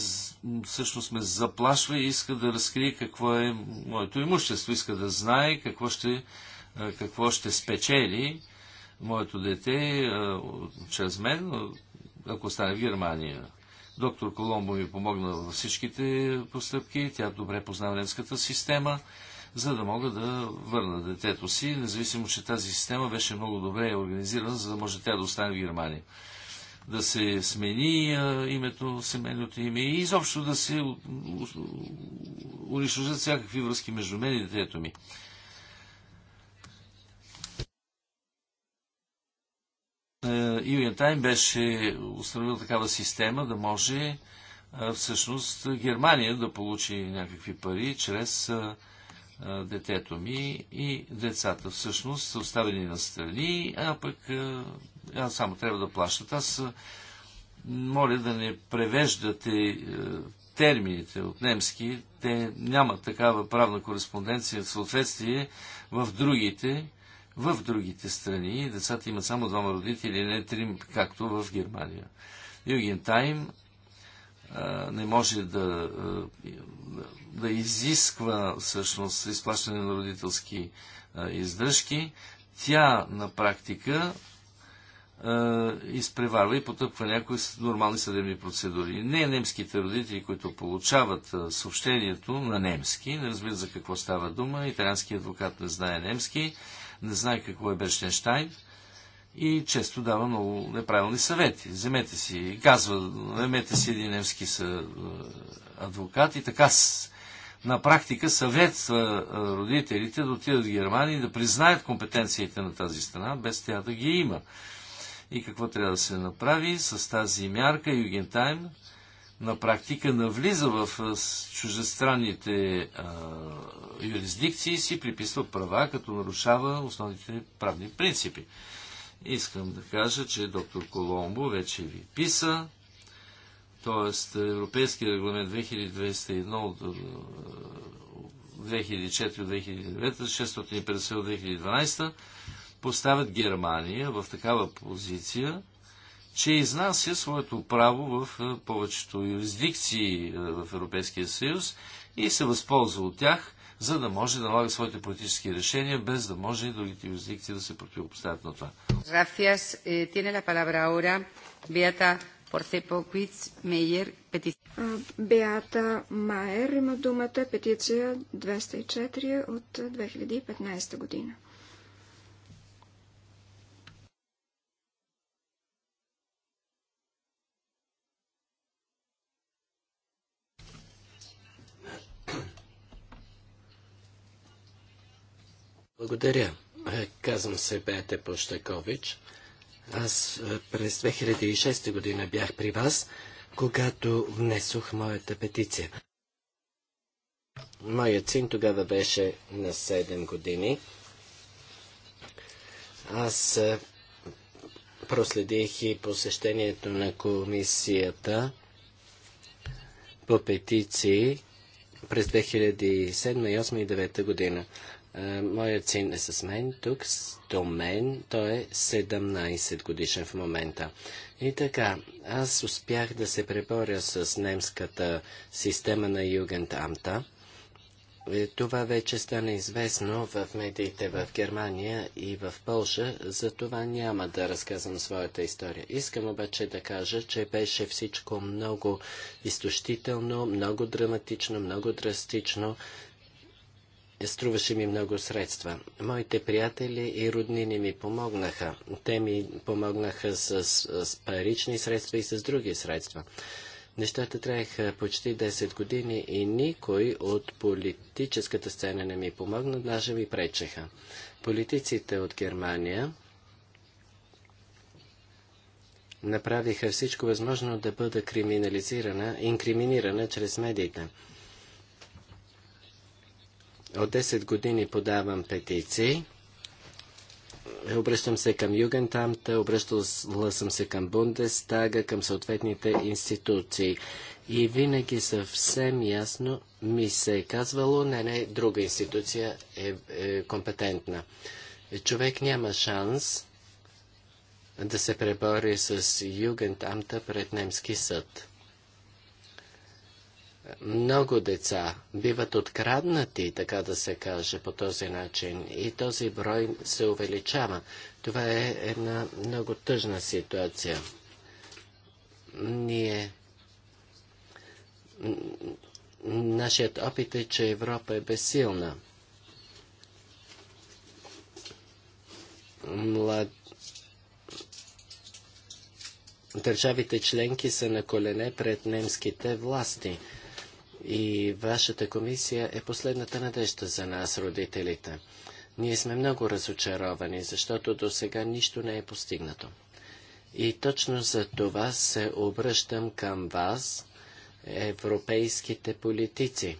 всъщност ме заплашва и иска да разкрие какво е моето имущество. Иска да знае какво ще, а, какво ще спечели моето дете чрез мен, ако остане в Германия. Доктор Коломбо ми помогна във всичките постъпки, тя добре позна немската система, за да мога да върна детето си, независимо, че тази система беше много добре организирана, за да може тя да остане в Германия. Да се смени а, името, семейното име и изобщо да се унищожат всякакви връзки между мен и детето ми. Е, Юлия Тайм беше установил такава система да може е, всъщност Германия да получи някакви пари чрез е, детето ми и децата всъщност са оставени на страни, а пък аз само трябва да плащат. Аз моля да не превеждате термините от немски. Те нямат такава правна кореспонденция в съответствие в другите в другите страни децата имат само двама родители, не три, както в Германия. Юген Тайм не може да, да изисква всъщност изплащане на родителски издръжки. Тя на практика изпреварва и потъпва някои нормални съдебни процедури. Не немските родители, които получават съобщението на немски, не разбират за какво става дума, италиански адвокат не знае немски, не знае какво е Бещенштайн и често дава много неправилни съвети. Вземете си, казва, вземете си един немски е, адвокат и така на практика съветства е, родителите да отидат в Германия и да признаят компетенциите на тази страна, без тя да ги има. И какво трябва да се направи с тази мярка Югентайм? на практика навлиза в чужестранните юрисдикции и си приписва права, като нарушава основните правни принципи. Искам да кажа, че доктор Коломбо вече ви писа, т.е. Европейския регламент 2201 от 2004-2009, 650-2012 поставят Германия в такава позиция, че изнася своето право в повечето юрисдикции в Европейския съюз и се възползва от тях, за да може да налага своите политически решения, без да може и другите юрисдикции да се противопоставят на това. Беата eh, Майер има думата петиция 204 от 2015 година. Благодаря. Е, казвам се Бете Пощакович. Аз е, през 2006 година бях при вас, когато внесох моята петиция. Моят син тогава беше на 7 години. Аз е, проследих и посещението на комисията по петиции през 2007, 2008 и 2009 година. Моят син е с мен тук, до мен. Той е 17 годишен в момента. И така, аз успях да се преборя с немската система на Югентамта. Е, това вече стана известно в медиите в Германия и в Польша, за това няма да разказвам своята история. Искам обаче да кажа, че беше всичко много изтощително, много драматично, много драстично струваше ми много средства. Моите приятели и роднини ми помогнаха. Те ми помогнаха с, с парични средства и с други средства. Нещата траеха почти 10 години и никой от политическата сцена не ми помогна, даже ми пречеха. Политиците от Германия направиха всичко възможно да бъда криминализирана, инкриминирана чрез медиите. От 10 години подавам петиции. Обръщам се към Югентамта, обръщала съм се към Бундестага, към съответните институции. И винаги съвсем ясно ми се е казвало, не, не, друга институция е, е компетентна. Човек няма шанс да се пребори с Югентамта пред немски съд много деца биват откраднати, така да се каже, по този начин и този брой се увеличава. Това е една много тъжна ситуация. Ние... Нашият опит е, че Европа е безсилна. Млад... Държавите членки са на колене пред немските власти – и вашата комисия е последната надежда за нас, родителите. Ние сме много разочаровани, защото до сега нищо не е постигнато. И точно за това се обръщам към вас, европейските политици.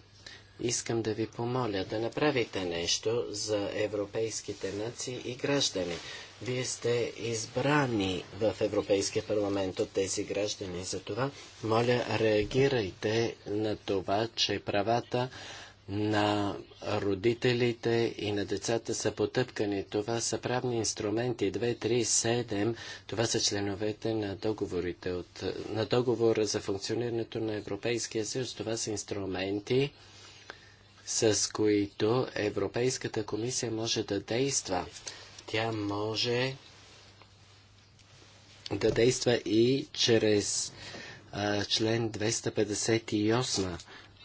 Искам да ви помоля да направите нещо за европейските нации и граждани. Вие сте избрани в Европейския парламент от тези граждани. Затова, моля, реагирайте на това, че правата на родителите и на децата са потъпкани. Това са правни инструменти 2, 3, 7. Това са членовете на договорите от, на договора за функционирането на Европейския съюз. Това са инструменти, с които Европейската комисия може да действа тя може да действа и чрез а, член 258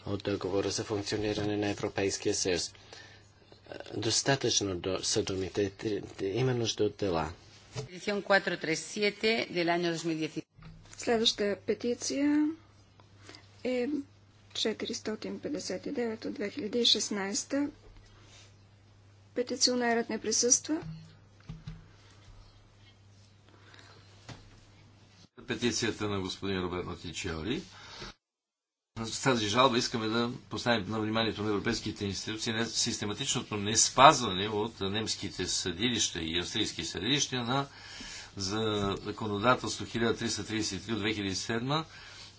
от договора за функциониране на Европейския съюз. Достатъчно до, са думите. Има нужда от дела. Следващата петиция е 459 от 2016. Петиционерът не присъства. петицията на господин Роберт Матичиори. С тази жалба искаме да поставим на вниманието на европейските институции на систематичното неспазване от немските съдилища и австрийски съдилища на за законодателство 1333 от 2007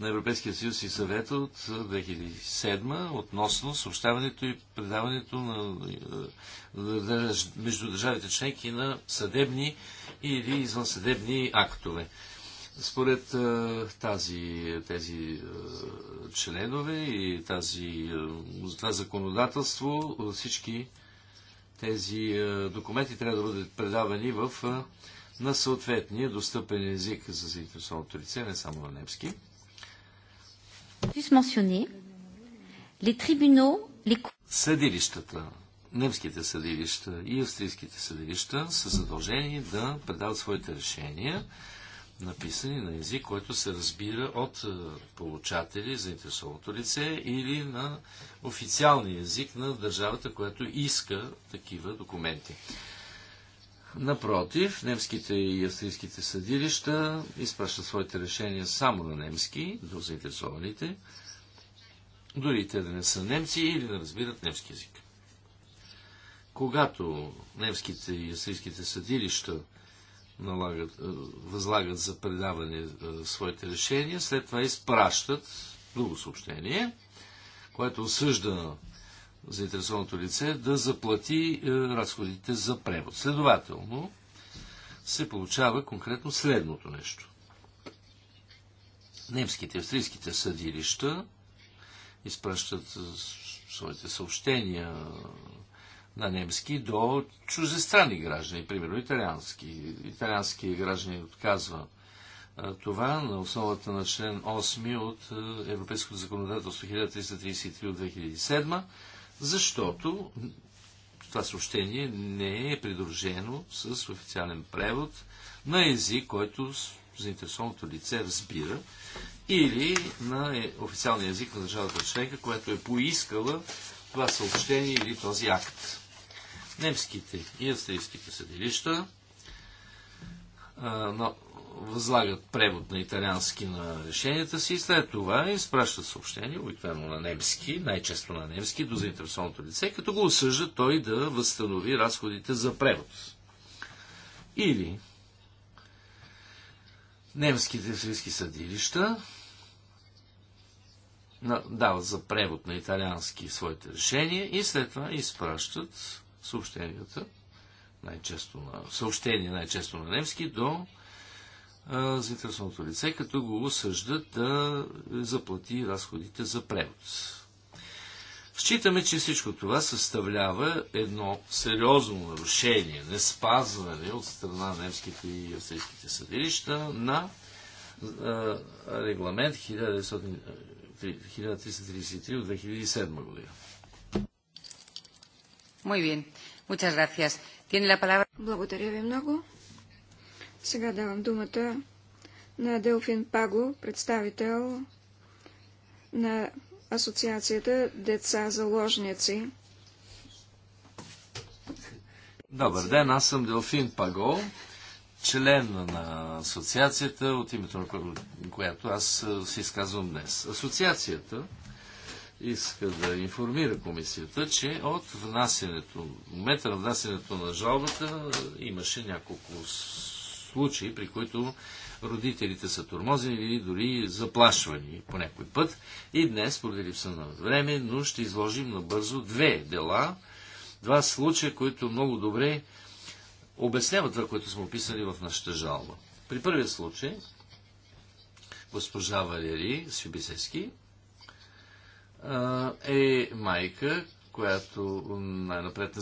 на Европейския съюз и съвет от 2007 относно съобщаването и предаването на, между държавите членки на съдебни или извънсъдебни актове. Според тази, тези членове и тази, това законодателство всички тези документи трябва да бъдат предавани в, на съответния достъпен език за заинтересованото лице, не само на немски. Съдилищата, немските съдилища и австрийските съдилища са задължени да предават своите решения написани на език, който се разбира от е, получатели, заинтересованото лице или на официалния език на държавата, която иска такива документи. Напротив, немските и австрийските съдилища изпращат своите решения само на немски, до заинтересованите, дори те да не са немци или да разбират немски язик. Когато немските и австрийските съдилища налагат, е, възлагат за предаване е, своите решения, след това изпращат друго съобщение, което осъжда заинтересованото лице да заплати е, разходите за превод. Следователно се получава конкретно следното нещо. Немските и австрийските съдилища изпращат своите съобщения на немски до чужестранни граждани, примерно италиански. Италиански граждани отказва това на основата на член 8 от Европейското законодателство 1333 от 2007, защото това съобщение не е придружено с официален превод на език, който заинтересованото лице разбира, или на е- официалния език на държавата членка, която е поискала това съобщение или този акт немските и австрийските съдилища възлагат превод на италиански на решенията си и след това изпращат съобщение, обикновено на немски, най-често на немски, до заинтересованото лице, като го осъжда той да възстанови разходите за превод. Или немските австрийски съдилища дават за превод на италиански своите решения и след това изпращат съобщенията, най-често на, съобщения най-често на немски, до а, заинтересованото лице, като го осъждат да заплати разходите за превод. Считаме, че всичко това съставлява едно сериозно нарушение, не спазване от страна на немските и австрийските съдилища на а, регламент 1333 от 2007 година. Muy bien. Muchas gracias. Tiene la palabra... Благодаря ви много. Сега давам думата на Делфин Паго, представител на Асоциацията Деца заложници. Добър ден, аз съм Делфин Паго, член на асоциацията, от името на която аз се изказвам днес. Асоциацията иска да информира комисията, че от внасянето, момента на внасянето на жалбата имаше няколко случаи, при които родителите са тормозени или дори заплашвани по някой път. И днес, поради липса на време, но ще изложим набързо две дела, два случая, които много добре обясняват това, което сме описали в нашата жалба. При първия случай, госпожа Валери Свибисевски е майка, която най-напред е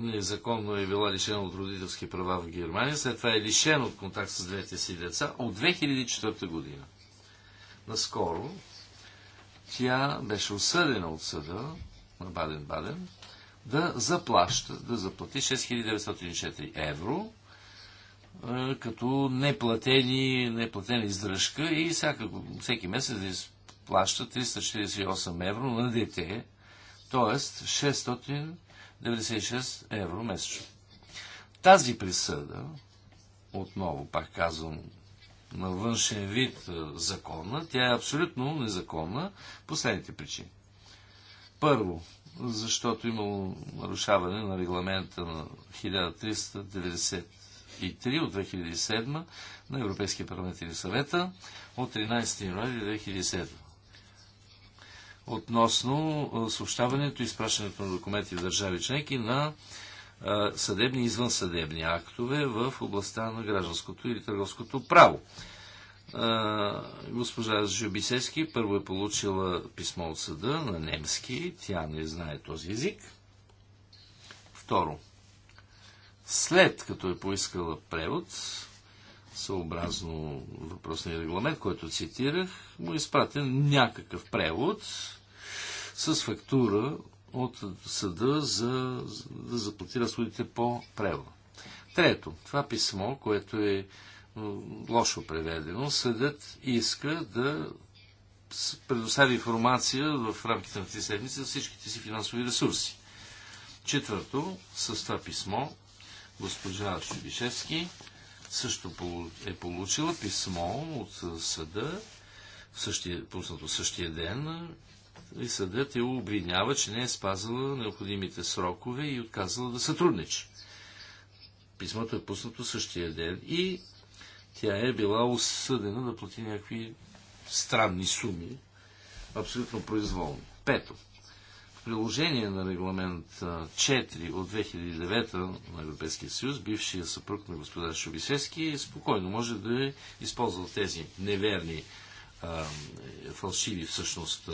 незаконно е била лишена от родителски права в Германия, след това е лишена от контакт с двете си деца от 2004 година. Наскоро тя беше осъдена от съда на Баден-Баден да заплаща, да заплати 6904 евро като неплатени, неплатена издръжка и всяка, всеки месец плаща 348 евро на дете, т.е. 696 евро месечно. Тази присъда, отново пак казвам, на външен вид е, законна, тя е абсолютно незаконна последните причини. Първо, защото е имало нарушаване на регламента на 1393 от 2007 на Европейския парламент и съвета от 13 януари 2007 относно съобщаването и изпращането на документи в държави членки на съдебни и извънсъдебни актове в областта на гражданското или търговското право. Госпожа Жобисески първо е получила писмо от съда на немски. Тя не знае този език. Второ, след като е поискала превод, съобразно въпросния регламент, който цитирах, му е изпратен някакъв превод с фактура от съда за, да заплати разходите по превода. Трето, това писмо, което е лошо преведено, съдът иска да предостави информация в рамките на тези седмици за всичките си финансови ресурси. Четвърто, с това писмо госпожа Шибишевски също е получила писмо от съда, същия, пуснато същия ден, и съдът я обвинява, че не е спазала необходимите срокове и отказала да сътрудничи. Писмото е пуснато същия ден и тя е била осъдена да плати някакви странни суми, абсолютно произволно. Пето. В приложение на регламент 4 от 2009 на Европейския съюз, бившия съпруг на господа Шобисевски спокойно може да е използвал тези неверни, а, фалшиви всъщност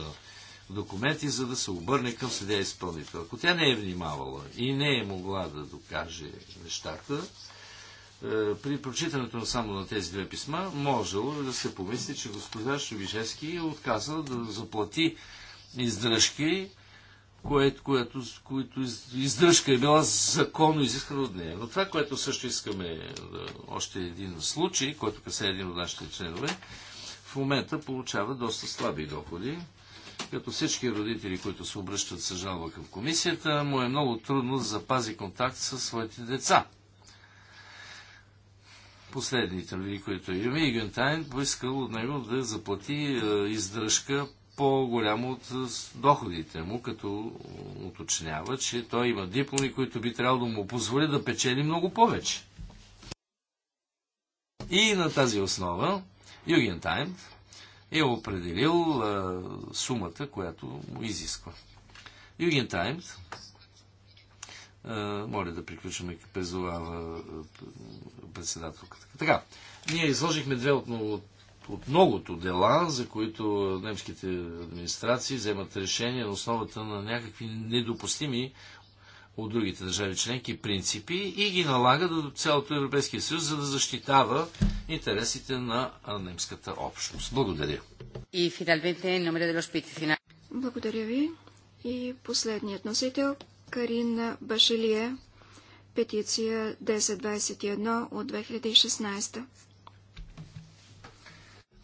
документи, за да се обърне към съдя изпълнител. Ако тя не е внимавала и не е могла да докаже нещата, е, при прочитането само на тези две писма, можело е да се помисли, че госпожа Шевишевски е отказала да заплати издръжки, което, което, които издръжка е била законно изискана от нея. Но това, което също искаме, да, е, още един случай, който касае един от нашите членове, в момента получава доста слаби доходи, като всички родители, които се обръщат с жалба към комисията, му е много трудно да запази контакт с своите деца. Последните люди, които имаме, и Тайн поискал от него да заплати е, издръжка по голямо от е, доходите му, като уточнява, че той има дипломи, които би трябвало да му позволи да печели много повече. И на тази основа Югентайн е определил а, сумата, която му изисква. Юген Таймс моля да приключваме, призовава председателката. Така, ние изложихме две от, от, от многото дела, за които немските администрации вземат решение на основата на някакви недопустими от другите държави членки принципи и ги налага до цялото Европейския съюз, за да защитава интересите на немската общност. Благодаря. И финалmente, номер de los Благодаря ви. И последният носител, Карин Башелия, петиция 1021 от 2016.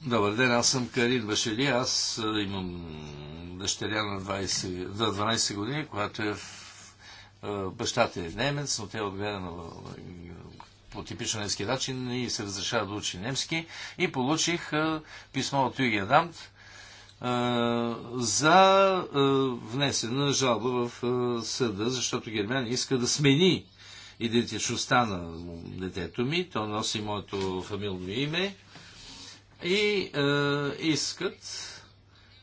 Добър ден, аз съм Карин Башели. Аз имам дъщеря на 20, 12 години, която е в е, бащата е немец, но тя е отгледана по типично немски начин и се разрешава да учи немски. И получих е, писмо от Югия Дамт е, за внесена жалба в съда, защото Германия иска да смени идентичността на детето ми. То носи моето фамилно име и искат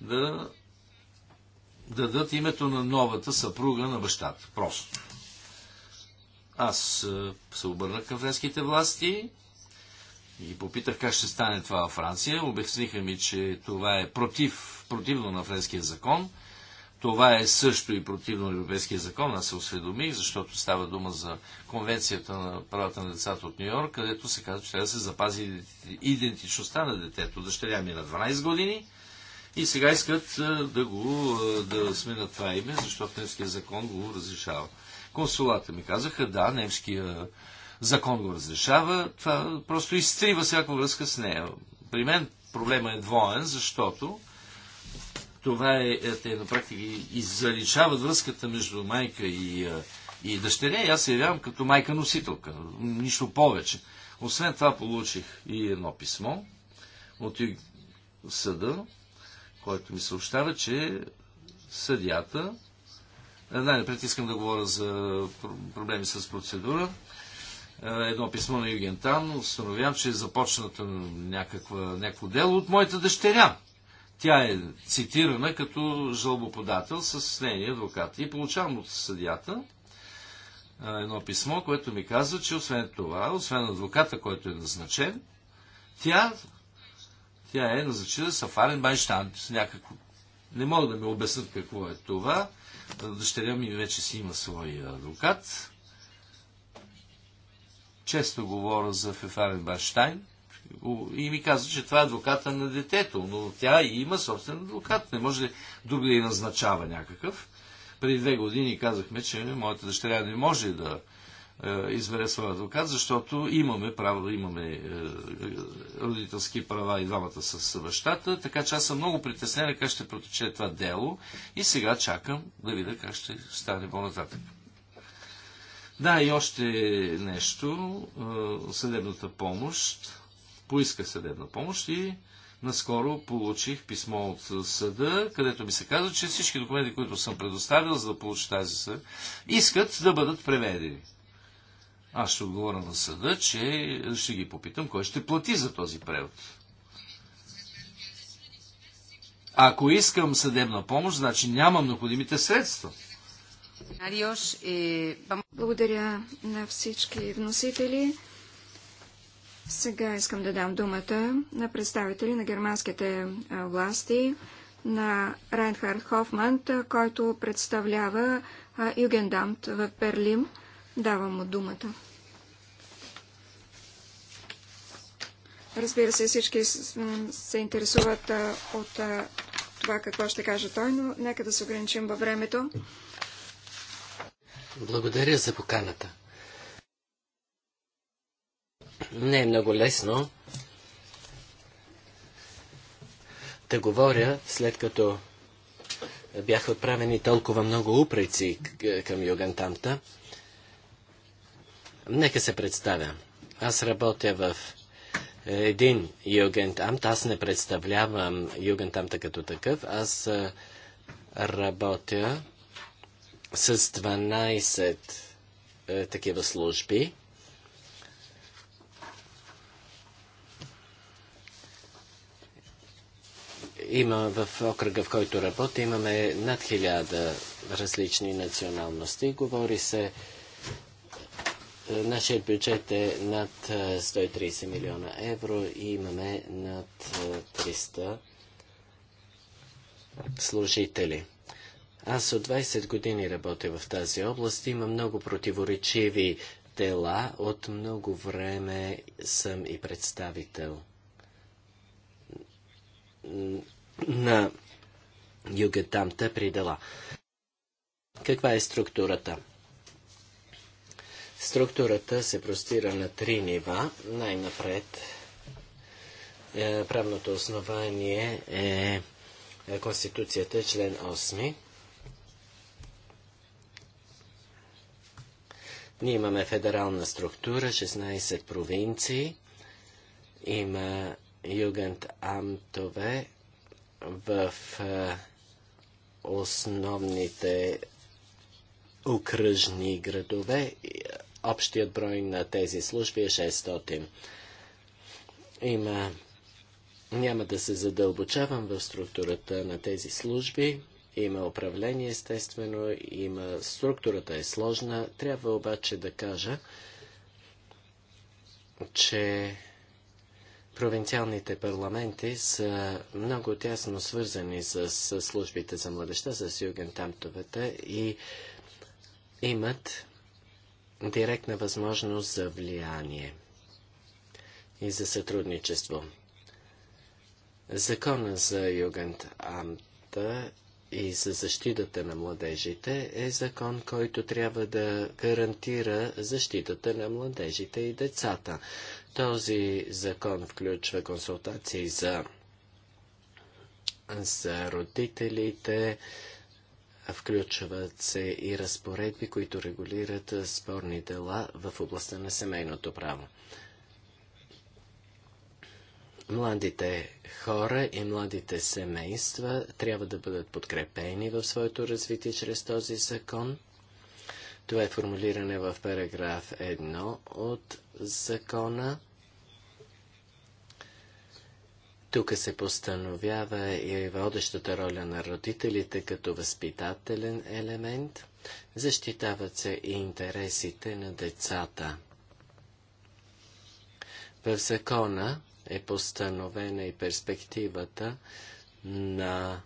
да дадат името на новата съпруга на бащата. Просто. Аз е, се обърнах към френските власти и попитах как ще стане това във Франция. Обясниха ми, че това е против, противно на френския закон. Това е също и противно на Европейския закон. Аз се осведомих, защото става дума за Конвенцията на правата на децата от Нью Йорк, където се казва, че трябва да се запази идентичността на детето. Дъщеря ми е на 12 години и сега искат да го да сменят това име, защото немския закон го разрешава. Консулата ми казаха, да, немския закон го разрешава, това просто изтрива всяка връзка с нея. При мен проблема е двоен, защото това е, е те на практика и заличават връзката между майка и, и дъщеря и аз се явявам като майка-носителка. Нищо повече. Освен това получих и едно писмо от съда, който ми съобщава, че съдията, е, най-напред искам да говоря за проблеми с процедура, е, едно писмо на Юген Тан, установявам, че е започнато някаква, някакво дело от моята дъщеря. Тя е цитирана като жалбоподател с нейния адвокат. И получавам от съдията е, едно писмо, което ми казва, че освен това, освен адвоката, който е назначен, тя тя е назначена с Афарен с някакво... Не мога да ми обяснат какво е това. Дъщеря ми вече си има свой адвокат. Често говоря за Фефарен Баштайн и ми каза, че това е адвоката на детето, но тя има собствен адвокат. Не може друг да я назначава някакъв. Преди две години казахме, че моята дъщеря не може да е, изведе своя адвокат, защото имаме право, имаме е, родителски права и двамата с бащата, така че аз съм много притеснена как ще протече това дело и сега чакам да видя как ще стане по-нататък. Да, и още нещо. Е, съдебната помощ. поиска съдебна помощ и наскоро получих писмо от съда, където ми се казва, че всички документи, които съм предоставил, за да получа тази съд, искат да бъдат преведени. Аз ще отговоря на съда, че ще ги попитам кой ще плати за този превод. Ако искам съдебна помощ, значи нямам необходимите средства. Е, Благодаря на всички вносители. Сега искам да дам думата на представители на германските е, власти, на Райнхард Хофман, който представлява е, Югендамт в Берлин. Давам му думата. Разбира се, всички се интересуват от това какво ще каже той, но нека да се ограничим във времето. Благодаря за поканата. Не е много лесно да говоря, след като бяха отправени толкова много упреци към Югантамта. Нека се представя. Аз работя в един югентамт. Аз не представлявам югентамта като такъв. Аз работя с 12 такива служби. Има в окръга, в който работя, имаме над хиляда различни националности. Говори се Нашият бюджет е над 130 милиона евро и имаме над 300 служители. Аз от 20 години работя в тази област. Има много противоречиви дела. От много време съм и представител на югетамта при дела. Каква е структурата? Структурата се простира на три нива. Най-напред е, правното основание е, е Конституцията, член 8. Ние имаме федерална структура, 16 провинции, има югентамтове в е, основните окръжни градове Общият брой на тези служби е 600. Има... Няма да се задълбочавам в структурата на тези служби. Има управление, естествено, има... структурата е сложна. Трябва обаче да кажа, че провинциалните парламенти са много тясно свързани с, службите за младеща, с югентамтовете и имат директна възможност за влияние и за сътрудничество. Закона за Югентамта и за защитата на младежите е закон, който трябва да гарантира защитата на младежите и децата. Този закон включва консултации за, за родителите, Включват се и разпоредби, които регулират спорни дела в областта на семейното право. Младите хора и младите семейства трябва да бъдат подкрепени в своето развитие чрез този закон. Това е формулиране в параграф 1 от закона. Тук се постановява и водещата роля на родителите като възпитателен елемент. Защитават се и интересите на децата. В закона е постановена и перспективата на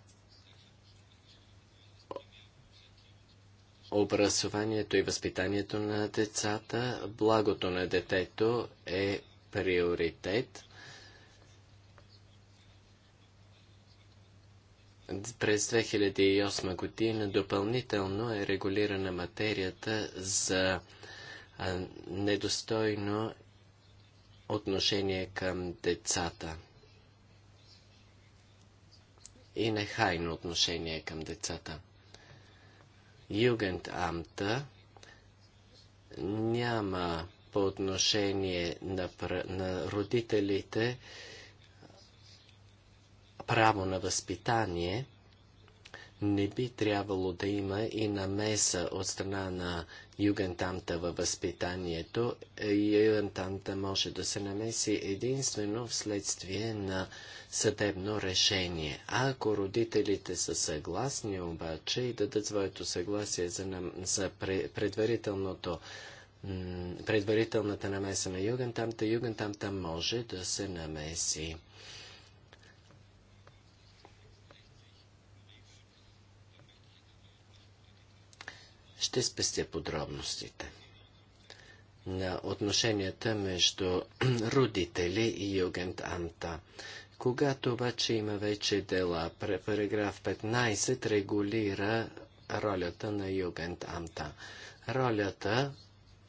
образованието и възпитанието на децата. Благото на детето е приоритет – През 2008 година допълнително е регулирана материята за недостойно отношение към децата и нехайно отношение към децата. Амта няма по отношение на, на родителите право на възпитание, не би трябвало да има и намеса от страна на югентамта във възпитанието. Югентамта може да се намеси единствено вследствие на съдебно решение. А ако родителите са съгласни обаче и дадат своето съгласие за, нам... за предварителното предварителната намеса на югентамта, югентамта може да се намеси Ще спестя подробностите на отношенията между родители и югент Анта. Когато обаче има вече дела, параграф 15 регулира ролята на Югент Анта. Ролята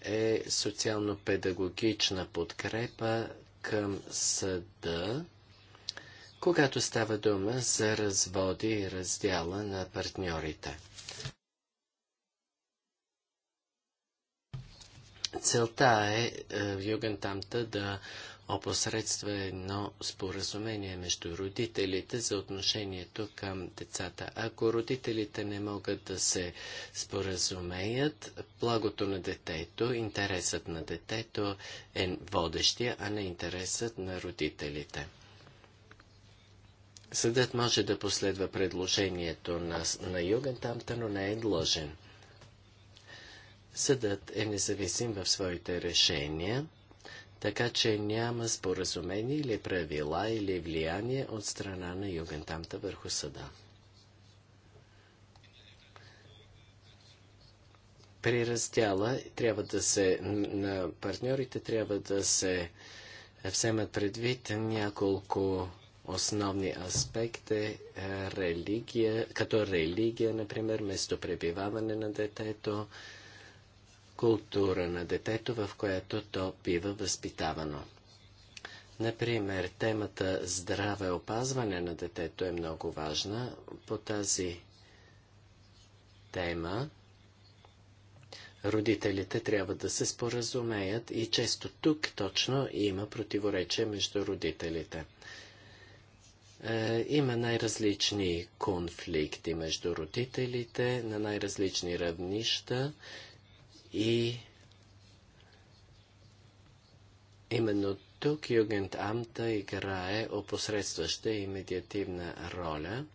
е социално-педагогична подкрепа към съда, когато става дума за разводи и раздяла на партньорите. Целта е, е Югентамта да опосредства едно споразумение между родителите за отношението към децата. Ако родителите не могат да се споразумеят, благото на детето, интересът на детето е водещия, а не интересът на родителите. Съдът може да последва предложението на, на Югентамта, но не е длъжен. Съдът е независим в своите решения, така че няма споразумение или правила или влияние от страна на югентамта върху съда. При раздяла трябва да се, на партньорите трябва да се вземат предвид няколко основни аспекти, религия, като религия, например, местопребиваване на детето, култура на детето, в която то бива възпитавано. Например, темата здраве опазване на детето е много важна. По тази тема родителите трябва да се споразумеят и често тук точно има противоречие между родителите. Е, има най-различни конфликти между родителите на най-различни равнища и именно тук Амта играе опосредстваща и медиативна роля.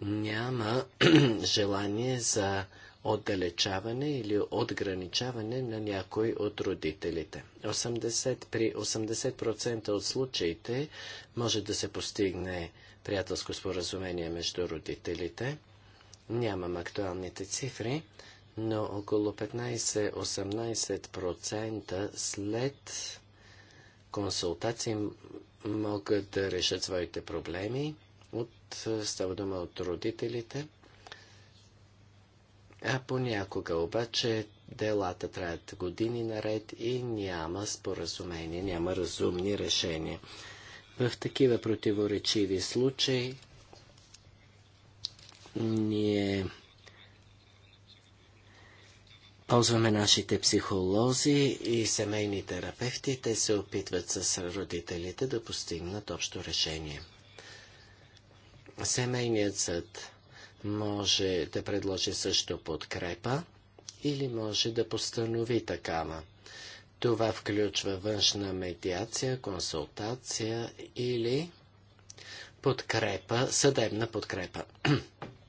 Няма желание за отдалечаване или отграничаване на някой от родителите. 80, при 80% от случаите може да се постигне приятелско споразумение между родителите. Нямам актуалните цифри но около 15-18% след консултации могат да решат своите проблеми. От, е, става дума от родителите. А понякога обаче делата траят години наред и няма споразумение, няма разумни решения. В такива противоречиви случаи ние Ползваме нашите психолози и семейни терапевти. Те се опитват с родителите да постигнат общо решение. Семейният съд може да предложи също подкрепа или може да постанови такава. Това включва външна медиация, консултация или подкрепа, съдебна подкрепа.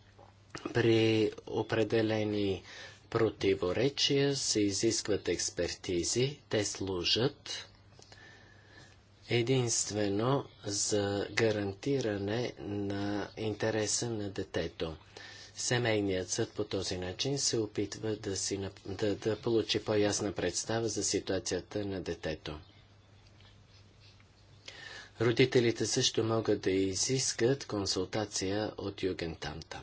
При определени противоречия се изискват експертизи, те служат единствено за гарантиране на интереса на детето. Семейният съд по този начин се опитва да, си, да, да получи по-ясна представа за ситуацията на детето. Родителите също могат да изискат консултация от югентамта.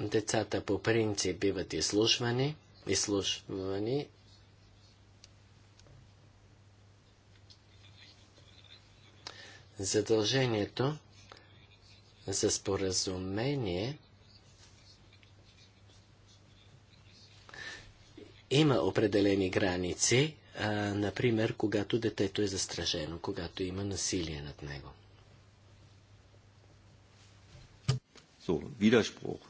Децата по принцип биват изслушвани, изслушвани задължението за споразумение има определени граници, а, например, когато детето е застрашено, когато има насилие над него. So, Widerspruch.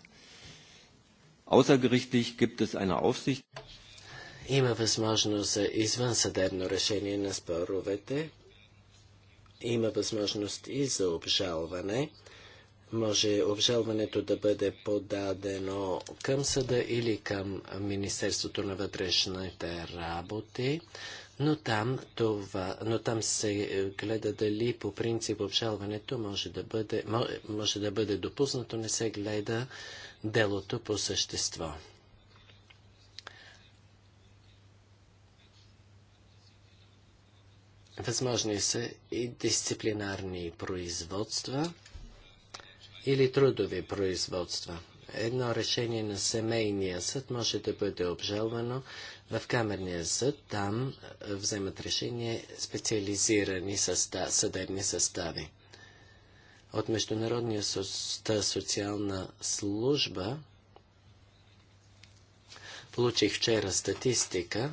Außergerichtlich gibt es eine Aufsicht. Има възможност за извънсъдебно решение на споровете. Има възможност и за обжалване. Може обжалването да бъде подадено към съда или към Министерството на вътрешните работи, но там, това, но там се гледа дали по принцип обжалването може да бъде, може да бъде допуснато, не се гледа делото по същество. Възможни са и дисциплинарни производства или трудови производства. Едно решение на семейния съд може да бъде обжалвано в камерния съд. Там вземат решение специализирани съда, съдебни състави от Международния социална служба получих вчера статистика.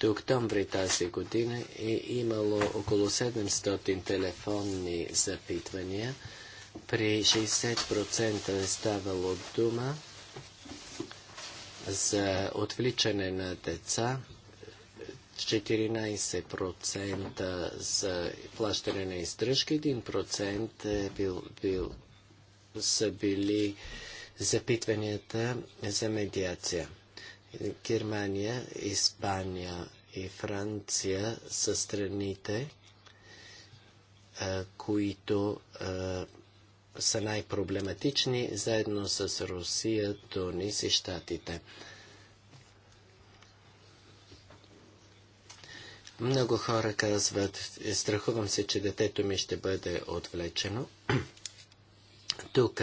До октомври тази година е имало около 700 телефонни запитвания. При 60% е ставало дума за отвличане на деца 14% за плащане на издръжка, 1% е бил, бил, са били запитванията за медиация. Германия, Испания и Франция са страните, които са най-проблематични, заедно с Русия, Тунис и Штатите. Много хора казват, е, страхувам се, че детето ми ще бъде отвлечено. Тук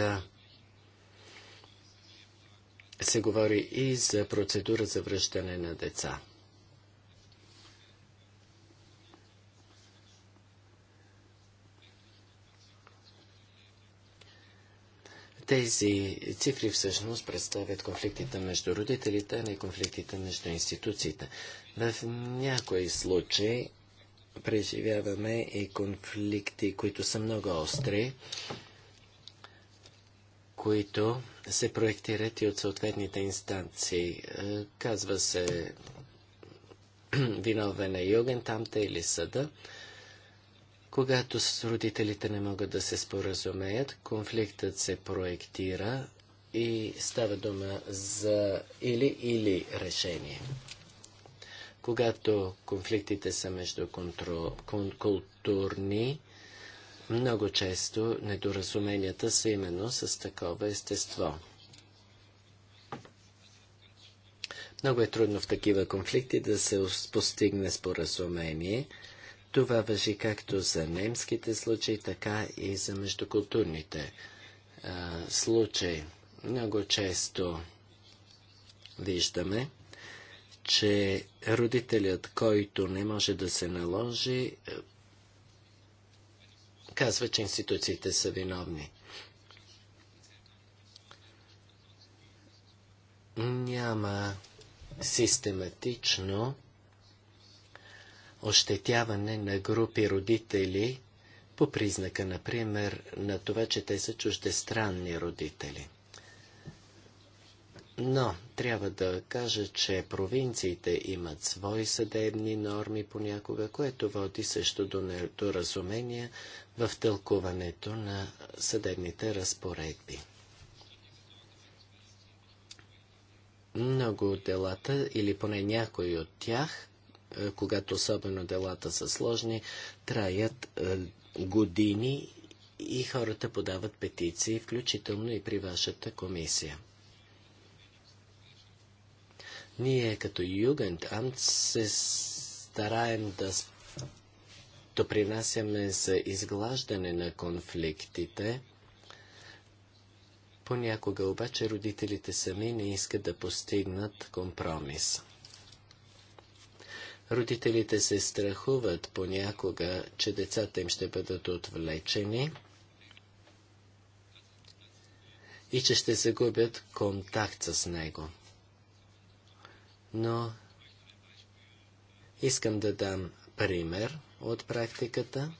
се говори и за процедура за връщане на деца. Тези цифри всъщност представят конфликтите между родителите, а не конфликтите между институциите. В някои случаи преживяваме и конфликти, които са много остри, които се проектират и от съответните инстанции. Е, казва се виновен е Югентамте или съда. Когато родителите не могат да се споразумеят, конфликтът се проектира и става дума за или-или решение. Когато конфликтите са между контрол, кон, културни, много често недоразуменията са именно с такова естество. Много е трудно в такива конфликти да се постигне споразумение – това въжи както за немските случаи, така и за междукултурните а, случаи. Много често виждаме, че родителят, който не може да се наложи, е, казва, че институциите са виновни. Няма систематично ощетяване на групи родители по признака, например, на това, че те са чуждестранни родители. Но трябва да кажа, че провинциите имат свои съдебни норми понякога, което води също до недоразумения в тълкуването на съдебните разпоредби. Много от делата, или поне някои от тях, е, когато особено делата са сложни, траят е, години и хората подават петиции, включително и при вашата комисия. Ние като югент, Амт се стараем да допринасяме за изглаждане на конфликтите. Понякога обаче родителите сами не искат да постигнат компромис. Родителите се страхуват понякога, че децата им ще бъдат отвлечени и че ще загубят контакт с него. Но искам да дам пример от практиката,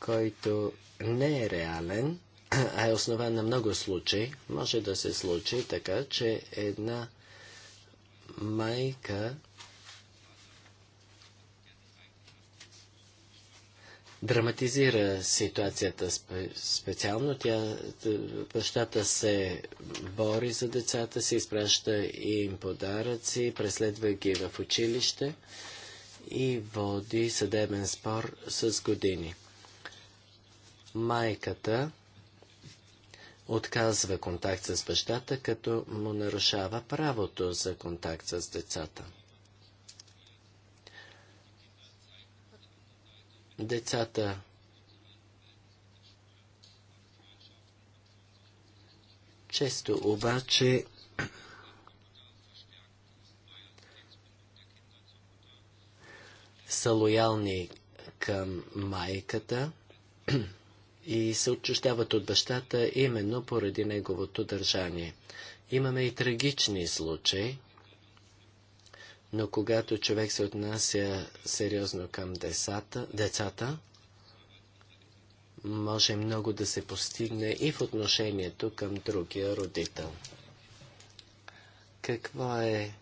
който не е реален, а е основан на много случаи. Може да се случи така, че една майка драматизира ситуацията специално. Тя, бащата се бори за децата си, изпраща им подаръци, преследва ги в училище и води съдебен спор с години. Майката отказва контакт с бащата, като му нарушава правото за контакт с децата. Децата често обаче са лоялни към майката, и се отчуждават от бащата именно поради неговото държание. Имаме и трагични случаи, но когато човек се отнася сериозно към децата, децата може много да се постигне и в отношението към другия родител. Какво е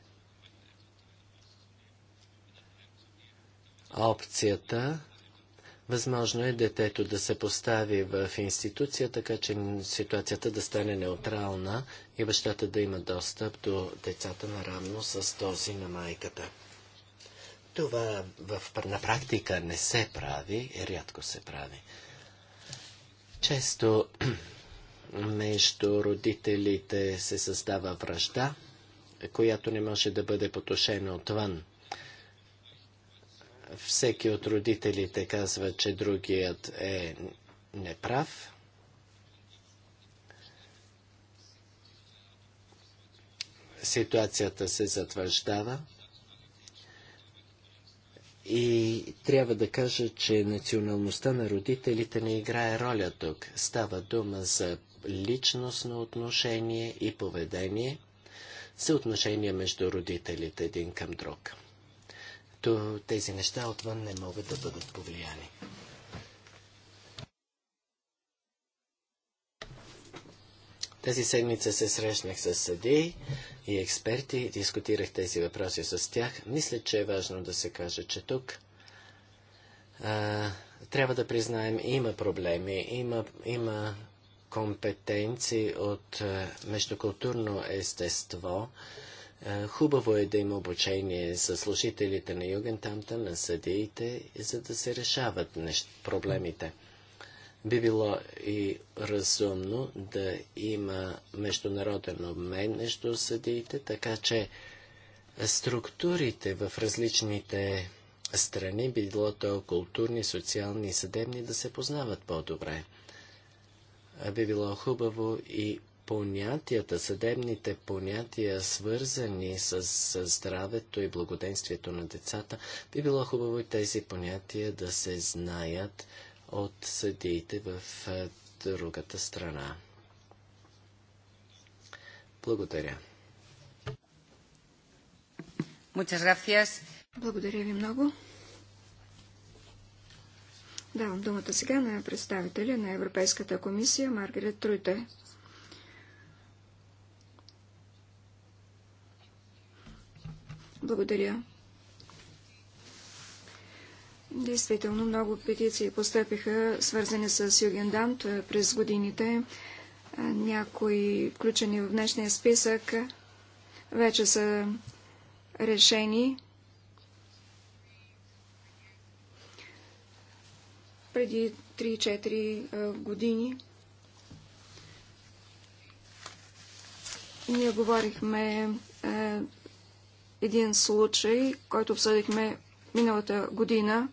опцията Възможно е детето да се постави в институция, така че ситуацията да стане неутрална и бащата да има достъп до децата наравно с този на майката. Това в, на практика не се прави, рядко се прави. Често между родителите се създава връжда, която не може да бъде потушена отвън всеки от родителите казва, че другият е неправ. Ситуацията се затвърждава. И трябва да кажа, че националността на родителите не играе роля тук. Става дума за личностно отношение и поведение, съотношение между родителите един към друг които тези неща отвън не могат да бъдат повлияни. Тази седмица се срещнах с съдии и експерти, дискутирах тези въпроси с тях. Мисля, че е важно да се каже, че тук а, трябва да признаем, има проблеми, има, има компетенции от а, междукултурно естество, е, хубаво е да има обучение за служителите на югентамта, на съдиите, за да се решават нещ... проблемите. Би било и разумно да има международен обмен между съдиите, така че структурите в различните страни, било то културни, социални и съдебни, да се познават по-добре. Е, би било хубаво и понятията, съдебните понятия, свързани с, с здравето и благоденствието на децата, би било хубаво и тези понятия да се знаят от съдиите в другата страна. Благодаря. Благодаря ви много. Давам думата сега на представителя на Европейската комисия Маргарет Труйте. Благодаря. Действително много петиции постъпиха, свързани с Югендант е, през годините. Е, някои, включени в днешния списък, вече са решени. Преди 3-4 е, години ние говорихме един случай, който обсъдихме миналата година.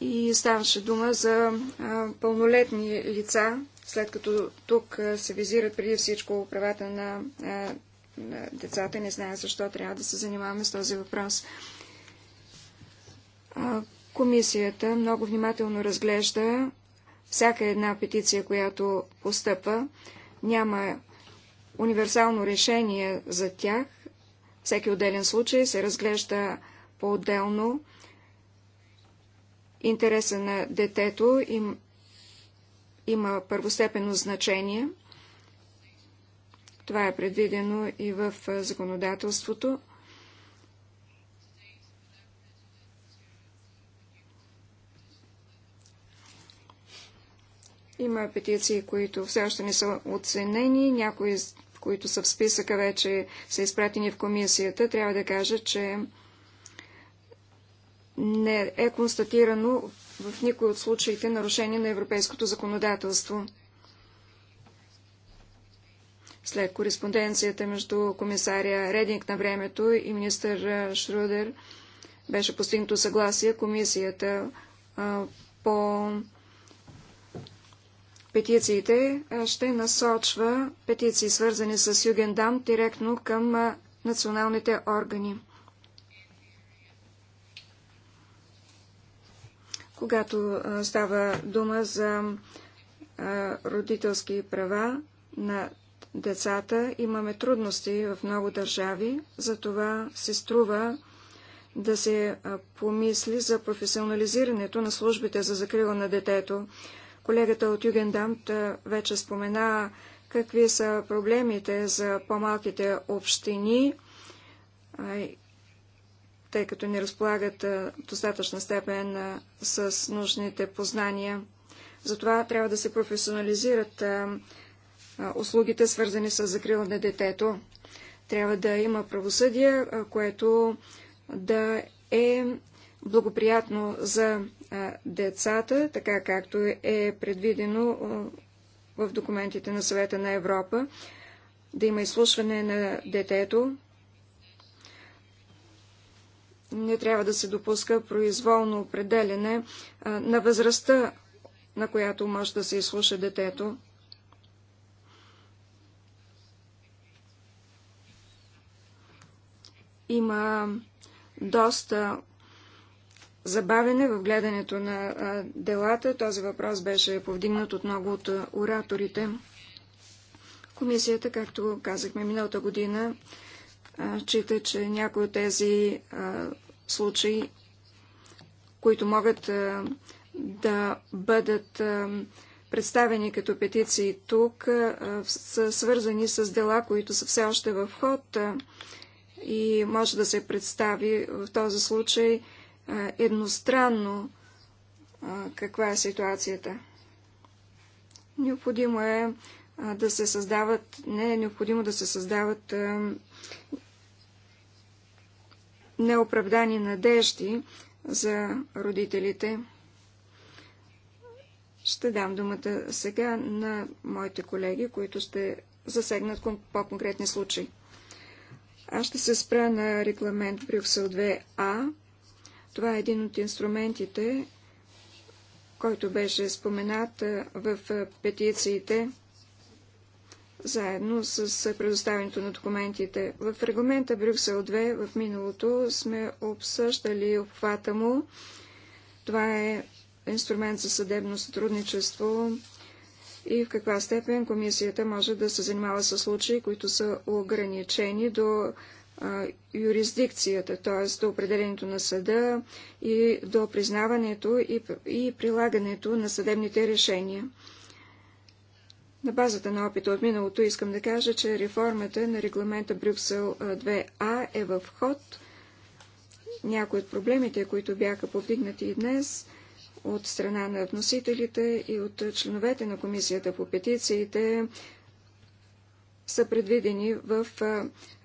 И ставаше дума за а, пълнолетни лица, след като тук а, се визират преди всичко правата на, а, на децата. Не зная защо трябва да се занимаваме с този въпрос. Комисията много внимателно разглежда всяка една петиция, която постъпва, няма универсално решение за тях. Всеки отделен случай се разглежда по-отделно. Интереса на детето им, има първостепенно значение. Това е предвидено и в законодателството. Има петиции, които все още не са оценени, някои, които са в списъка, вече са изпратени в комисията. Трябва да кажа, че не е констатирано в никой от случаите нарушение на европейското законодателство. След кореспонденцията между комисаря Рединг на времето и министър Шрудер беше постигнато съгласие комисията по петициите ще насочва петиции, свързани с Югендам, директно към националните органи. Когато става дума за родителски права на децата, имаме трудности в много държави, затова се струва да се помисли за професионализирането на службите за закрила на детето. Колегата от Югендамт вече спомена какви са проблемите за по-малките общини, тъй като не разполагат достатъчна степен с нужните познания. Затова трябва да се професионализират услугите, свързани с закрила на детето. Трябва да има правосъдие, което да е благоприятно за децата, така както е предвидено в документите на Съвета на Европа, да има изслушване на детето. Не трябва да се допуска произволно определене на възрастта, на която може да се изслуша детето. Има доста забавене в гледането на делата. Този въпрос беше повдигнат от много от ораторите. Комисията, както казахме миналата година, чита, че някои от тези случаи, които могат да бъдат представени като петиции тук, са свързани с дела, които са все още в ход и може да се представи в този случай едностранно каква е ситуацията. Необходимо е да се създават, не е необходимо да се създават неоправдани надежди за родителите. Ще дам думата сега на моите колеги, които ще засегнат по-конкретни случаи. Аз ще се спра на регламент Брюксел 2А това е един от инструментите, който беше споменат в петициите, заедно с предоставянето на документите. В регламента Брюксел 2 в миналото сме обсъждали обхвата му. Това е инструмент за съдебно сътрудничество и в каква степен комисията може да се занимава с случаи, които са ограничени до юрисдикцията, т.е. до определението на съда и до признаването и, прилагането на съдебните решения. На базата на опита от миналото искам да кажа, че реформата на регламента Брюксел 2А е в ход. Някои от проблемите, които бяха повдигнати и днес от страна на вносителите и от членовете на Комисията по петициите, са предвидени в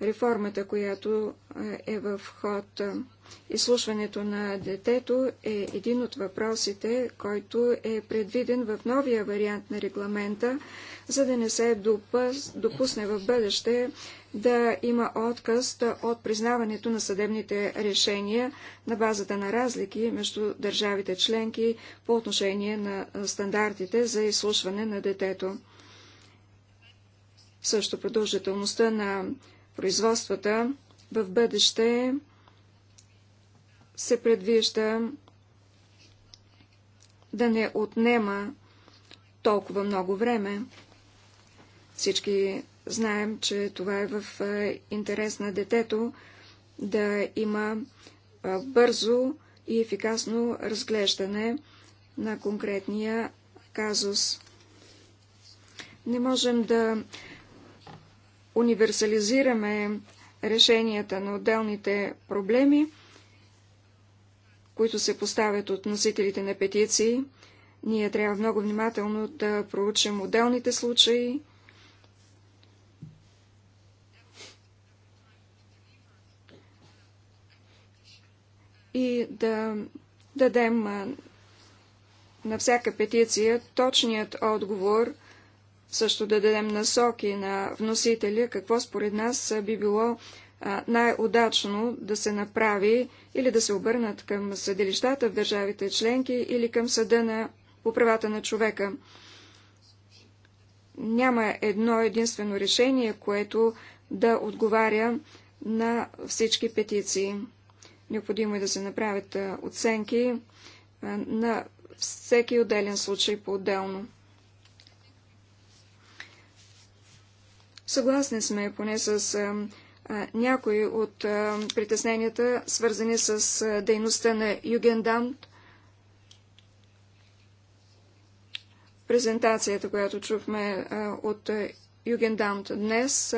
реформата, която е в ход. Изслушването на детето е един от въпросите, който е предвиден в новия вариант на регламента, за да не се допусне в бъдеще да има отказ от признаването на съдебните решения на базата на разлики между държавите членки по отношение на стандартите за изслушване на детето. Също продължителността на производствата в бъдеще се предвижда да не отнема толкова много време. Всички знаем, че това е в интерес на детето да има бързо и ефикасно разглеждане на конкретния казус. Не можем да универсализираме решенията на отделните проблеми, които се поставят от носителите на петиции. Ние трябва много внимателно да проучим отделните случаи. И да дадем на всяка петиция точният отговор – също да дадем насоки на вносителя, какво според нас би било най-удачно да се направи или да се обърнат към съдилищата в държавите членки или към съда на, по правата на човека. Няма едно единствено решение, което да отговаря на всички петиции. Необходимо е да се направят оценки на всеки отделен случай по-отделно. Съгласни сме поне с някои от притесненията, свързани с дейността на Югендам. Презентацията, която чухме от Югендамт днес,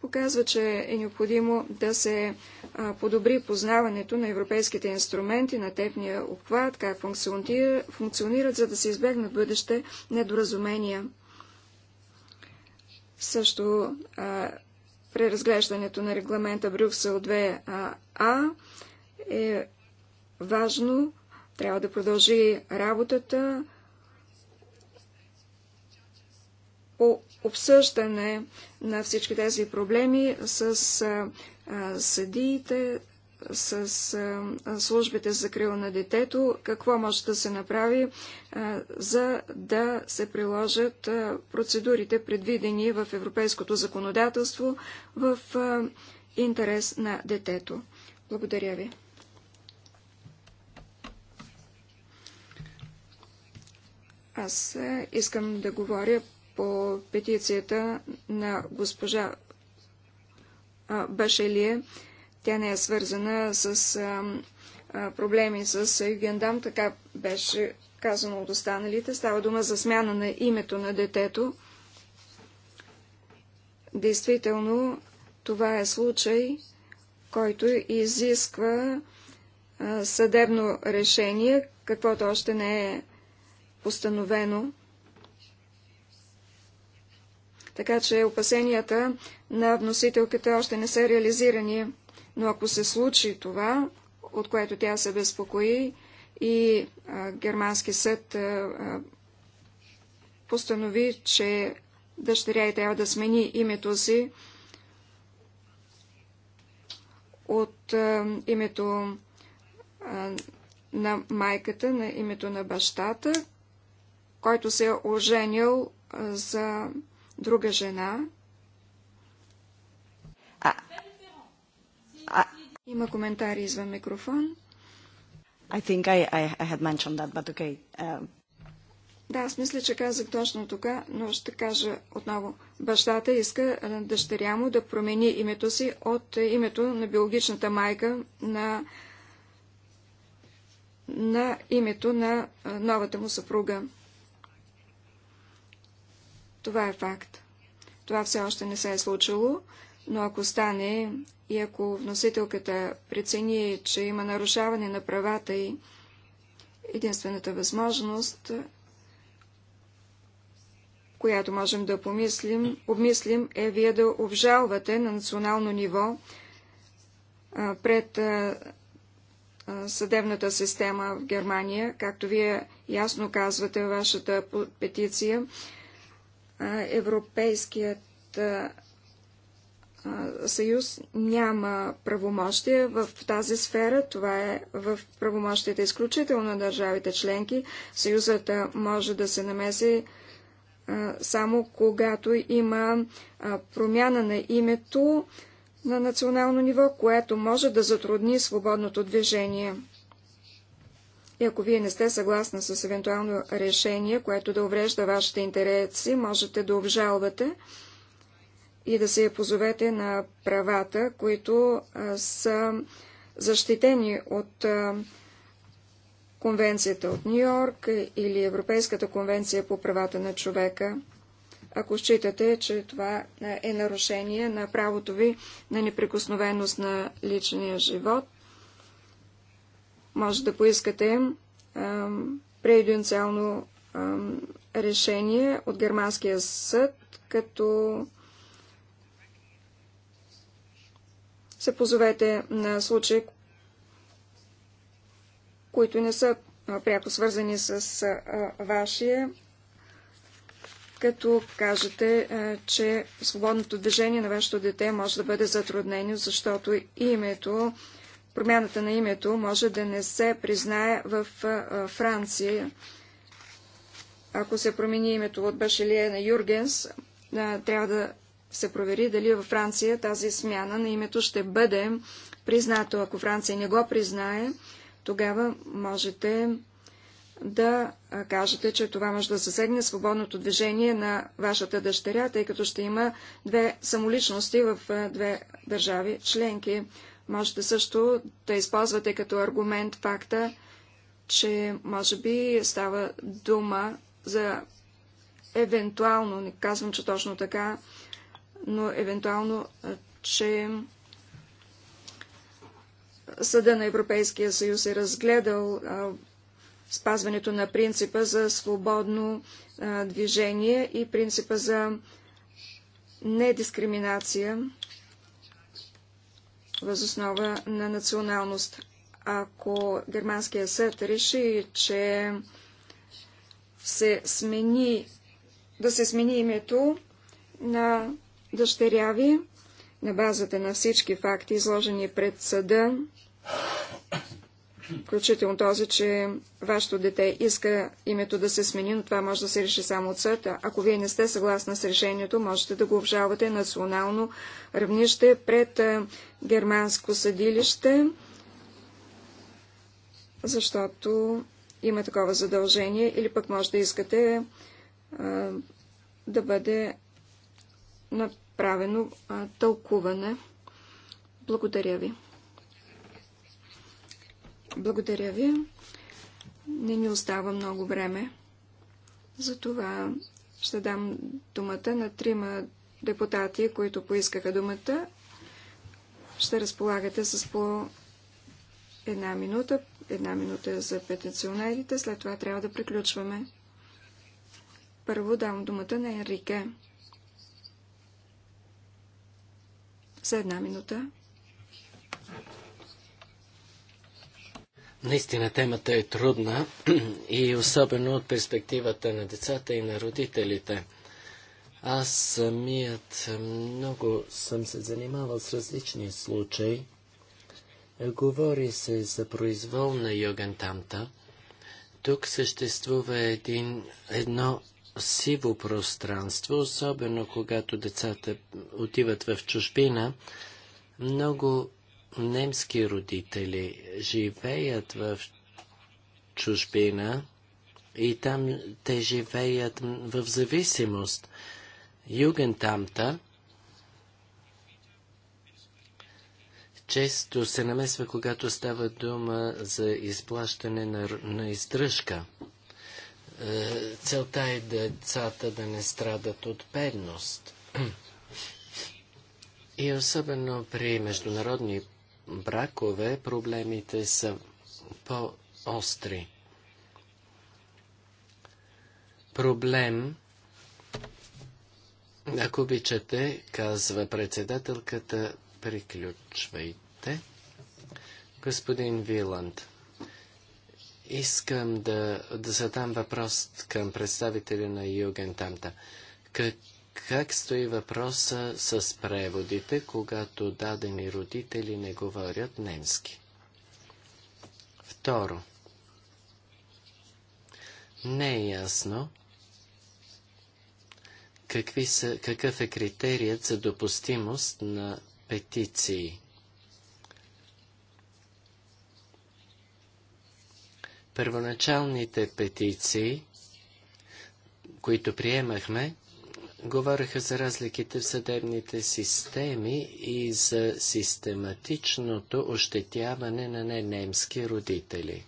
показва, че е необходимо да се подобри познаването на европейските инструменти, на техния обхват, как функционират, функционират за да се избегнат бъдеще недоразумения. Също преразглеждането на регламента Брюксел 2А е важно. Трябва да продължи работата по обсъждане на всички тези проблеми с съдиите, с службите за крила на детето, какво може да се направи, за да се приложат процедурите, предвидени в европейското законодателство в интерес на детето. Благодаря ви. Аз искам да говоря по петицията на госпожа Башелие тя не е свързана с а, а, проблеми с Югендам, така беше казано от останалите. Става дума за смяна на името на детето. Действително, това е случай, който изисква а, съдебно решение, каквото още не е постановено. Така че опасенията на вносителката още не са реализирани. Но ако се случи това, от което тя се безпокои и а, германски съд а, а, постанови, че дъщеря й трябва да смени името си от а, името а, на майката, на името на бащата, който се е оженил а, за друга жена, Има коментари извън микрофон. I think I, I, I had mentioned that, but okay. Uh, да, аз мисля, че казах точно така, но ще кажа отново. Бащата иска дъщеря му да промени името си от името на биологичната майка на, на името на новата му съпруга. Това е факт. Това все още не се е случило, но ако стане, и ако вносителката прецени, че има нарушаване на правата и единствената възможност, която можем да помислим, обмислим, е вие да обжалвате на национално ниво пред съдебната система в Германия, както вие ясно казвате в вашата петиция, Европейският съюз няма правомощия в тази сфера. Това е в правомощията изключително на държавите членки. Съюзът може да се намеси само когато има промяна на името на национално ниво, което може да затрудни свободното движение. И ако вие не сте съгласна с евентуално решение, което да уврежда вашите интереси, можете да обжалвате и да се позовете на правата, които са защитени от Конвенцията от Нью-Йорк или Европейската конвенция по правата на човека, ако считате, че това е нарушение на правото ви на неприкосновеност на личния живот, може да поискате а, решение от германския съд, като се позовете на случаи, които не са пряко свързани с вашия, като кажете, че свободното движение на вашето дете може да бъде затруднено, защото името, промяната на името може да не се признае в Франция. Ако се промени името от Башелия на Юргенс, трябва да се провери дали във Франция тази смяна на името ще бъде признато. Ако Франция не го признае, тогава можете да кажете, че това може да засегне свободното движение на вашата дъщеря, тъй като ще има две самоличности в две държави членки. Можете също да използвате като аргумент факта, че може би става дума за евентуално, не казвам, че точно така, но евентуално, че Съда на Европейския съюз е разгледал спазването на принципа за свободно движение и принципа за недискриминация възоснова на националност. Ако Германския съд реши, че се смени, да се смени името на дъщеря ви, на базата на всички факти, изложени пред съда, включително този, че вашето дете иска името да се смени, но това може да се реши само от съд. Ако вие не сте съгласна с решението, можете да го обжалвате национално равнище пред германско съдилище, защото има такова задължение или пък може да искате да бъде направено а, тълкуване. Благодаря ви. Благодаря ви. Не ни остава много време. Затова ще дам думата на трима депутати, които поискаха думата. Ще разполагате с по една минута. Една минута е за петиционерите. След това трябва да приключваме. Първо давам думата на Енрике. за една минута. Наистина темата е трудна и особено от перспективата на децата и на родителите. Аз самият много съм се занимавал с различни случаи. Говори се за произвол на югентамта. Тук съществува един, едно сиво пространство, особено когато децата отиват в чужбина, много немски родители живеят в чужбина и там те живеят в зависимост. Югентамта често се намесва, когато става дума за изплащане на, на издръжка. Е, целта е децата да не страдат от бедност. И особено при международни бракове проблемите са по-остри. Проблем, ако обичате, казва председателката, приключвайте. Господин Виланд. Искам да, да задам въпрос към представителя на Тамта. Как, как стои въпроса с преводите, когато дадени родители не говорят немски? Второ. Не е ясно какви са, какъв е критерият за допустимост на петиции. Първоначалните петиции, които приемахме, говореха за разликите в съдебните системи и за систематичното ощетяване на ненемски родители.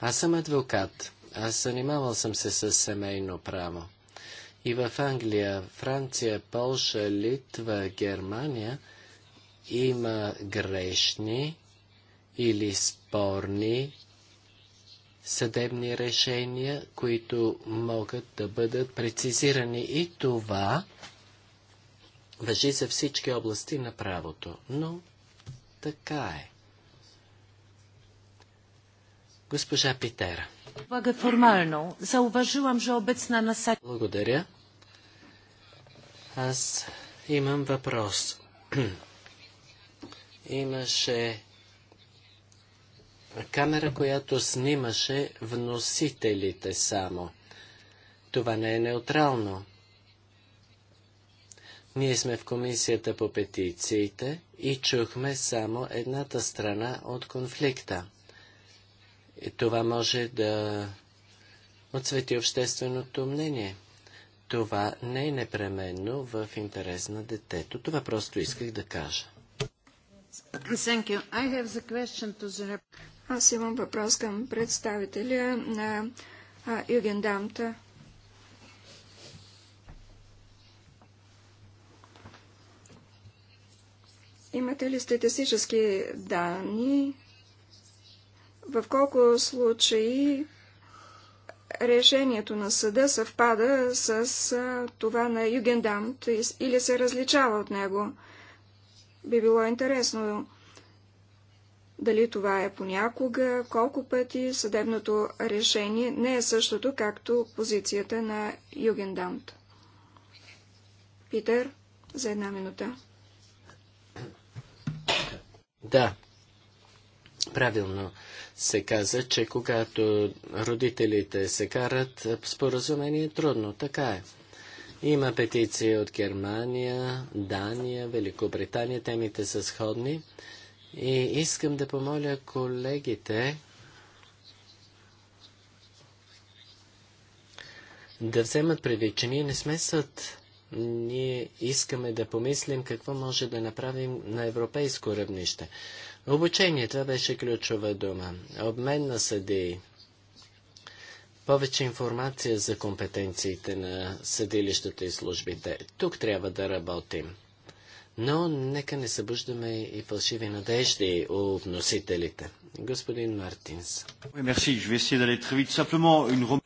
Аз съм адвокат. Аз занимавал съм се с семейно право. И в Англия, Франция, Полша, Литва, Германия има грешни или спорни съдебни решения, които могат да бъдат прецизирани и това въжи за всички области на правото. Но така е. Госпожа Питера. Благодаря формално. Зауважувам, че обецна на сад... Благодаря. Аз имам въпрос. Имаше камера, която снимаше вносителите само. Това не е неутрално. Ние сме в комисията по петициите и чухме само едната страна от конфликта. И това може да отсвети общественото мнение. Това не е непременно в интерес на детето. Това просто исках да кажа. The... Аз имам въпрос към представителя на Югендамта. Имате ли статистически данни? В колко случаи решението на съда съвпада с това на Югендамт или се различава от него? Би било интересно дали това е понякога, колко пъти съдебното решение не е същото, както позицията на Югендамт. Питер, за една минута. Да, правилно се каза, че когато родителите се карат, споразумение е трудно. Така е. Има петиции от Германия, Дания, Великобритания. Темите са сходни. И искам да помоля колегите да вземат предвид, че ние не сме съд. Ние искаме да помислим какво може да направим на европейско равнище. Обучение, това беше ключова дума. Обмен на съдии. Повече информация за компетенциите на съдилищата и службите. Тук трябва да работим. Но нека не събуждаме и фалшиви надежди у вносителите. Господин Мартинс.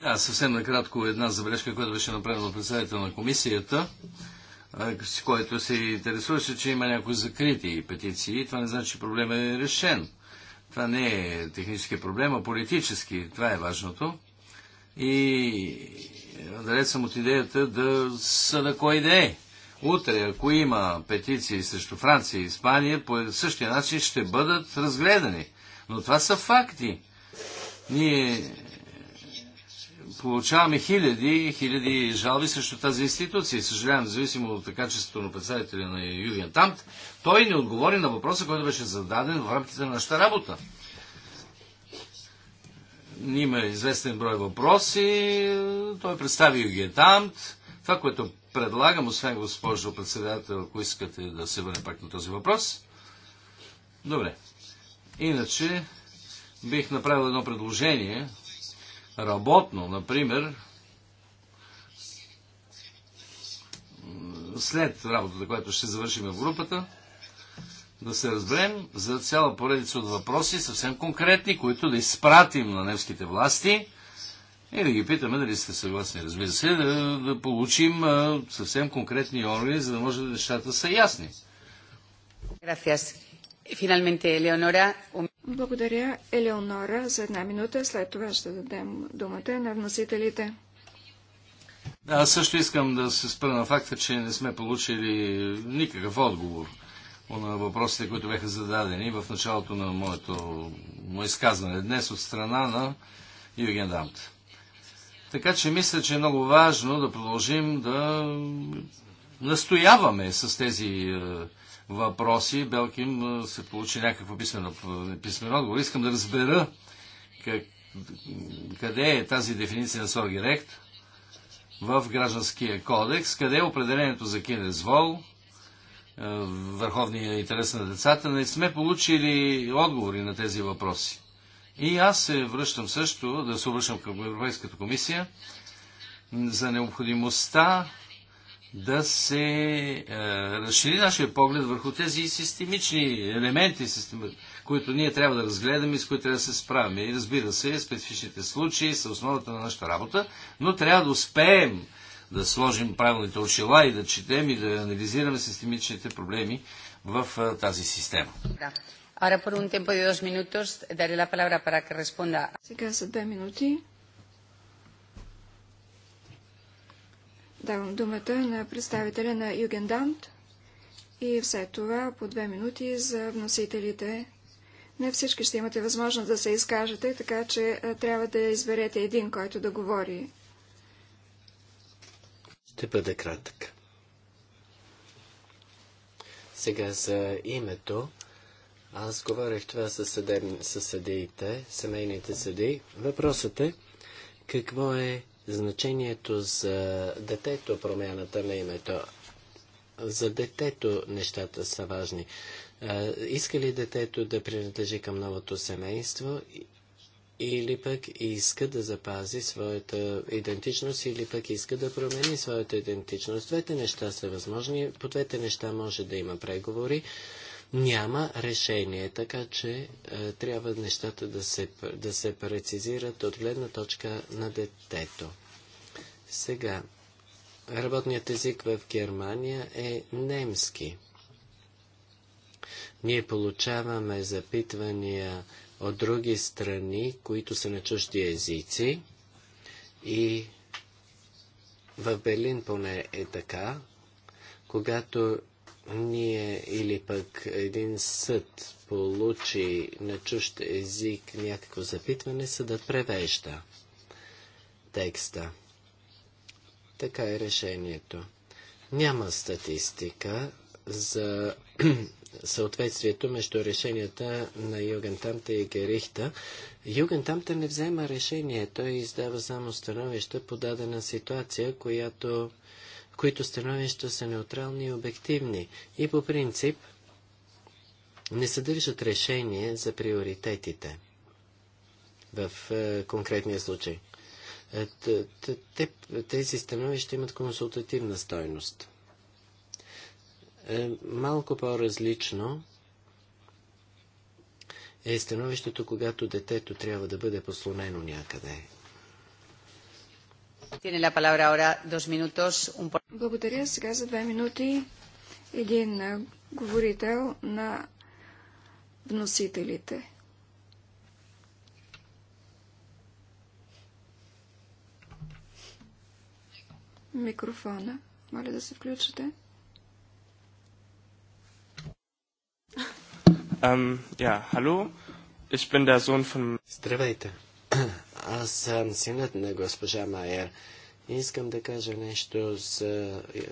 Да, съвсем накратко една забележка, която беше направена председател на комисията с който се интересуваше, че има някои закрити петиции. Това не значи, че проблемът е решен. Това не е технически проблем, а политически. Това е важното. И далеч съм от идеята да съда кой да е. Утре, ако има петиции срещу Франция и Испания, по същия начин ще бъдат разгледани. Но това са факти. Ние получаваме хиляди и хиляди жалби срещу тази институция. Съжалявам, независимо от качеството на представителя на Юлиан Тамт, той не отговори на въпроса, който беше зададен в рамките на нашата работа. Има известен брой въпроси, той представи Юлиан Тамт. Това, което предлагам, освен госпожо председател, ако искате да се върнем пак на този въпрос. Добре. Иначе бих направил едно предложение, работно, например, след работата, която ще завършим в групата, да се разберем за цяла поредица от въпроси, съвсем конкретни, които да изпратим на немските власти, и да ги питаме дали сте съгласни, разбира се, да, да получим а, съвсем конкретни органи, за да може да нещата са ясни. Благодаря, Елеонора, за една минута. След това ще дадем думата на вносителите. Да, аз също искам да се спра на факта, че не сме получили никакъв отговор на въпросите, които бяха зададени в началото на моето, изказване днес от страна на Юген Дамт. Така че мисля, че е много важно да продължим да настояваме с тези е, въпроси. Белким е, се получи някаква писмена, е, писмен отговор. Искам да разбера как, къде е тази дефиниция на Соргирект в Гражданския кодекс, къде е определението за кинезвол, върховния интерес на децата. Не сме получили отговори на тези въпроси. И аз се връщам също, да се обръщам към Европейската комисия, за необходимостта да се е, разшири нашия поглед върху тези системични елементи, системи, които ние трябва да разгледаме и с които трябва да се справим. И разбира се, специфичните случаи са основата на нашата работа, но трябва да успеем да сложим правилните очила и да четем и да анализираме системичните проблеми в е, тази система. Да. Ahora por un tiempo de dos minutos daré la palabra para que responda. Сега за две минути давам думата на представителя на Югендант и след това по две минути за вносителите. Не всички ще имате възможност да се изкажете, така че трябва да изберете един, който да говори. Ще бъде кратък. Сега за името аз говорих това с, съдеб... съдиите, семейните съдии. Въпросът е какво е значението за детето, промяната на името. За детето нещата са важни. иска ли детето да принадлежи към новото семейство или пък иска да запази своята идентичност, или пък иска да промени своята идентичност. Двете неща са възможни, по двете неща може да има преговори няма решение, така че е, трябва нещата да се, да се прецизират от гледна точка на детето. Сега, работният език в Германия е немски. Ние получаваме запитвания от други страни, които са на чужди езици и в Берлин поне е така, когато ние или пък един съд получи на чужд език някакво запитване, съдът превежда текста. Така е решението. Няма статистика за съответствието между решенията на Югентамта и Герихта. Югентамта не взема решение, той издава само становища по дадена ситуация, която които становища са неутрални и обективни и по принцип не съдържат решение за приоритетите в е, конкретния случай. Е, тези становища имат консултативна стойност. Е, малко по-различно е становището, когато детето трябва да бъде послонено някъде благодаря. Сега за две минути един говорител на вносителите. Микрофона. Моля да се включите. Um, ja, hallo. Ich bin der Sohn von... Здравейте. Аз съм синът на госпожа Майер. Искам да кажа нещо за е, е,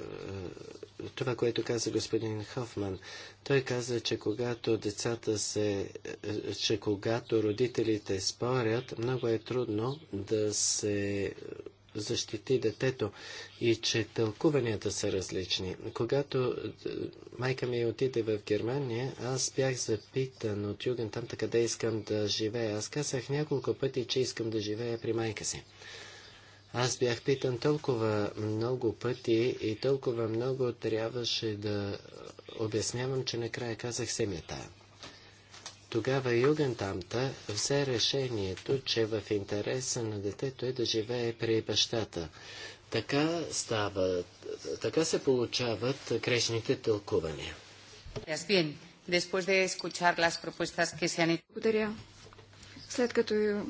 това, което каза господин Хофман. Той каза, че когато децата се, е, че когато родителите спорят, много е трудно да се защити детето и че тълкуванията са различни. Когато е, майка ми отиде в Германия, аз бях запитан от Юген там къде искам да живея. Аз казах няколко пъти, че искам да живея при майка си. Аз бях питан толкова много пъти и толкова много трябваше да е, обяснявам, че накрая казах семията. Тогава Югентамта взе решението, че в интереса на детето е да живее при бащата. Така става, така се получават грешните тълкувания. Благодаря. След като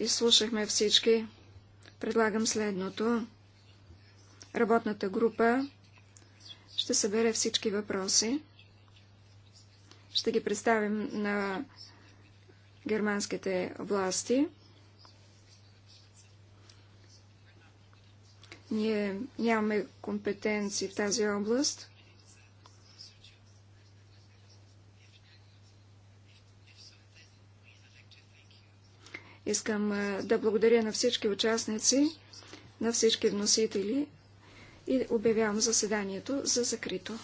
изслушахме всички, предлагам следното. Работната група ще събере всички въпроси, ще ги представим на германските власти. Ние нямаме компетенции в тази област. Искам да благодаря на всички участници, на всички вносители и обявявам заседанието за закрито.